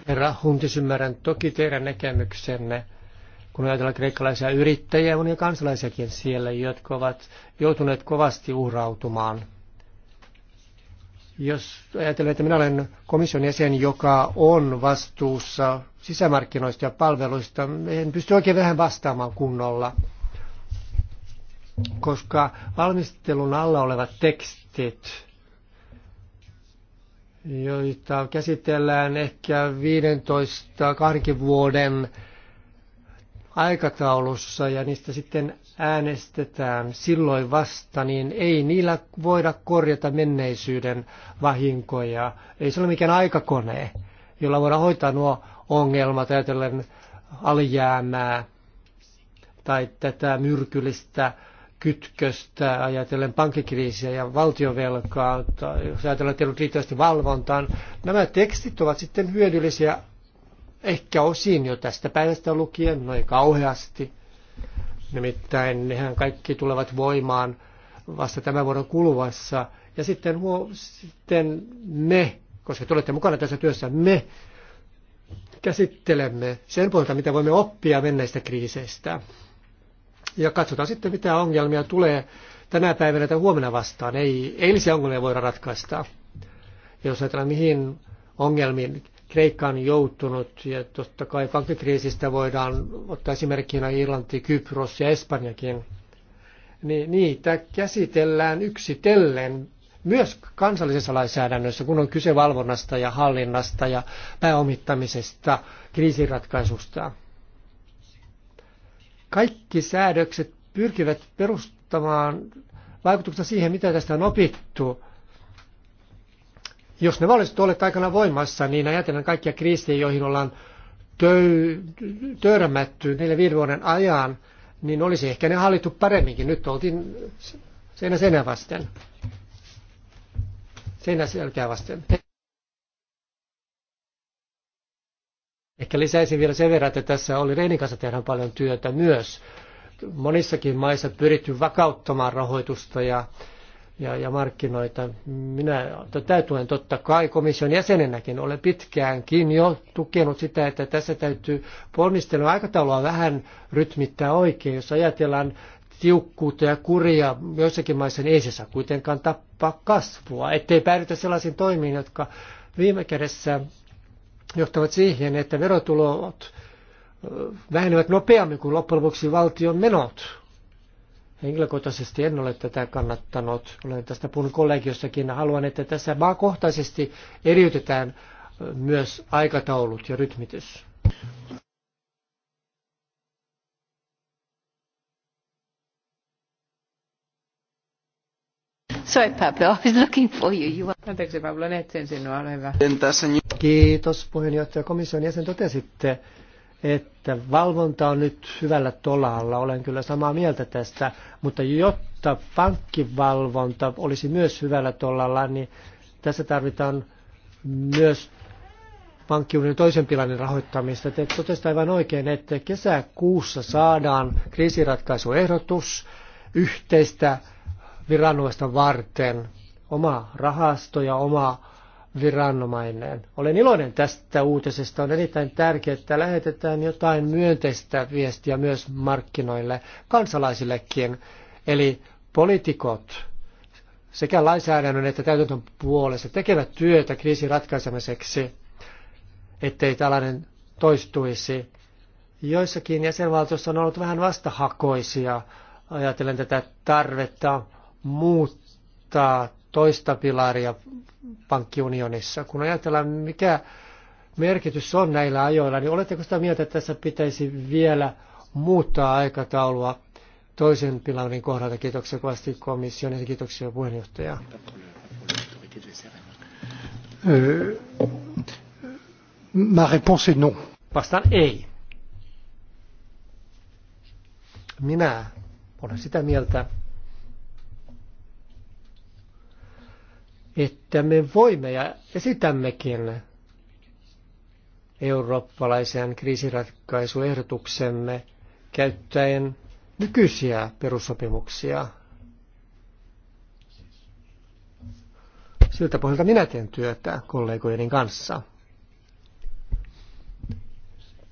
Herra Huntis, ymmärrän toki teidän näkemyksenne, kun ajatellaan kreikkalaisia yrittäjiä ja monia kansalaisiakin siellä, jotka ovat joutuneet kovasti uhrautumaan. Jos ajatellaan, että minä olen komission jäsen, joka on vastuussa sisämarkkinoista ja palveluista, en pysty oikein vähän vastaamaan kunnolla koska valmistelun alla olevat tekstit joita käsitellään ehkä 15-20 vuoden aikataulussa ja niistä sitten äänestetään silloin vasta, niin ei niillä voida korjata menneisyyden vahinkoja. Ei se ole mikään aikakone, jolla voidaan hoitaa nuo ongelmat ajatellen alijäämää tai tätä myrkyllistä kytköstä, ajatellen pankkikriisiä ja valtiovelkaa, tai jos ajatellaan, että ei ollut riittävästi valvontaan. Nämä tekstit ovat sitten hyödyllisiä ehkä osin jo tästä päivästä lukien, noin kauheasti. Nimittäin nehän kaikki tulevat voimaan vasta tämän vuoden kuluvassa. Ja sitten, huo, sitten me, koska te olette mukana tässä työssä, me käsittelemme sen puolta, mitä voimme oppia menneistä kriiseistä. Ja katsotaan sitten, mitä ongelmia tulee tänä päivänä tai huomenna vastaan. Ei eilisiä ongelmia voida ratkaista. Ja jos ajatellaan, mihin ongelmiin Kreikka on joutunut, ja totta kai pankkikriisistä voidaan ottaa esimerkkinä Irlanti, Kypros ja Espanjakin, niin niitä käsitellään yksitellen myös kansallisessa lainsäädännössä, kun on kyse valvonnasta ja hallinnasta ja pääomittamisesta, kriisinratkaisusta. Kaikki säädökset pyrkivät perustamaan vaikutuksia siihen, mitä tästä on opittu. Jos ne olisivat olleet aikana voimassa, niin ajatellaan kaikkia kriisejä, joihin ollaan törmätty neljä viiden vuoden ajan, niin olisi ehkä ne hallittu paremminkin. Nyt oltiin seinä seinä vasten. Seinä selkeä vasten. Ehkä lisäisin vielä sen verran, että tässä oli Reinin kanssa tehdään paljon työtä myös. Monissakin maissa pyritty vakauttamaan rahoitusta ja, ja, ja markkinoita. Minä tätä tuen totta kai komission jäsenenäkin. Olen pitkäänkin jo tukenut sitä, että tässä täytyy ponnistelun aikataulua vähän rytmittää oikein. Jos ajatellaan tiukkuutta ja kuria joissakin maissa, niin ei se saa kuitenkaan tappaa kasvua, ettei päädytä sellaisiin toimiin, jotka viime kädessä johtavat siihen, että verotulot vähenevät nopeammin kuin loppujen lopuksi valtion menot. Henkilökohtaisesti en ole tätä kannattanut. Olen tästä puhunut kollegiossakin. Haluan, että tässä maakohtaisesti eriytetään myös aikataulut ja rytmitys. Sorry Pablo, I was looking for you. you are... Anteeksi Pablo, etsin niin sinua, ole hyvä. Kiitos puheenjohtaja komission jäsen. Totesitte, että valvonta on nyt hyvällä tolalla. Olen kyllä samaa mieltä tästä, mutta jotta pankkivalvonta olisi myös hyvällä tolalla, niin tässä tarvitaan myös pankkiunionin toisen pilarin rahoittamista. Te totesitte aivan oikein, että kesäkuussa saadaan kriisiratkaisuehdotus yhteistä viranomaista varten oma rahasto ja oma viranomainen. Olen iloinen tästä uutisesta. On erittäin tärkeää, että lähetetään jotain myönteistä viestiä myös markkinoille, kansalaisillekin. Eli poliitikot sekä lainsäädännön että täytäntön puolesta tekevät työtä kriisin ratkaisemiseksi, ettei tällainen toistuisi. Joissakin jäsenvaltioissa on ollut vähän vastahakoisia ajatellen tätä tarvetta muuttaa toista pilaria pankkiunionissa. Kun ajatellaan, mikä merkitys on näillä ajoilla, niin oletteko sitä mieltä, että tässä pitäisi vielä muuttaa aikataulua toisen pilarin kohdalta? Kiitoksia kovasti komission ja kiitoksia puheenjohtajaa. Äh, ma réponse est non. Vastaan ei. Minä olen sitä mieltä, että me voimme ja esitämmekin eurooppalaisen kriisiratkaisuehdotuksemme käyttäen nykyisiä perussopimuksia. Siltä pohjalta minä teen työtä kollegojeni kanssa.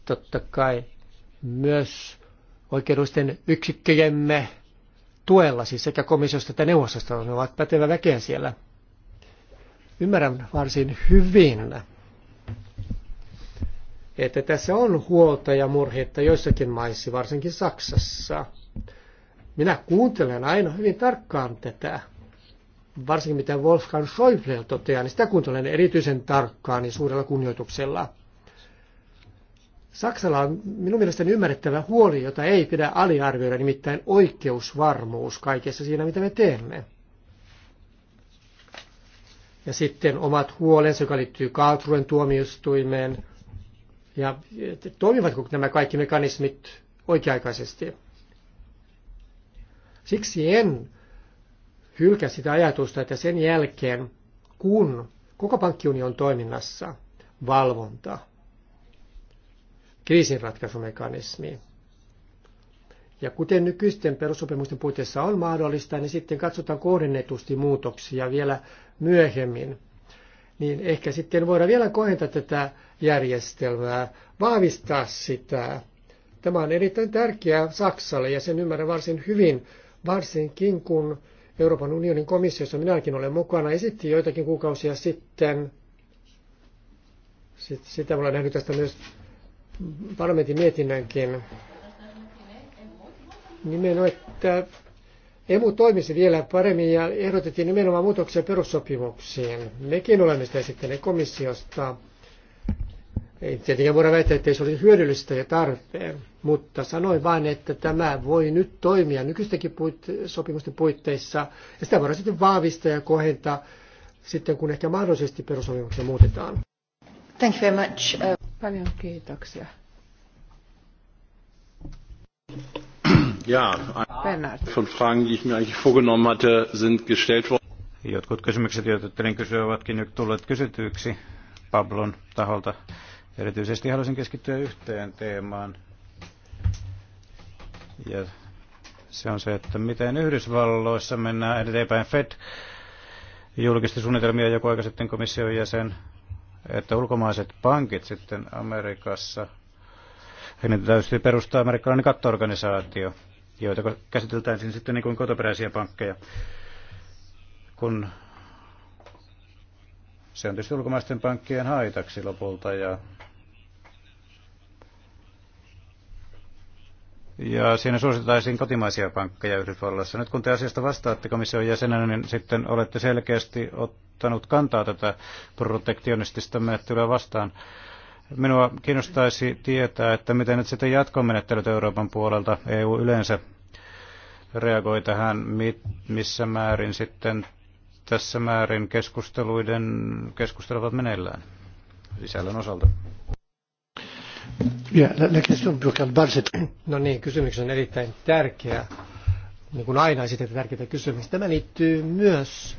Totta kai myös oikeudellisten yksikköjemme tuella, siis sekä komissiosta että neuvostosta, ne ovat pätevä väkeä siellä – Ymmärrän varsin hyvin, että tässä on huolta ja murhetta joissakin maissa, varsinkin Saksassa. Minä kuuntelen aina hyvin tarkkaan tätä, varsinkin mitä Wolfgang Schäuble toteaa, niin sitä kuuntelen erityisen tarkkaan niin suurella kunnioituksella. Saksalla on minun mielestäni ymmärrettävä huoli, jota ei pidä aliarvioida, nimittäin oikeusvarmuus kaikessa siinä, mitä me teemme ja sitten omat huolensa, joka liittyy Kaaltruen tuomioistuimeen. Ja toimivatko nämä kaikki mekanismit oikea-aikaisesti? Siksi en hylkää sitä ajatusta, että sen jälkeen, kun koko pankkiuni on toiminnassa, valvonta, kriisinratkaisumekanismi, ja kuten nykyisten perussopimusten puitteissa on mahdollista, niin sitten katsotaan kohdennetusti muutoksia vielä myöhemmin, niin ehkä sitten voidaan vielä kohentaa tätä järjestelmää, vahvistaa sitä. Tämä on erittäin tärkeää Saksalle ja sen ymmärrän varsin hyvin, varsinkin kun Euroopan unionin komissiossa minäkin olen mukana, esitti joitakin kuukausia sitten, sit, sitä olen nähnyt tästä myös parlamentin mietinnänkin, nimenomaan, että EMU toimisi vielä paremmin ja ehdotettiin nimenomaan muutoksia perussopimukseen. Mekin olemme sitä esittäneet komissiosta. Ei tietenkään voida väittää, että se olisi hyödyllistä ja tarpeen, mutta sanoin vain, että tämä voi nyt toimia nykyistäkin sopimusten puitteissa, ja sitä voidaan sitten vahvistaa ja kohentaa sitten, kun ehkä mahdollisesti perussopimuksia muutetaan. Thank you very much. Paljon kiitoksia. Jotkut kysymykset, joita tein kysyä, ovatkin nyt tulleet kysytyiksi Pablon taholta. Erityisesti haluaisin keskittyä yhteen teemaan. Ja se on se, että miten Yhdysvalloissa mennään eteenpäin Fed julkisti suunnitelmia joku aika sitten komission jäsen, että ulkomaiset pankit sitten Amerikassa, niin täytyy perustaa amerikkalainen kattoorganisaatio, joita käsiteltäisiin sitten niin kuin kotoperäisiä pankkeja. Kun se on tietysti ulkomaisten pankkien haitaksi lopulta ja Ja siinä suositaisiin kotimaisia pankkeja Yhdysvalloissa. Nyt kun te asiasta vastaatte komission jäsenenä, niin sitten olette selkeästi ottanut kantaa tätä protektionistista menettelyä vastaan. Minua kiinnostaisi tietää, että miten nyt sitten jatkomenettelyt Euroopan puolelta, EU yleensä reagoi tähän, missä määrin sitten tässä määrin keskusteluiden keskustelevat meneillään sisällön osalta. No niin, kysymys on erittäin tärkeä. Niin kuin aina esitetään tärkeitä kysymyksiä. Tämä liittyy myös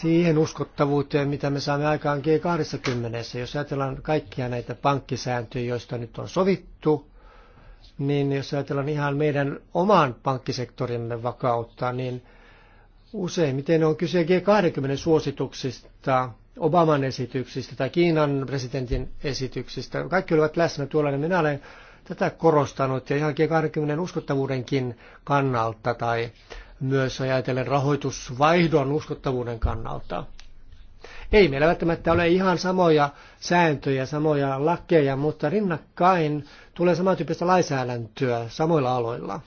siihen uskottavuuteen, mitä me saamme aikaan G20. Jos ajatellaan kaikkia näitä pankkisääntöjä, joista nyt on sovittu, niin jos ajatellaan ihan meidän oman pankkisektorimme vakautta, niin useimmiten on kyse G20-suosituksista, Obaman esityksistä tai Kiinan presidentin esityksistä. Kaikki olivat läsnä tuolla, niin minä olen tätä korostanut ja ihan G20 uskottavuudenkin kannalta tai myös ajatellen rahoitusvaihdon uskottavuuden kannalta. Ei meillä välttämättä ole ihan samoja sääntöjä, samoja lakeja, mutta rinnakkain tulee samantyyppistä lainsäädäntöä samoilla aloilla.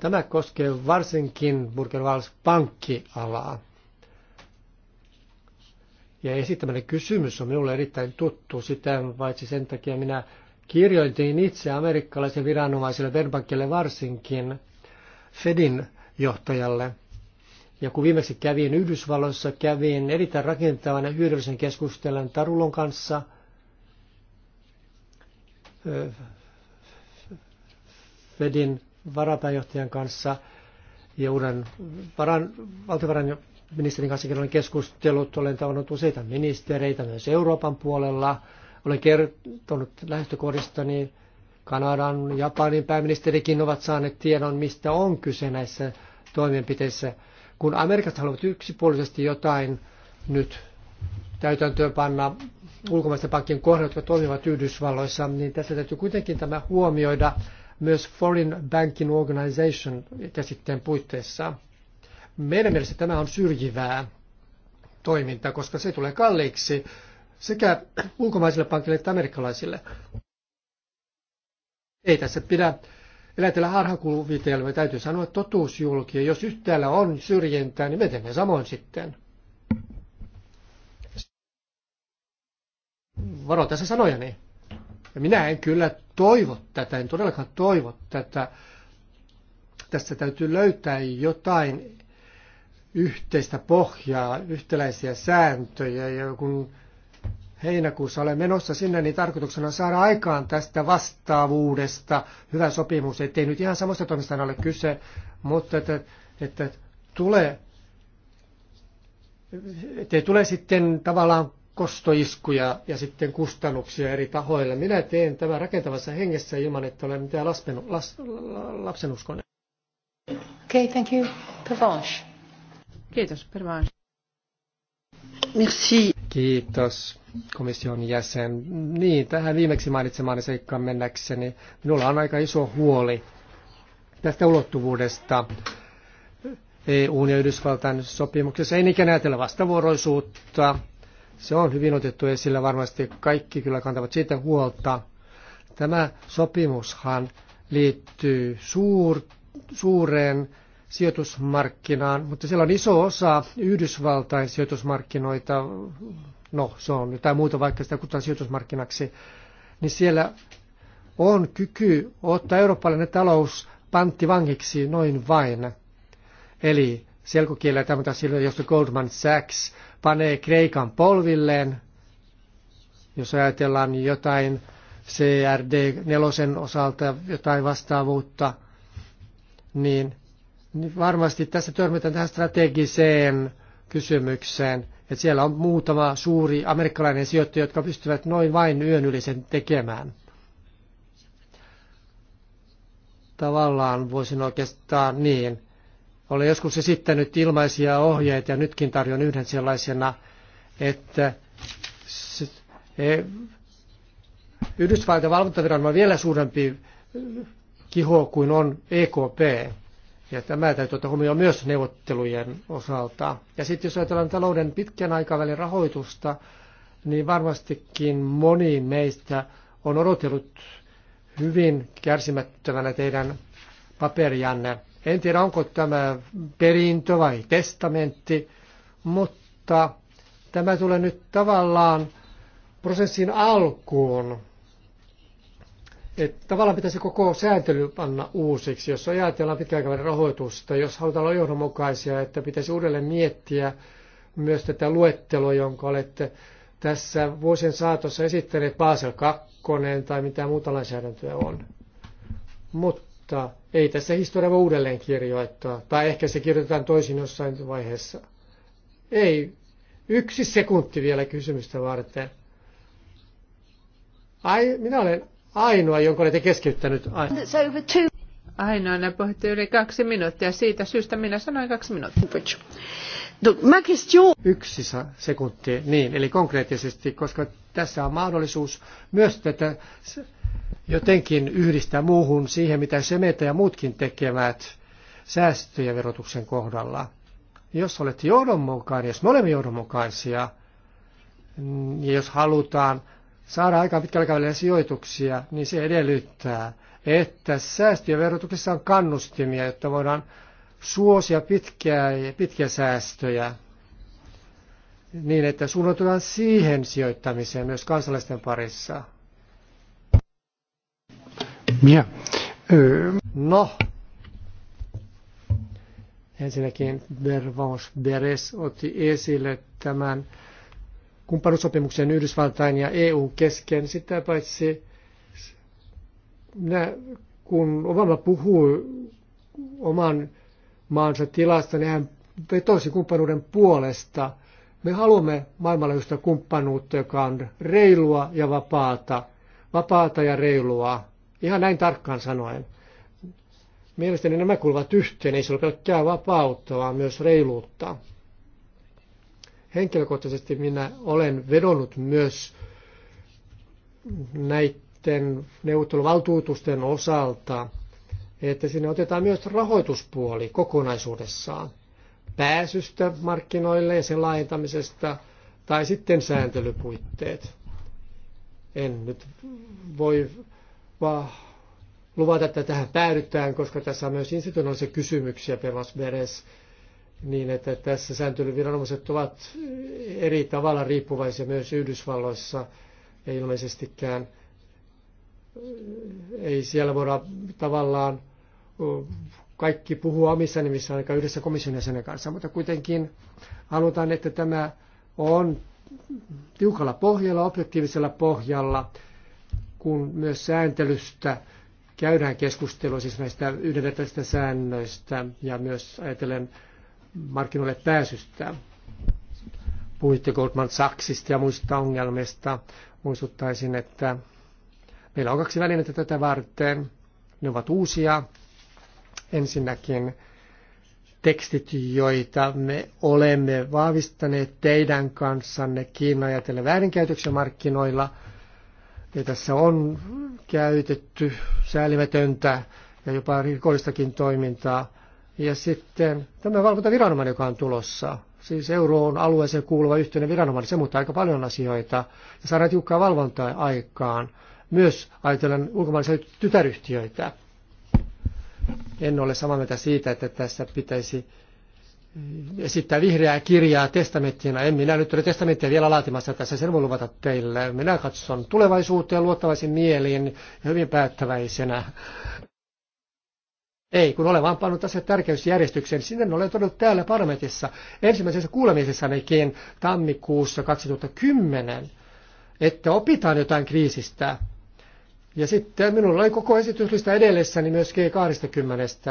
Tämä koskee varsinkin Burgervals pankkialaa. Ja esittämäni kysymys on minulle erittäin tuttu, sitä paitsi sen takia minä kirjoitin itse amerikkalaisen viranomaisille, Verbankille varsinkin, Fedin johtajalle. Ja kun viimeksi kävin Yhdysvalloissa, kävin erittäin rakentavan ja hyödyllisen keskustelun Tarulon kanssa. Fedin varapääjohtajan kanssa ja uuden varan, valtiovarainministerin kanssa olen keskustellut. Olen tavannut useita ministereitä myös Euroopan puolella. Olen kertonut lähtökohdistani Kanadan, Japanin pääministerikin ovat saaneet tiedon, mistä on kyse näissä toimenpiteissä. Kun Amerikat haluavat yksipuolisesti jotain nyt täytäntöön panna ulkomaisten pankkien kohdalla, jotka toimivat Yhdysvalloissa, niin tässä täytyy kuitenkin tämä huomioida myös Foreign Banking Organization käsitteen puitteissa. Meidän mielestä tämä on syrjivää toimintaa, koska se tulee kalliiksi sekä ulkomaisille pankille että amerikkalaisille. Ei tässä pidä elätellä harhakuvitelmia, täytyy sanoa totuus Jos yhtäällä on syrjintää, niin me teemme samoin sitten. Varo tässä sanojani. Ja minä en kyllä toivo tätä, en todellakaan toivo tätä. Tässä täytyy löytää jotain yhteistä pohjaa, yhtäläisiä sääntöjä, ja kun heinäkuussa olen menossa sinne, niin tarkoituksena on saada aikaan tästä vastaavuudesta hyvä sopimus. Ettei nyt ihan samasta toimista ole kyse, mutta että, että tulee, että tule sitten tavallaan kostoiskuja ja sitten kustannuksia eri tahoille. Minä teen tämän rakentavassa hengessä ilman, että olen mitään laspen, las, lapsenuskoinen. Okay, thank you. Pervanche. Kiitos, Pervanche. Merci. Kiitos komission jäsen. Niin, tähän viimeksi mainitsemaani seikkaan mennäkseni. Minulla on aika iso huoli tästä ulottuvuudesta EU- ja Yhdysvaltain sopimuksessa. Ei niinkään ajatella vastavuoroisuutta. Se on hyvin otettu esille varmasti. Kaikki kyllä kantavat siitä huolta. Tämä sopimushan liittyy suur, suureen sijoitusmarkkinaan, mutta siellä on iso osa Yhdysvaltain sijoitusmarkkinoita no se on jotain muuta, vaikka sitä kutsutaan sijoitusmarkkinaksi, niin siellä on kyky ottaa eurooppalainen talous panttivangiksi noin vain. Eli selkokielellä tämä sillä, josta Goldman Sachs panee Kreikan polvilleen, jos ajatellaan jotain CRD 4 osalta jotain vastaavuutta, niin, niin varmasti tässä törmätään tähän strategiseen kysymykseen että siellä on muutama suuri amerikkalainen sijoittaja, jotka pystyvät noin vain yön yli sen tekemään. Tavallaan voisin oikeastaan niin. Olen joskus esittänyt ilmaisia ohjeita ja nytkin tarjon yhden sellaisena, että e- Yhdysvaltain valvontaviranomainen on vielä suurempi kiho kuin on EKP. Ja tämä täytyy ottaa huomioon myös neuvottelujen osalta. Ja sitten jos ajatellaan talouden pitkän aikavälin rahoitusta, niin varmastikin moni meistä on odotellut hyvin kärsimättömänä teidän paperianne. En tiedä, onko tämä perintö vai testamentti, mutta tämä tulee nyt tavallaan prosessin alkuun että tavallaan pitäisi koko sääntely panna uusiksi, jos ajatellaan pitkäaikavälin rahoitusta, jos halutaan olla johdonmukaisia, että pitäisi uudelleen miettiä myös tätä luetteloa, jonka olette tässä vuosien saatossa esittäneet Basel 2 tai mitä muuta lainsäädäntöä on. Mutta ei tässä historia voi uudelleen kirjoittaa, tai ehkä se kirjoitetaan toisin jossain vaiheessa. Ei, yksi sekunti vielä kysymystä varten. Ai, minä olen ainoa, jonka olette keskeyttänyt. Ainoana puhutte yli kaksi minuuttia. Siitä syystä minä sanoin kaksi minuuttia. Yksi sekunti, niin, eli konkreettisesti, koska tässä on mahdollisuus myös tätä jotenkin yhdistää muuhun siihen, mitä Semeta ja muutkin tekevät säästöjä verotuksen kohdalla. Jos olet johdonmukainen, jos me olemme johdonmukaisia, mm, ja jos halutaan saada aika pitkällä kävellä sijoituksia, niin se edellyttää, että säästöjä on kannustimia, jotta voidaan suosia pitkää, pitkiä säästöjä niin, että suunnataan siihen sijoittamiseen myös kansalaisten parissa. Ja. No, ensinnäkin Bervans Beres otti esille tämän kumppanuussopimuksen Yhdysvaltain ja EU kesken. Sitä paitsi kun Obama puhuu oman maansa tilasta, niin hän vetosi kumppanuuden puolesta. Me haluamme maailmanlaajuista kumppanuutta, joka on reilua ja vapaata. Vapaata ja reilua. Ihan näin tarkkaan sanoen. Mielestäni nämä kuuluvat yhteen, ei se ole pelkkää vapautta, vaan myös reiluutta. Henkilökohtaisesti minä olen vedonnut myös näiden neuvotteluvaltuutusten osalta, että sinne otetaan myös rahoituspuoli kokonaisuudessaan pääsystä markkinoille ja sen laajentamisesta tai sitten sääntelypuitteet. En nyt voi vaan luvata, että tähän päädytään, koska tässä on myös institutionaalisia kysymyksiä. Pervas Beres niin, että tässä sääntelyviranomaiset ovat eri tavalla riippuvaisia myös Yhdysvalloissa ja ilmeisestikään ei siellä voida tavallaan kaikki puhua omissa nimissä ainakaan yhdessä komission jäsenen kanssa, mutta kuitenkin halutaan, että tämä on tiukalla pohjalla, objektiivisella pohjalla, kun myös sääntelystä käydään keskustelua siis näistä yhdenvertaisista säännöistä ja myös ajatellen markkinoille pääsystä. Puhuitte Goldman Sachsista ja muista ongelmista. Muistuttaisin, että meillä on kaksi välinettä tätä varten. Ne ovat uusia. Ensinnäkin tekstit, joita me olemme vahvistaneet teidän kanssanne ja teille väärinkäytöksen markkinoilla. Ja tässä on käytetty säälimätöntä ja jopa rikollistakin toimintaa ja sitten tämä valvontaviranomainen, joka on tulossa, siis euroon alueeseen kuuluva yhteinen viranomainen, se muuttaa aika paljon asioita ja saadaan tiukkaa valvontaa aikaan. Myös ajatellen ulkomaalaisia tytäryhtiöitä. En ole samaa mieltä siitä, että tässä pitäisi esittää vihreää kirjaa testamenttina. En minä nyt ole testamenttia vielä laatimassa tässä, sen voi luvata teille. Minä katson tulevaisuuteen luottavaisin mielin ja hyvin päättäväisenä. Ei, kun olen vaan pannut tässä tärkeysjärjestykseen. Sinne olen todella täällä parlamentissa ensimmäisessä nekin tammikuussa 2010, että opitaan jotain kriisistä. Ja sitten minulla oli koko esityslista edellessäni myös G20.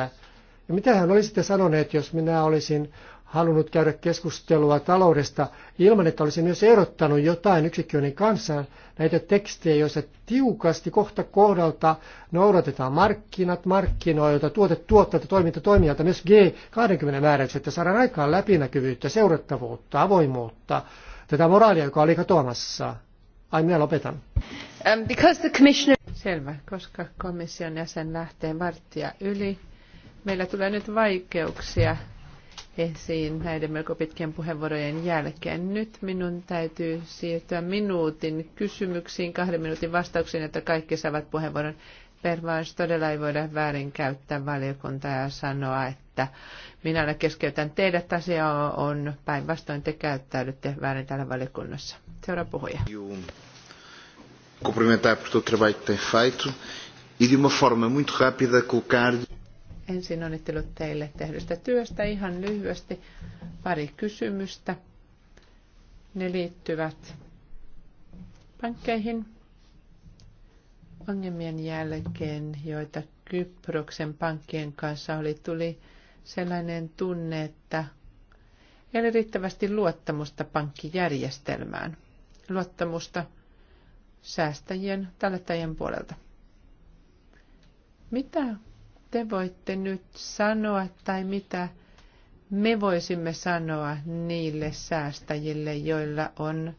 Ja mitä hän oli sitten sanoneet, jos minä olisin halunnut käydä keskustelua taloudesta ilman, että olisi myös erottanut jotain yksikköiden kanssa näitä tekstejä, joissa tiukasti kohta kohdalta noudatetaan markkinat markkinoilta, tuote tuottajalta, toiminta toimijalta, myös G20 määräykset, että saadaan aikaan läpinäkyvyyttä, seurattavuutta, avoimuutta, tätä moraalia, joka oli katoamassa. Ai minä lopetan. Um, because the commissioner... Selvä, koska komission jäsen lähtee varttia yli. Meillä tulee nyt vaikeuksia esiin näiden melko pitkien puheenvuorojen jälkeen. Nyt minun täytyy siirtyä minuutin kysymyksiin, kahden minuutin vastauksiin, että kaikki saavat puheenvuoron. Pervaas todella ei voida väärinkäyttää valiokuntaa ja sanoa, että minä aina keskeytän teidät. Asia on päinvastoin, te käyttäydytte väärin täällä valiokunnassa. Seuraava puhuja. Cumprimentar por todo o trabalho que tem feito e de uma forma muito rápida colocar Ensin onnittelut teille tehdystä työstä ihan lyhyesti. Pari kysymystä. Ne liittyvät pankkeihin ongelmien jälkeen, joita Kyproksen pankkien kanssa oli, tuli sellainen tunne, että ei ole riittävästi luottamusta pankkijärjestelmään. Luottamusta säästäjien, tallettajien puolelta. Mitä te voitte nyt sanoa tai mitä me voisimme sanoa niille säästäjille, joilla on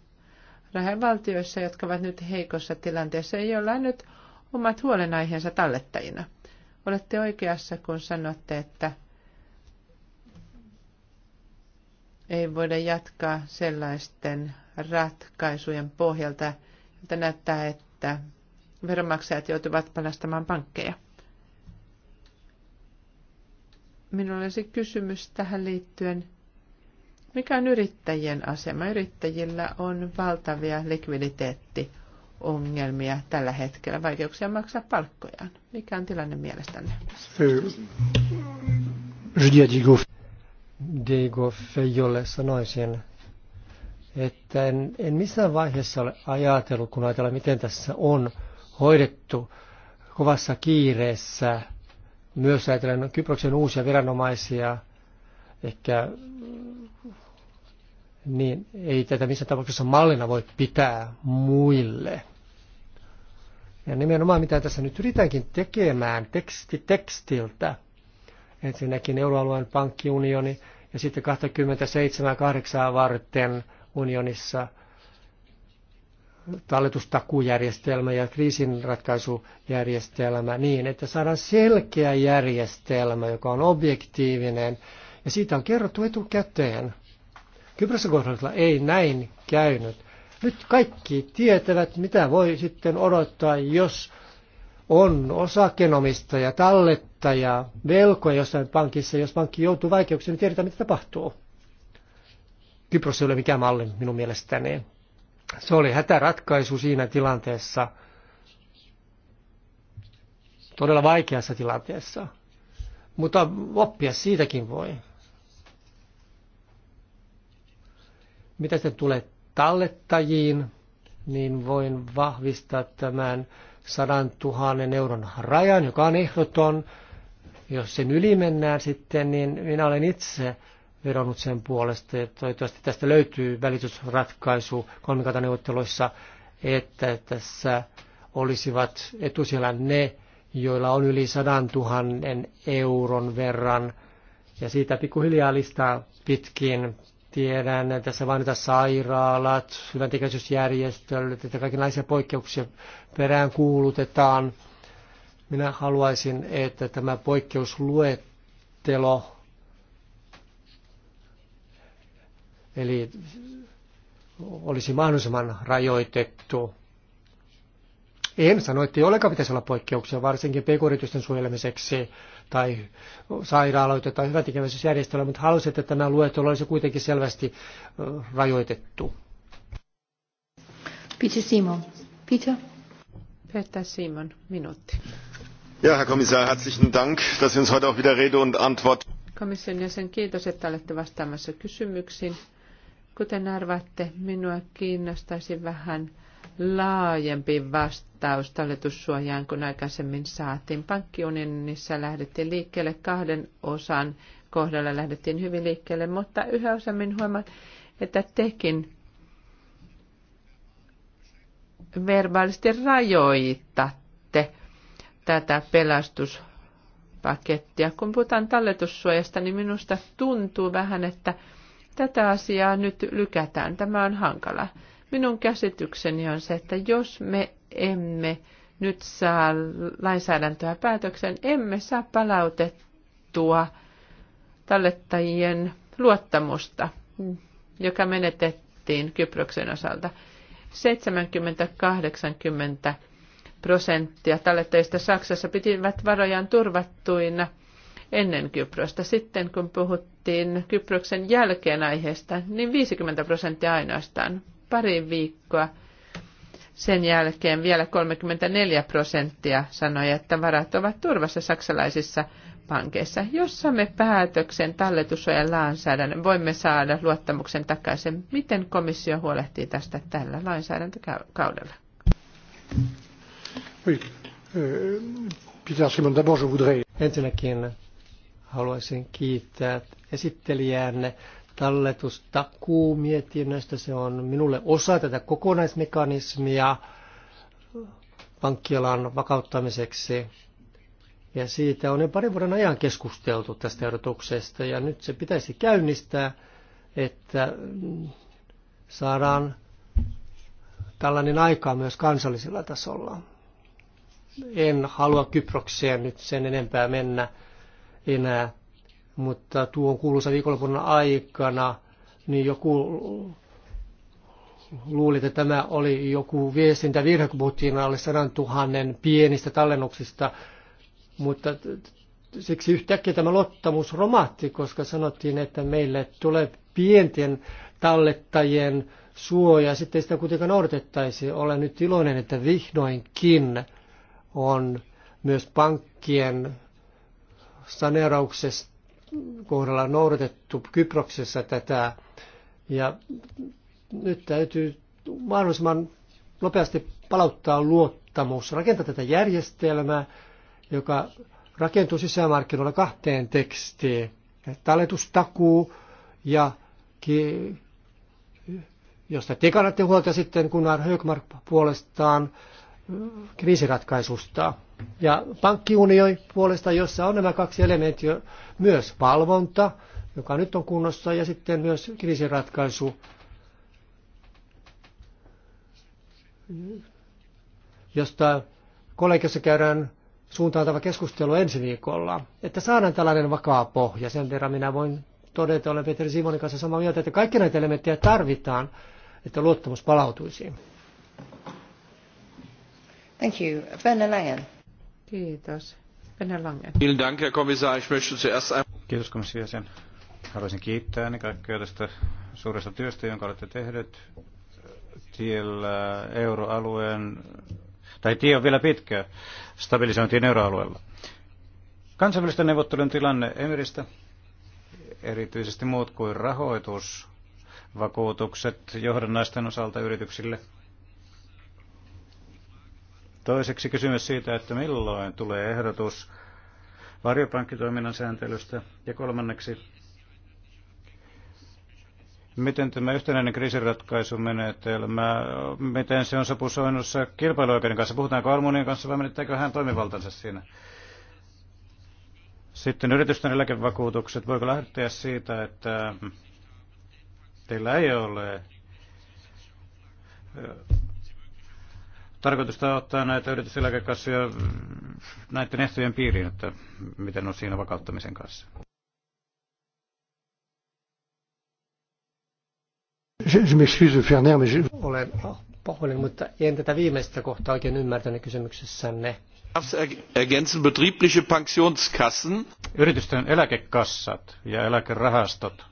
lähivaltioissa, jotka ovat nyt heikossa tilanteessa ja joilla on nyt omat huolenaiheensa tallettajina. Olette oikeassa, kun sanotte, että ei voida jatkaa sellaisten ratkaisujen pohjalta, että näyttää, että veronmaksajat joutuvat pelastamaan pankkeja. Minulla olisi kysymys tähän liittyen. Mikä on yrittäjien asema? Yrittäjillä on valtavia likviditeettiongelmia tällä hetkellä, vaikeuksia maksaa palkkojaan. Mikä on tilanne mielestänne? Diego Feijolle sanoisin, että en, en missään vaiheessa ole ajatellut, kun ajatellaan, miten tässä on hoidettu kovassa kiireessä – myös ajatellen Kyproksen uusia viranomaisia, ehkä niin ei tätä missään tapauksessa mallina voi pitää muille. Ja nimenomaan mitä tässä nyt yritänkin tekemään teksti tekstiltä, ensinnäkin euroalueen pankkiunioni ja sitten 27 8 varten unionissa – talletustakujärjestelmä ja kriisinratkaisujärjestelmä niin, että saadaan selkeä järjestelmä, joka on objektiivinen, ja siitä on kerrottu etukäteen. Kyprosen kohdalla ei näin käynyt. Nyt kaikki tietävät, mitä voi sitten odottaa, jos on osakenomistaja, tallettaja, velkoja jossain pankissa, jos pankki joutuu vaikeuksiin, niin tiedetään, mitä tapahtuu. Kypros ei ole mikään malli minun mielestäni. Se oli hätäratkaisu siinä tilanteessa, todella vaikeassa tilanteessa. Mutta oppia siitäkin voi. Mitä sitten tulee tallettajiin, niin voin vahvistaa tämän 100 000 euron rajan, joka on ehdoton. Jos sen yli mennään sitten, niin minä olen itse vedonnut sen puolesta. Ja toivottavasti tästä löytyy välitysratkaisu kolmikantaneuvotteluissa, että tässä olisivat etusijalla ne, joilla on yli 100 000 euron verran. Ja siitä pikkuhiljaa listaa pitkin tiedän, että tässä vain sairaalat, hyväntekäisyysjärjestöt, että kaikenlaisia poikkeuksia perään kuulutetaan. Minä haluaisin, että tämä poikkeusluettelo Eli olisi mahdollisimman rajoitettu. En sano, että ei olekaan pitäisi olla poikkeuksia, varsinkin pk suojelemiseksi tai sairaaloita tai hyväntekeväisyysjärjestelmä, mutta haluaisin, että tämä luettelo olisi kuitenkin selvästi rajoitettu. Peter Simon. Peter. Peter Simon, minuutti. Ja, Herr Kommissar, herzlichen Dank, dass Sie uns heute auch wieder Rede und Antwort. Komission jäsen, kiitos, että olette vastaamassa kysymyksiin. Kuten arvaatte, minua kiinnostaisi vähän laajempi vastaus talletussuojaan kuin aikaisemmin saatiin. Pankkiunionissa lähdettiin liikkeelle kahden osan kohdalla lähdettiin hyvin liikkeelle, mutta yhä useammin huomaan, että tekin verbaalisesti rajoitatte tätä pelastuspakettia. Kun puhutaan talletussuojasta, niin minusta tuntuu vähän, että tätä asiaa nyt lykätään. Tämä on hankala. Minun käsitykseni on se, että jos me emme nyt saa lainsäädäntöä päätöksen, emme saa palautettua tallettajien luottamusta, joka menetettiin Kyproksen osalta. 70-80 prosenttia tallettajista Saksassa pitivät varojaan turvattuina ennen Kyprosta. Sitten kun puhut puhuttiin Kyproksen jälkeen aiheesta, niin 50 prosenttia ainoastaan. Pari viikkoa sen jälkeen vielä 34 prosenttia sanoi, että varat ovat turvassa saksalaisissa pankeissa. Jos saamme päätöksen talletussuojan lainsäädännön, voimme saada luottamuksen takaisin. Miten komissio huolehtii tästä tällä lainsäädäntökaudella? Euh, Ensinnäkin haluaisin kiittää esittelijänne talletusta mietinnöstä. Se on minulle osa tätä kokonaismekanismia pankkialan vakauttamiseksi. Ja siitä on jo parin vuoden ajan keskusteltu tästä ehdotuksesta ja nyt se pitäisi käynnistää, että saadaan tällainen aikaa myös kansallisella tasolla. En halua Kyprokseen nyt sen enempää mennä enää mutta tuon kuuluisa viikonlopun aikana niin joku luuli, että tämä oli joku viestintävirhe, kun puhuttiin alle sadan tuhannen pienistä tallennuksista, mutta siksi yhtäkkiä tämä luottamus romahti, koska sanottiin, että meille tulee pienten tallettajien suoja, sitten sitä kuitenkaan odotettaisiin. Olen nyt iloinen, että vihdoinkin on myös pankkien saneerauksesta kohdalla noudatettu Kyproksessa tätä. Ja nyt täytyy mahdollisimman nopeasti palauttaa luottamus, rakentaa tätä järjestelmää, joka rakentuu sisämarkkinoilla kahteen tekstiin. Talletustakuu ja ki, josta te kannatte huolta sitten, kun Högmark puolestaan kriisiratkaisusta. Ja pankkiunioni puolesta, jossa on nämä kaksi elementtiä, myös valvonta, joka nyt on kunnossa, ja sitten myös kriisiratkaisu. josta kollegiossa käydään suuntautava keskustelu ensi viikolla, että saadaan tällainen vakaa pohja. Sen verran minä voin todeta, olen Petri Simonin kanssa samaa mieltä, että kaikki näitä elementtejä tarvitaan, että luottamus palautuisi. Thank you. Werner Langen. Kiitos. Werner Langen. Vielen Dank, Herr Kommissar. Ich möchte zuerst Kiitos komission Haluaisin kiittää ennen kaikkea tästä suuresta työstä, jonka olette tehneet tiellä euroalueen, tai tie on vielä pitkä stabilisointiin euroalueella. Kansainvälisten neuvottelujen tilanne Emiristä, erityisesti muut kuin rahoitus, vakuutukset johdannaisten osalta yrityksille – Toiseksi kysymys siitä, että milloin tulee ehdotus varjopankkitoiminnan sääntelystä. Ja kolmanneksi, miten tämä yhtenäinen kriisiratkaisumenetelmä, miten se on sopusoinnussa kilpailuoikeuden kanssa? Puhutaanko Almunian kanssa vai menettääkö hän toimivaltansa siinä? Sitten yritysten eläkevakuutukset. Voiko lähteä siitä, että teillä ei ole tarkoitusta ottaa näitä yrityseläkekassoja näiden ehtojen piiriin, että miten on siinä vakauttamisen kanssa? Olen pahoillani, mutta en tätä viimeistä kohtaa oikein ymmärtänyt kysymyksessänne. Ergänzen betriebliche Pensionskassen. Yritysten eläkekassat ja eläkerahastot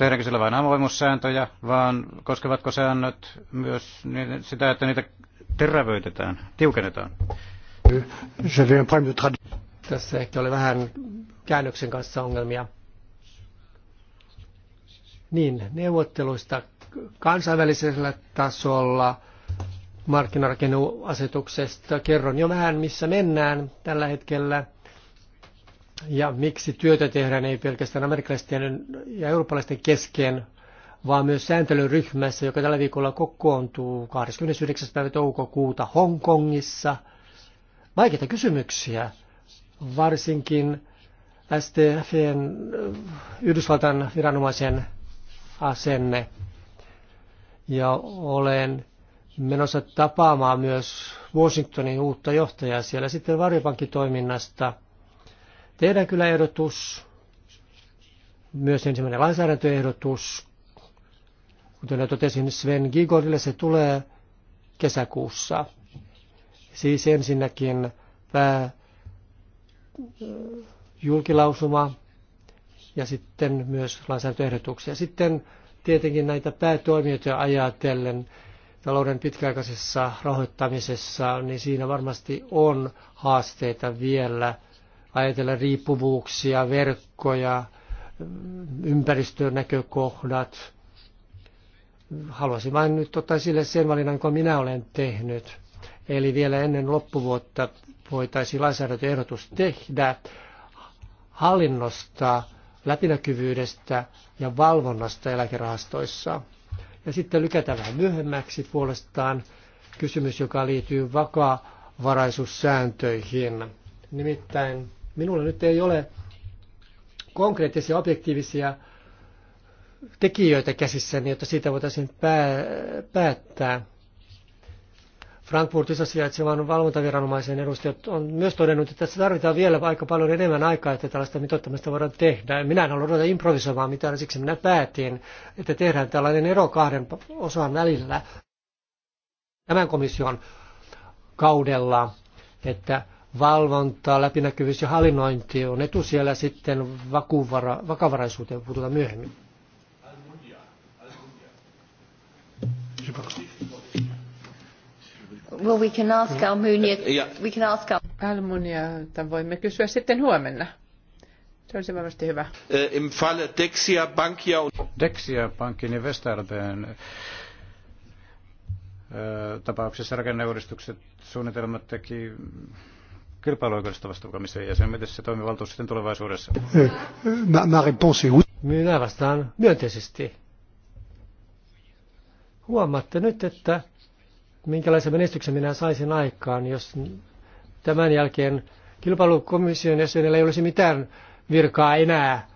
Tehdäänkö siellä vain avoimuussääntöjä, vaan koskevatko säännöt myös sitä, että niitä terävöitetään, tiukennetaan? Tässä ehkä oli vähän käännöksen kanssa ongelmia. Niin, neuvotteluista kansainvälisellä tasolla markkinarakennuasetuksesta kerron jo vähän, missä mennään tällä hetkellä – ja miksi työtä tehdään ei pelkästään amerikkalaisten ja eurooppalaisten kesken, vaan myös sääntelyryhmässä, joka tällä viikolla kokoontuu 29. päivä toukokuuta Hongkongissa. Vaikeita kysymyksiä, varsinkin STFn Yhdysvaltain viranomaisen asenne. Ja olen menossa tapaamaan myös Washingtonin uutta johtajaa siellä sitten toiminnasta. Tehdään kyllä ehdotus, myös ensimmäinen lainsäädäntöehdotus. Kuten jo totesin Sven Gigorille, se tulee kesäkuussa. Siis ensinnäkin pää äh, julkilausuma ja sitten myös lainsäädäntöehdotuksia. Sitten tietenkin näitä päätoimijoita ajatellen talouden pitkäaikaisessa rahoittamisessa, niin siinä varmasti on haasteita vielä – ajatella riippuvuuksia, verkkoja, ympäristönäkökohdat. Haluaisin vain nyt ottaa sille sen valinnan, kun minä olen tehnyt. Eli vielä ennen loppuvuotta voitaisiin lainsäädäntöehdotus tehdä hallinnosta, läpinäkyvyydestä ja valvonnasta eläkerahastoissa. Ja sitten lykätään vähän myöhemmäksi puolestaan kysymys, joka liittyy vakavaraisuussääntöihin. Nimittäin Minulla nyt ei ole konkreettisia objektiivisia tekijöitä käsissäni, jotta siitä voitaisiin pää- päättää. Frankfurtissa sijaitsevan valvontaviranomaisen edustajat on myös todennut, että tässä tarvitaan vielä aika paljon enemmän aikaa, että tällaista mitoittamista voidaan tehdä. Minä en halua ruveta improvisoimaan mitään, siksi minä päätin, että tehdään tällainen ero kahden osan välillä tämän komission kaudella, että valvonta, läpinäkyvyys ja hallinnointi on etusijalla sitten vakuvara, vakavaraisuuteen puututa myöhemmin. Well, we can ask hmm. Almunia. Eh, we can ask Almunia, voimme kysyä sitten huomenna. Se olisi varmasti hyvä. Eh, Im Falle Dexia Bankia und Dexia Bankin ja Westerben eh, tapauksessa rakenneuudistukset suunnitelmat teki kilpailuoikeudesta vastaava komission jäsen. Miten se toimivaltuus sitten tulevaisuudessa? Minä vastaan myönteisesti. Huomaatte nyt, että minkälaisen menestyksen minä saisin aikaan, jos tämän jälkeen kilpailukomission jäsenellä ei olisi mitään virkaa enää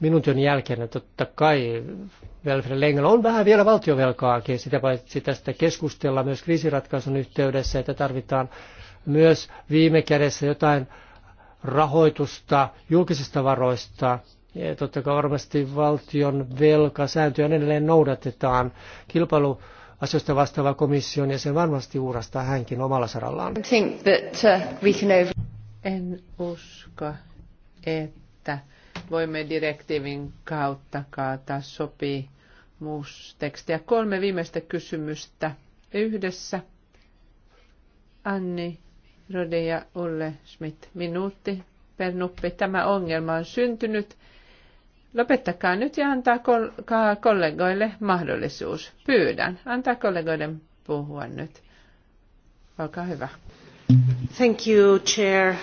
minun työn jälkeen. Totta kai Welfare Lengel on vähän vielä valtiovelkaakin, sitä paitsi tästä keskustellaan myös kriisiratkaisun yhteydessä, että tarvitaan myös viime kädessä jotain rahoitusta julkisista varoista. Ja totta kai varmasti valtion velka sääntöjä edelleen noudatetaan. Kilpailu asioista vastaava komission ja sen varmasti uurastaa hänkin omalla sarallaan. Uh, en usko, että voimme direktiivin kautta kaataa sopii tekstiä. Kolme viimeistä kysymystä yhdessä. Anni Rode ja Olle Schmidt. Minuutti per nuppi. Tämä ongelma on syntynyt. Lopettakaa nyt ja antaa kollegoille mahdollisuus. Pyydän. Antaa kollegoiden puhua nyt. Olkaa hyvä. Thank you, Chair.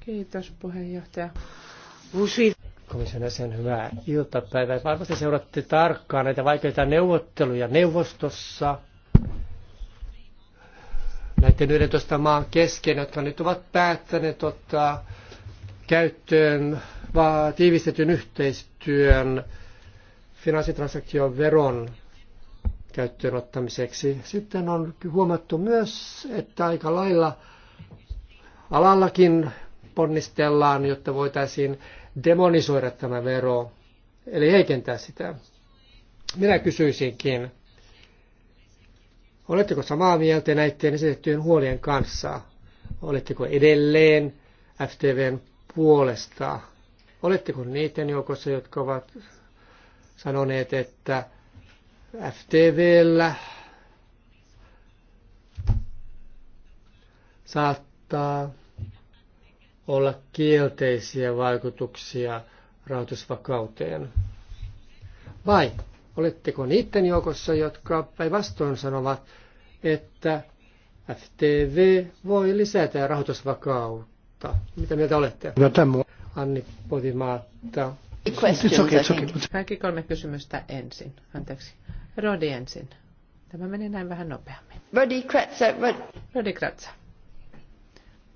Kiitos puheenjohtaja. Komission jäsen, hyvää iltapäivää. Varmasti seuraatte tarkkaan näitä vaikeita neuvotteluja neuvostossa näiden 11 maan kesken, jotka nyt ovat päättäneet ottaa käyttöön tiivistetyn yhteistyön finanssitransaktion veron käyttöön ottamiseksi. Sitten on huomattu myös, että aika lailla alallakin ponnistellaan, jotta voitaisiin demonisoida tämä vero, eli heikentää sitä. Minä kysyisinkin, Oletteko samaa mieltä näiden esitettyjen huolien kanssa? Oletteko edelleen FTVn puolesta? Oletteko niiden joukossa, jotka ovat sanoneet, että FTVllä saattaa olla kielteisiä vaikutuksia rahoitusvakauteen? Vai Oletteko niiden joukossa, jotka päinvastoin sanovat, että FTV voi lisätä rahoitusvakautta? Mitä mieltä olette? No tämä Anni Potimaatta. Kaikki kolme kysymystä ensin. Anteeksi. Rodi ensin. Tämä meni näin vähän nopeammin. Rodi Kratsa. Rodi Kratsa.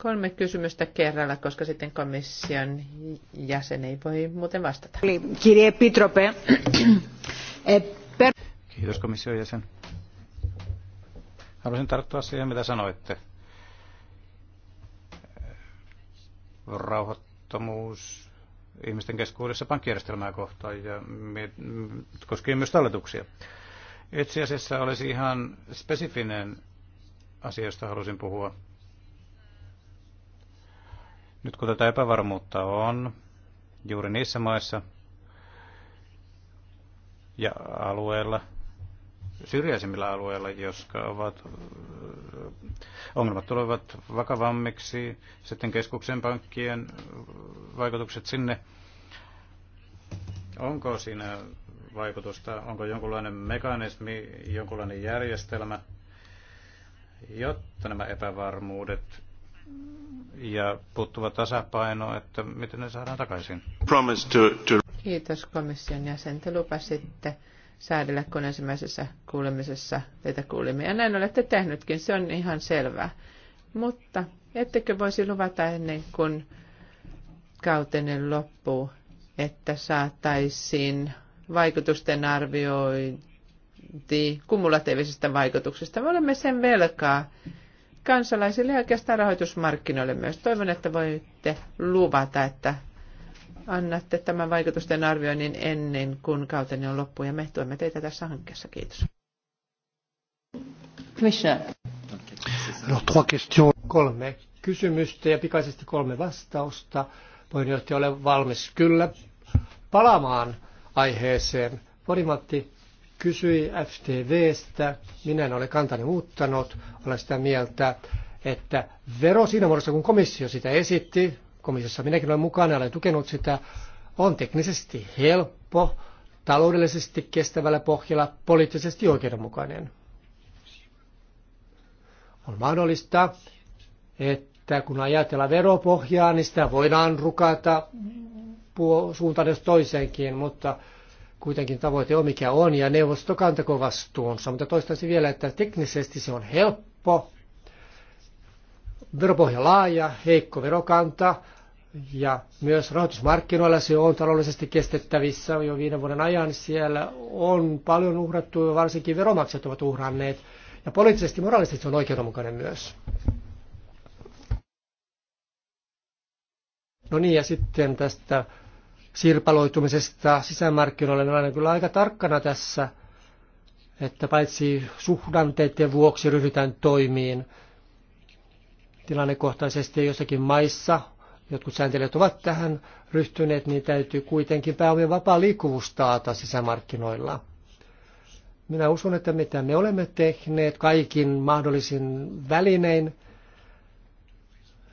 Kolme kysymystä kerralla, koska sitten komission jäsen ei voi muuten vastata. Kirje Pitrope, Eh, per... Kiitos komission jäsen. Haluaisin tarttua siihen, mitä sanoitte. Rauhattomuus ihmisten keskuudessa pankkijärjestelmää kohtaan ja koskee myös talletuksia. Itse asiassa olisi ihan spesifinen asia, josta halusin puhua. Nyt kun tätä epävarmuutta on juuri niissä maissa, ja alueella, syrjäisimmillä alueilla, jotka ovat, ongelmat tulevat vakavammiksi, sitten keskuksen pankkien vaikutukset sinne. Onko siinä vaikutusta, onko jonkinlainen mekanismi, jonkinlainen järjestelmä, jotta nämä epävarmuudet ja puuttuva tasapaino, että miten ne saadaan takaisin? Promise to, to... Kiitos komission jäsen. Te lupasitte säädellä, kun ensimmäisessä kuulemisessa teitä kuulimme. Ja näin olette tehnytkin, se on ihan selvää. Mutta ettekö voisi luvata ennen kuin kautenen loppuu, että saataisiin vaikutusten arviointi kumulatiivisista vaikutuksista. Me olemme sen velkaa kansalaisille ja oikeastaan rahoitusmarkkinoille myös. Toivon, että voitte luvata, että annatte tämän vaikutusten arvioinnin ennen kuin kauteni on loppu ja me tuemme teitä tässä hankkeessa. Kiitos. No, kolme kysymystä ja pikaisesti kolme vastausta. Puheenjohtaja, ole valmis kyllä palaamaan aiheeseen. Porimatti kysyi FTVstä. Minä en ole kantani muuttanut. Olen sitä mieltä, että vero siinä muodossa, kun komissio sitä esitti, rikkomisessa. minäkin olen mukana, olen tukenut sitä, on teknisesti helppo, taloudellisesti kestävällä pohjalla, poliittisesti oikeudenmukainen. On mahdollista, että kun ajatellaan veropohjaa, niin sitä voidaan rukata suuntaan jos toiseenkin, mutta kuitenkin tavoite on mikä on, ja neuvosto kantako vastuunsa. Mutta toistaisin vielä, että teknisesti se on helppo, veropohja laaja, heikko verokanta, ja myös rahoitusmarkkinoilla se on taloudellisesti kestettävissä jo viiden vuoden ajan. Siellä on paljon uhrattu varsinkin veromaksajat ovat uhranneet. Ja poliittisesti moraalisesti se on oikeudenmukainen myös. No niin, ja sitten tästä sirpaloitumisesta sisämarkkinoille. Me ollaan kyllä aika tarkkana tässä, että paitsi suhdanteiden vuoksi ryhdytään toimiin tilannekohtaisesti jossakin maissa, jotkut sääntelijät ovat tähän ryhtyneet, niin täytyy kuitenkin pääomien vapaa liikkuvuus taata sisämarkkinoilla. Minä uskon, että mitä me olemme tehneet kaikin mahdollisin välinein,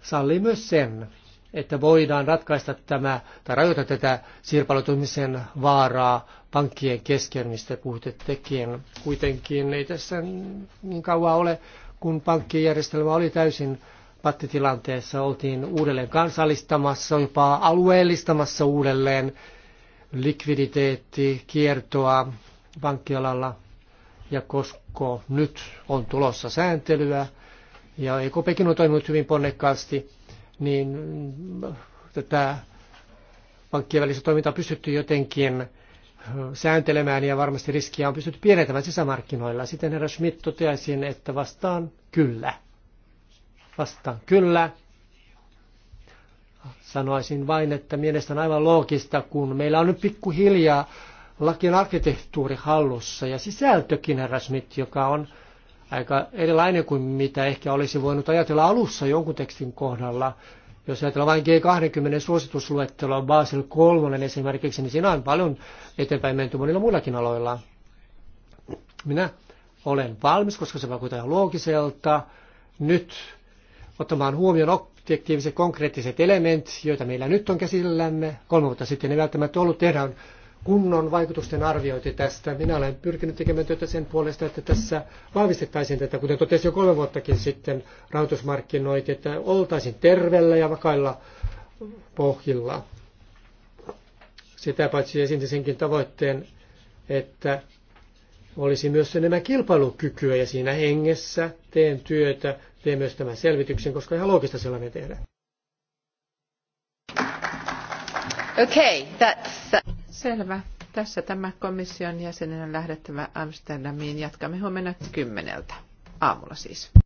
sallii myös sen, että voidaan ratkaista tämä tai rajoita tätä sirpaloitumisen vaaraa pankkien kesken, mistä puhutte tekin. Kuitenkin ei tässä niin kauan ole, kun pankkijärjestelmä oli täysin pattitilanteessa oltiin uudelleen kansallistamassa, jopa alueellistamassa uudelleen likviditeetti, kiertoa pankkialalla. Ja koska nyt on tulossa sääntelyä ja EKPkin on toiminut hyvin ponnekkaasti, niin tätä pankkien välistä toimintaa on pystytty jotenkin sääntelemään ja varmasti riskiä on pystytty pienentämään sisämarkkinoilla. sitten herra Schmidt toteaisin, että vastaan kyllä. Vastaan kyllä. Sanoisin vain, että mielestäni on aivan loogista, kun meillä on nyt pikkuhiljaa lakin arkkitehtuuri hallussa ja sisältökin, herra Smith, joka on aika erilainen kuin mitä ehkä olisi voinut ajatella alussa jonkun tekstin kohdalla. Jos ajatellaan vain G20 suositusluetteloa Basel 3 esimerkiksi, niin siinä on paljon eteenpäin menty monilla muillakin aloilla. Minä olen valmis, koska se vaikuttaa loogiselta. Nyt ottamaan huomioon objektiiviset konkreettiset elementit, joita meillä nyt on käsillämme. Kolme vuotta sitten ei välttämättä ollut tehdä kunnon vaikutusten arviointi tästä. Minä olen pyrkinyt tekemään työtä sen puolesta, että tässä vahvistettaisiin tätä, kuten totesin jo kolme vuottakin sitten rahoitusmarkkinoita, että oltaisiin terveellä ja vakailla pohjilla. Sitä paitsi esitin senkin tavoitteen, että olisi myös enemmän kilpailukykyä ja siinä hengessä teen työtä tee myös tämän selvityksen, koska ihan loogista sellainen tehdään. Okay, that's... Selvä. Tässä tämä komission jäsenenä lähdettävä Amsterdamiin. Jatkamme huomenna kymmeneltä. Aamulla siis.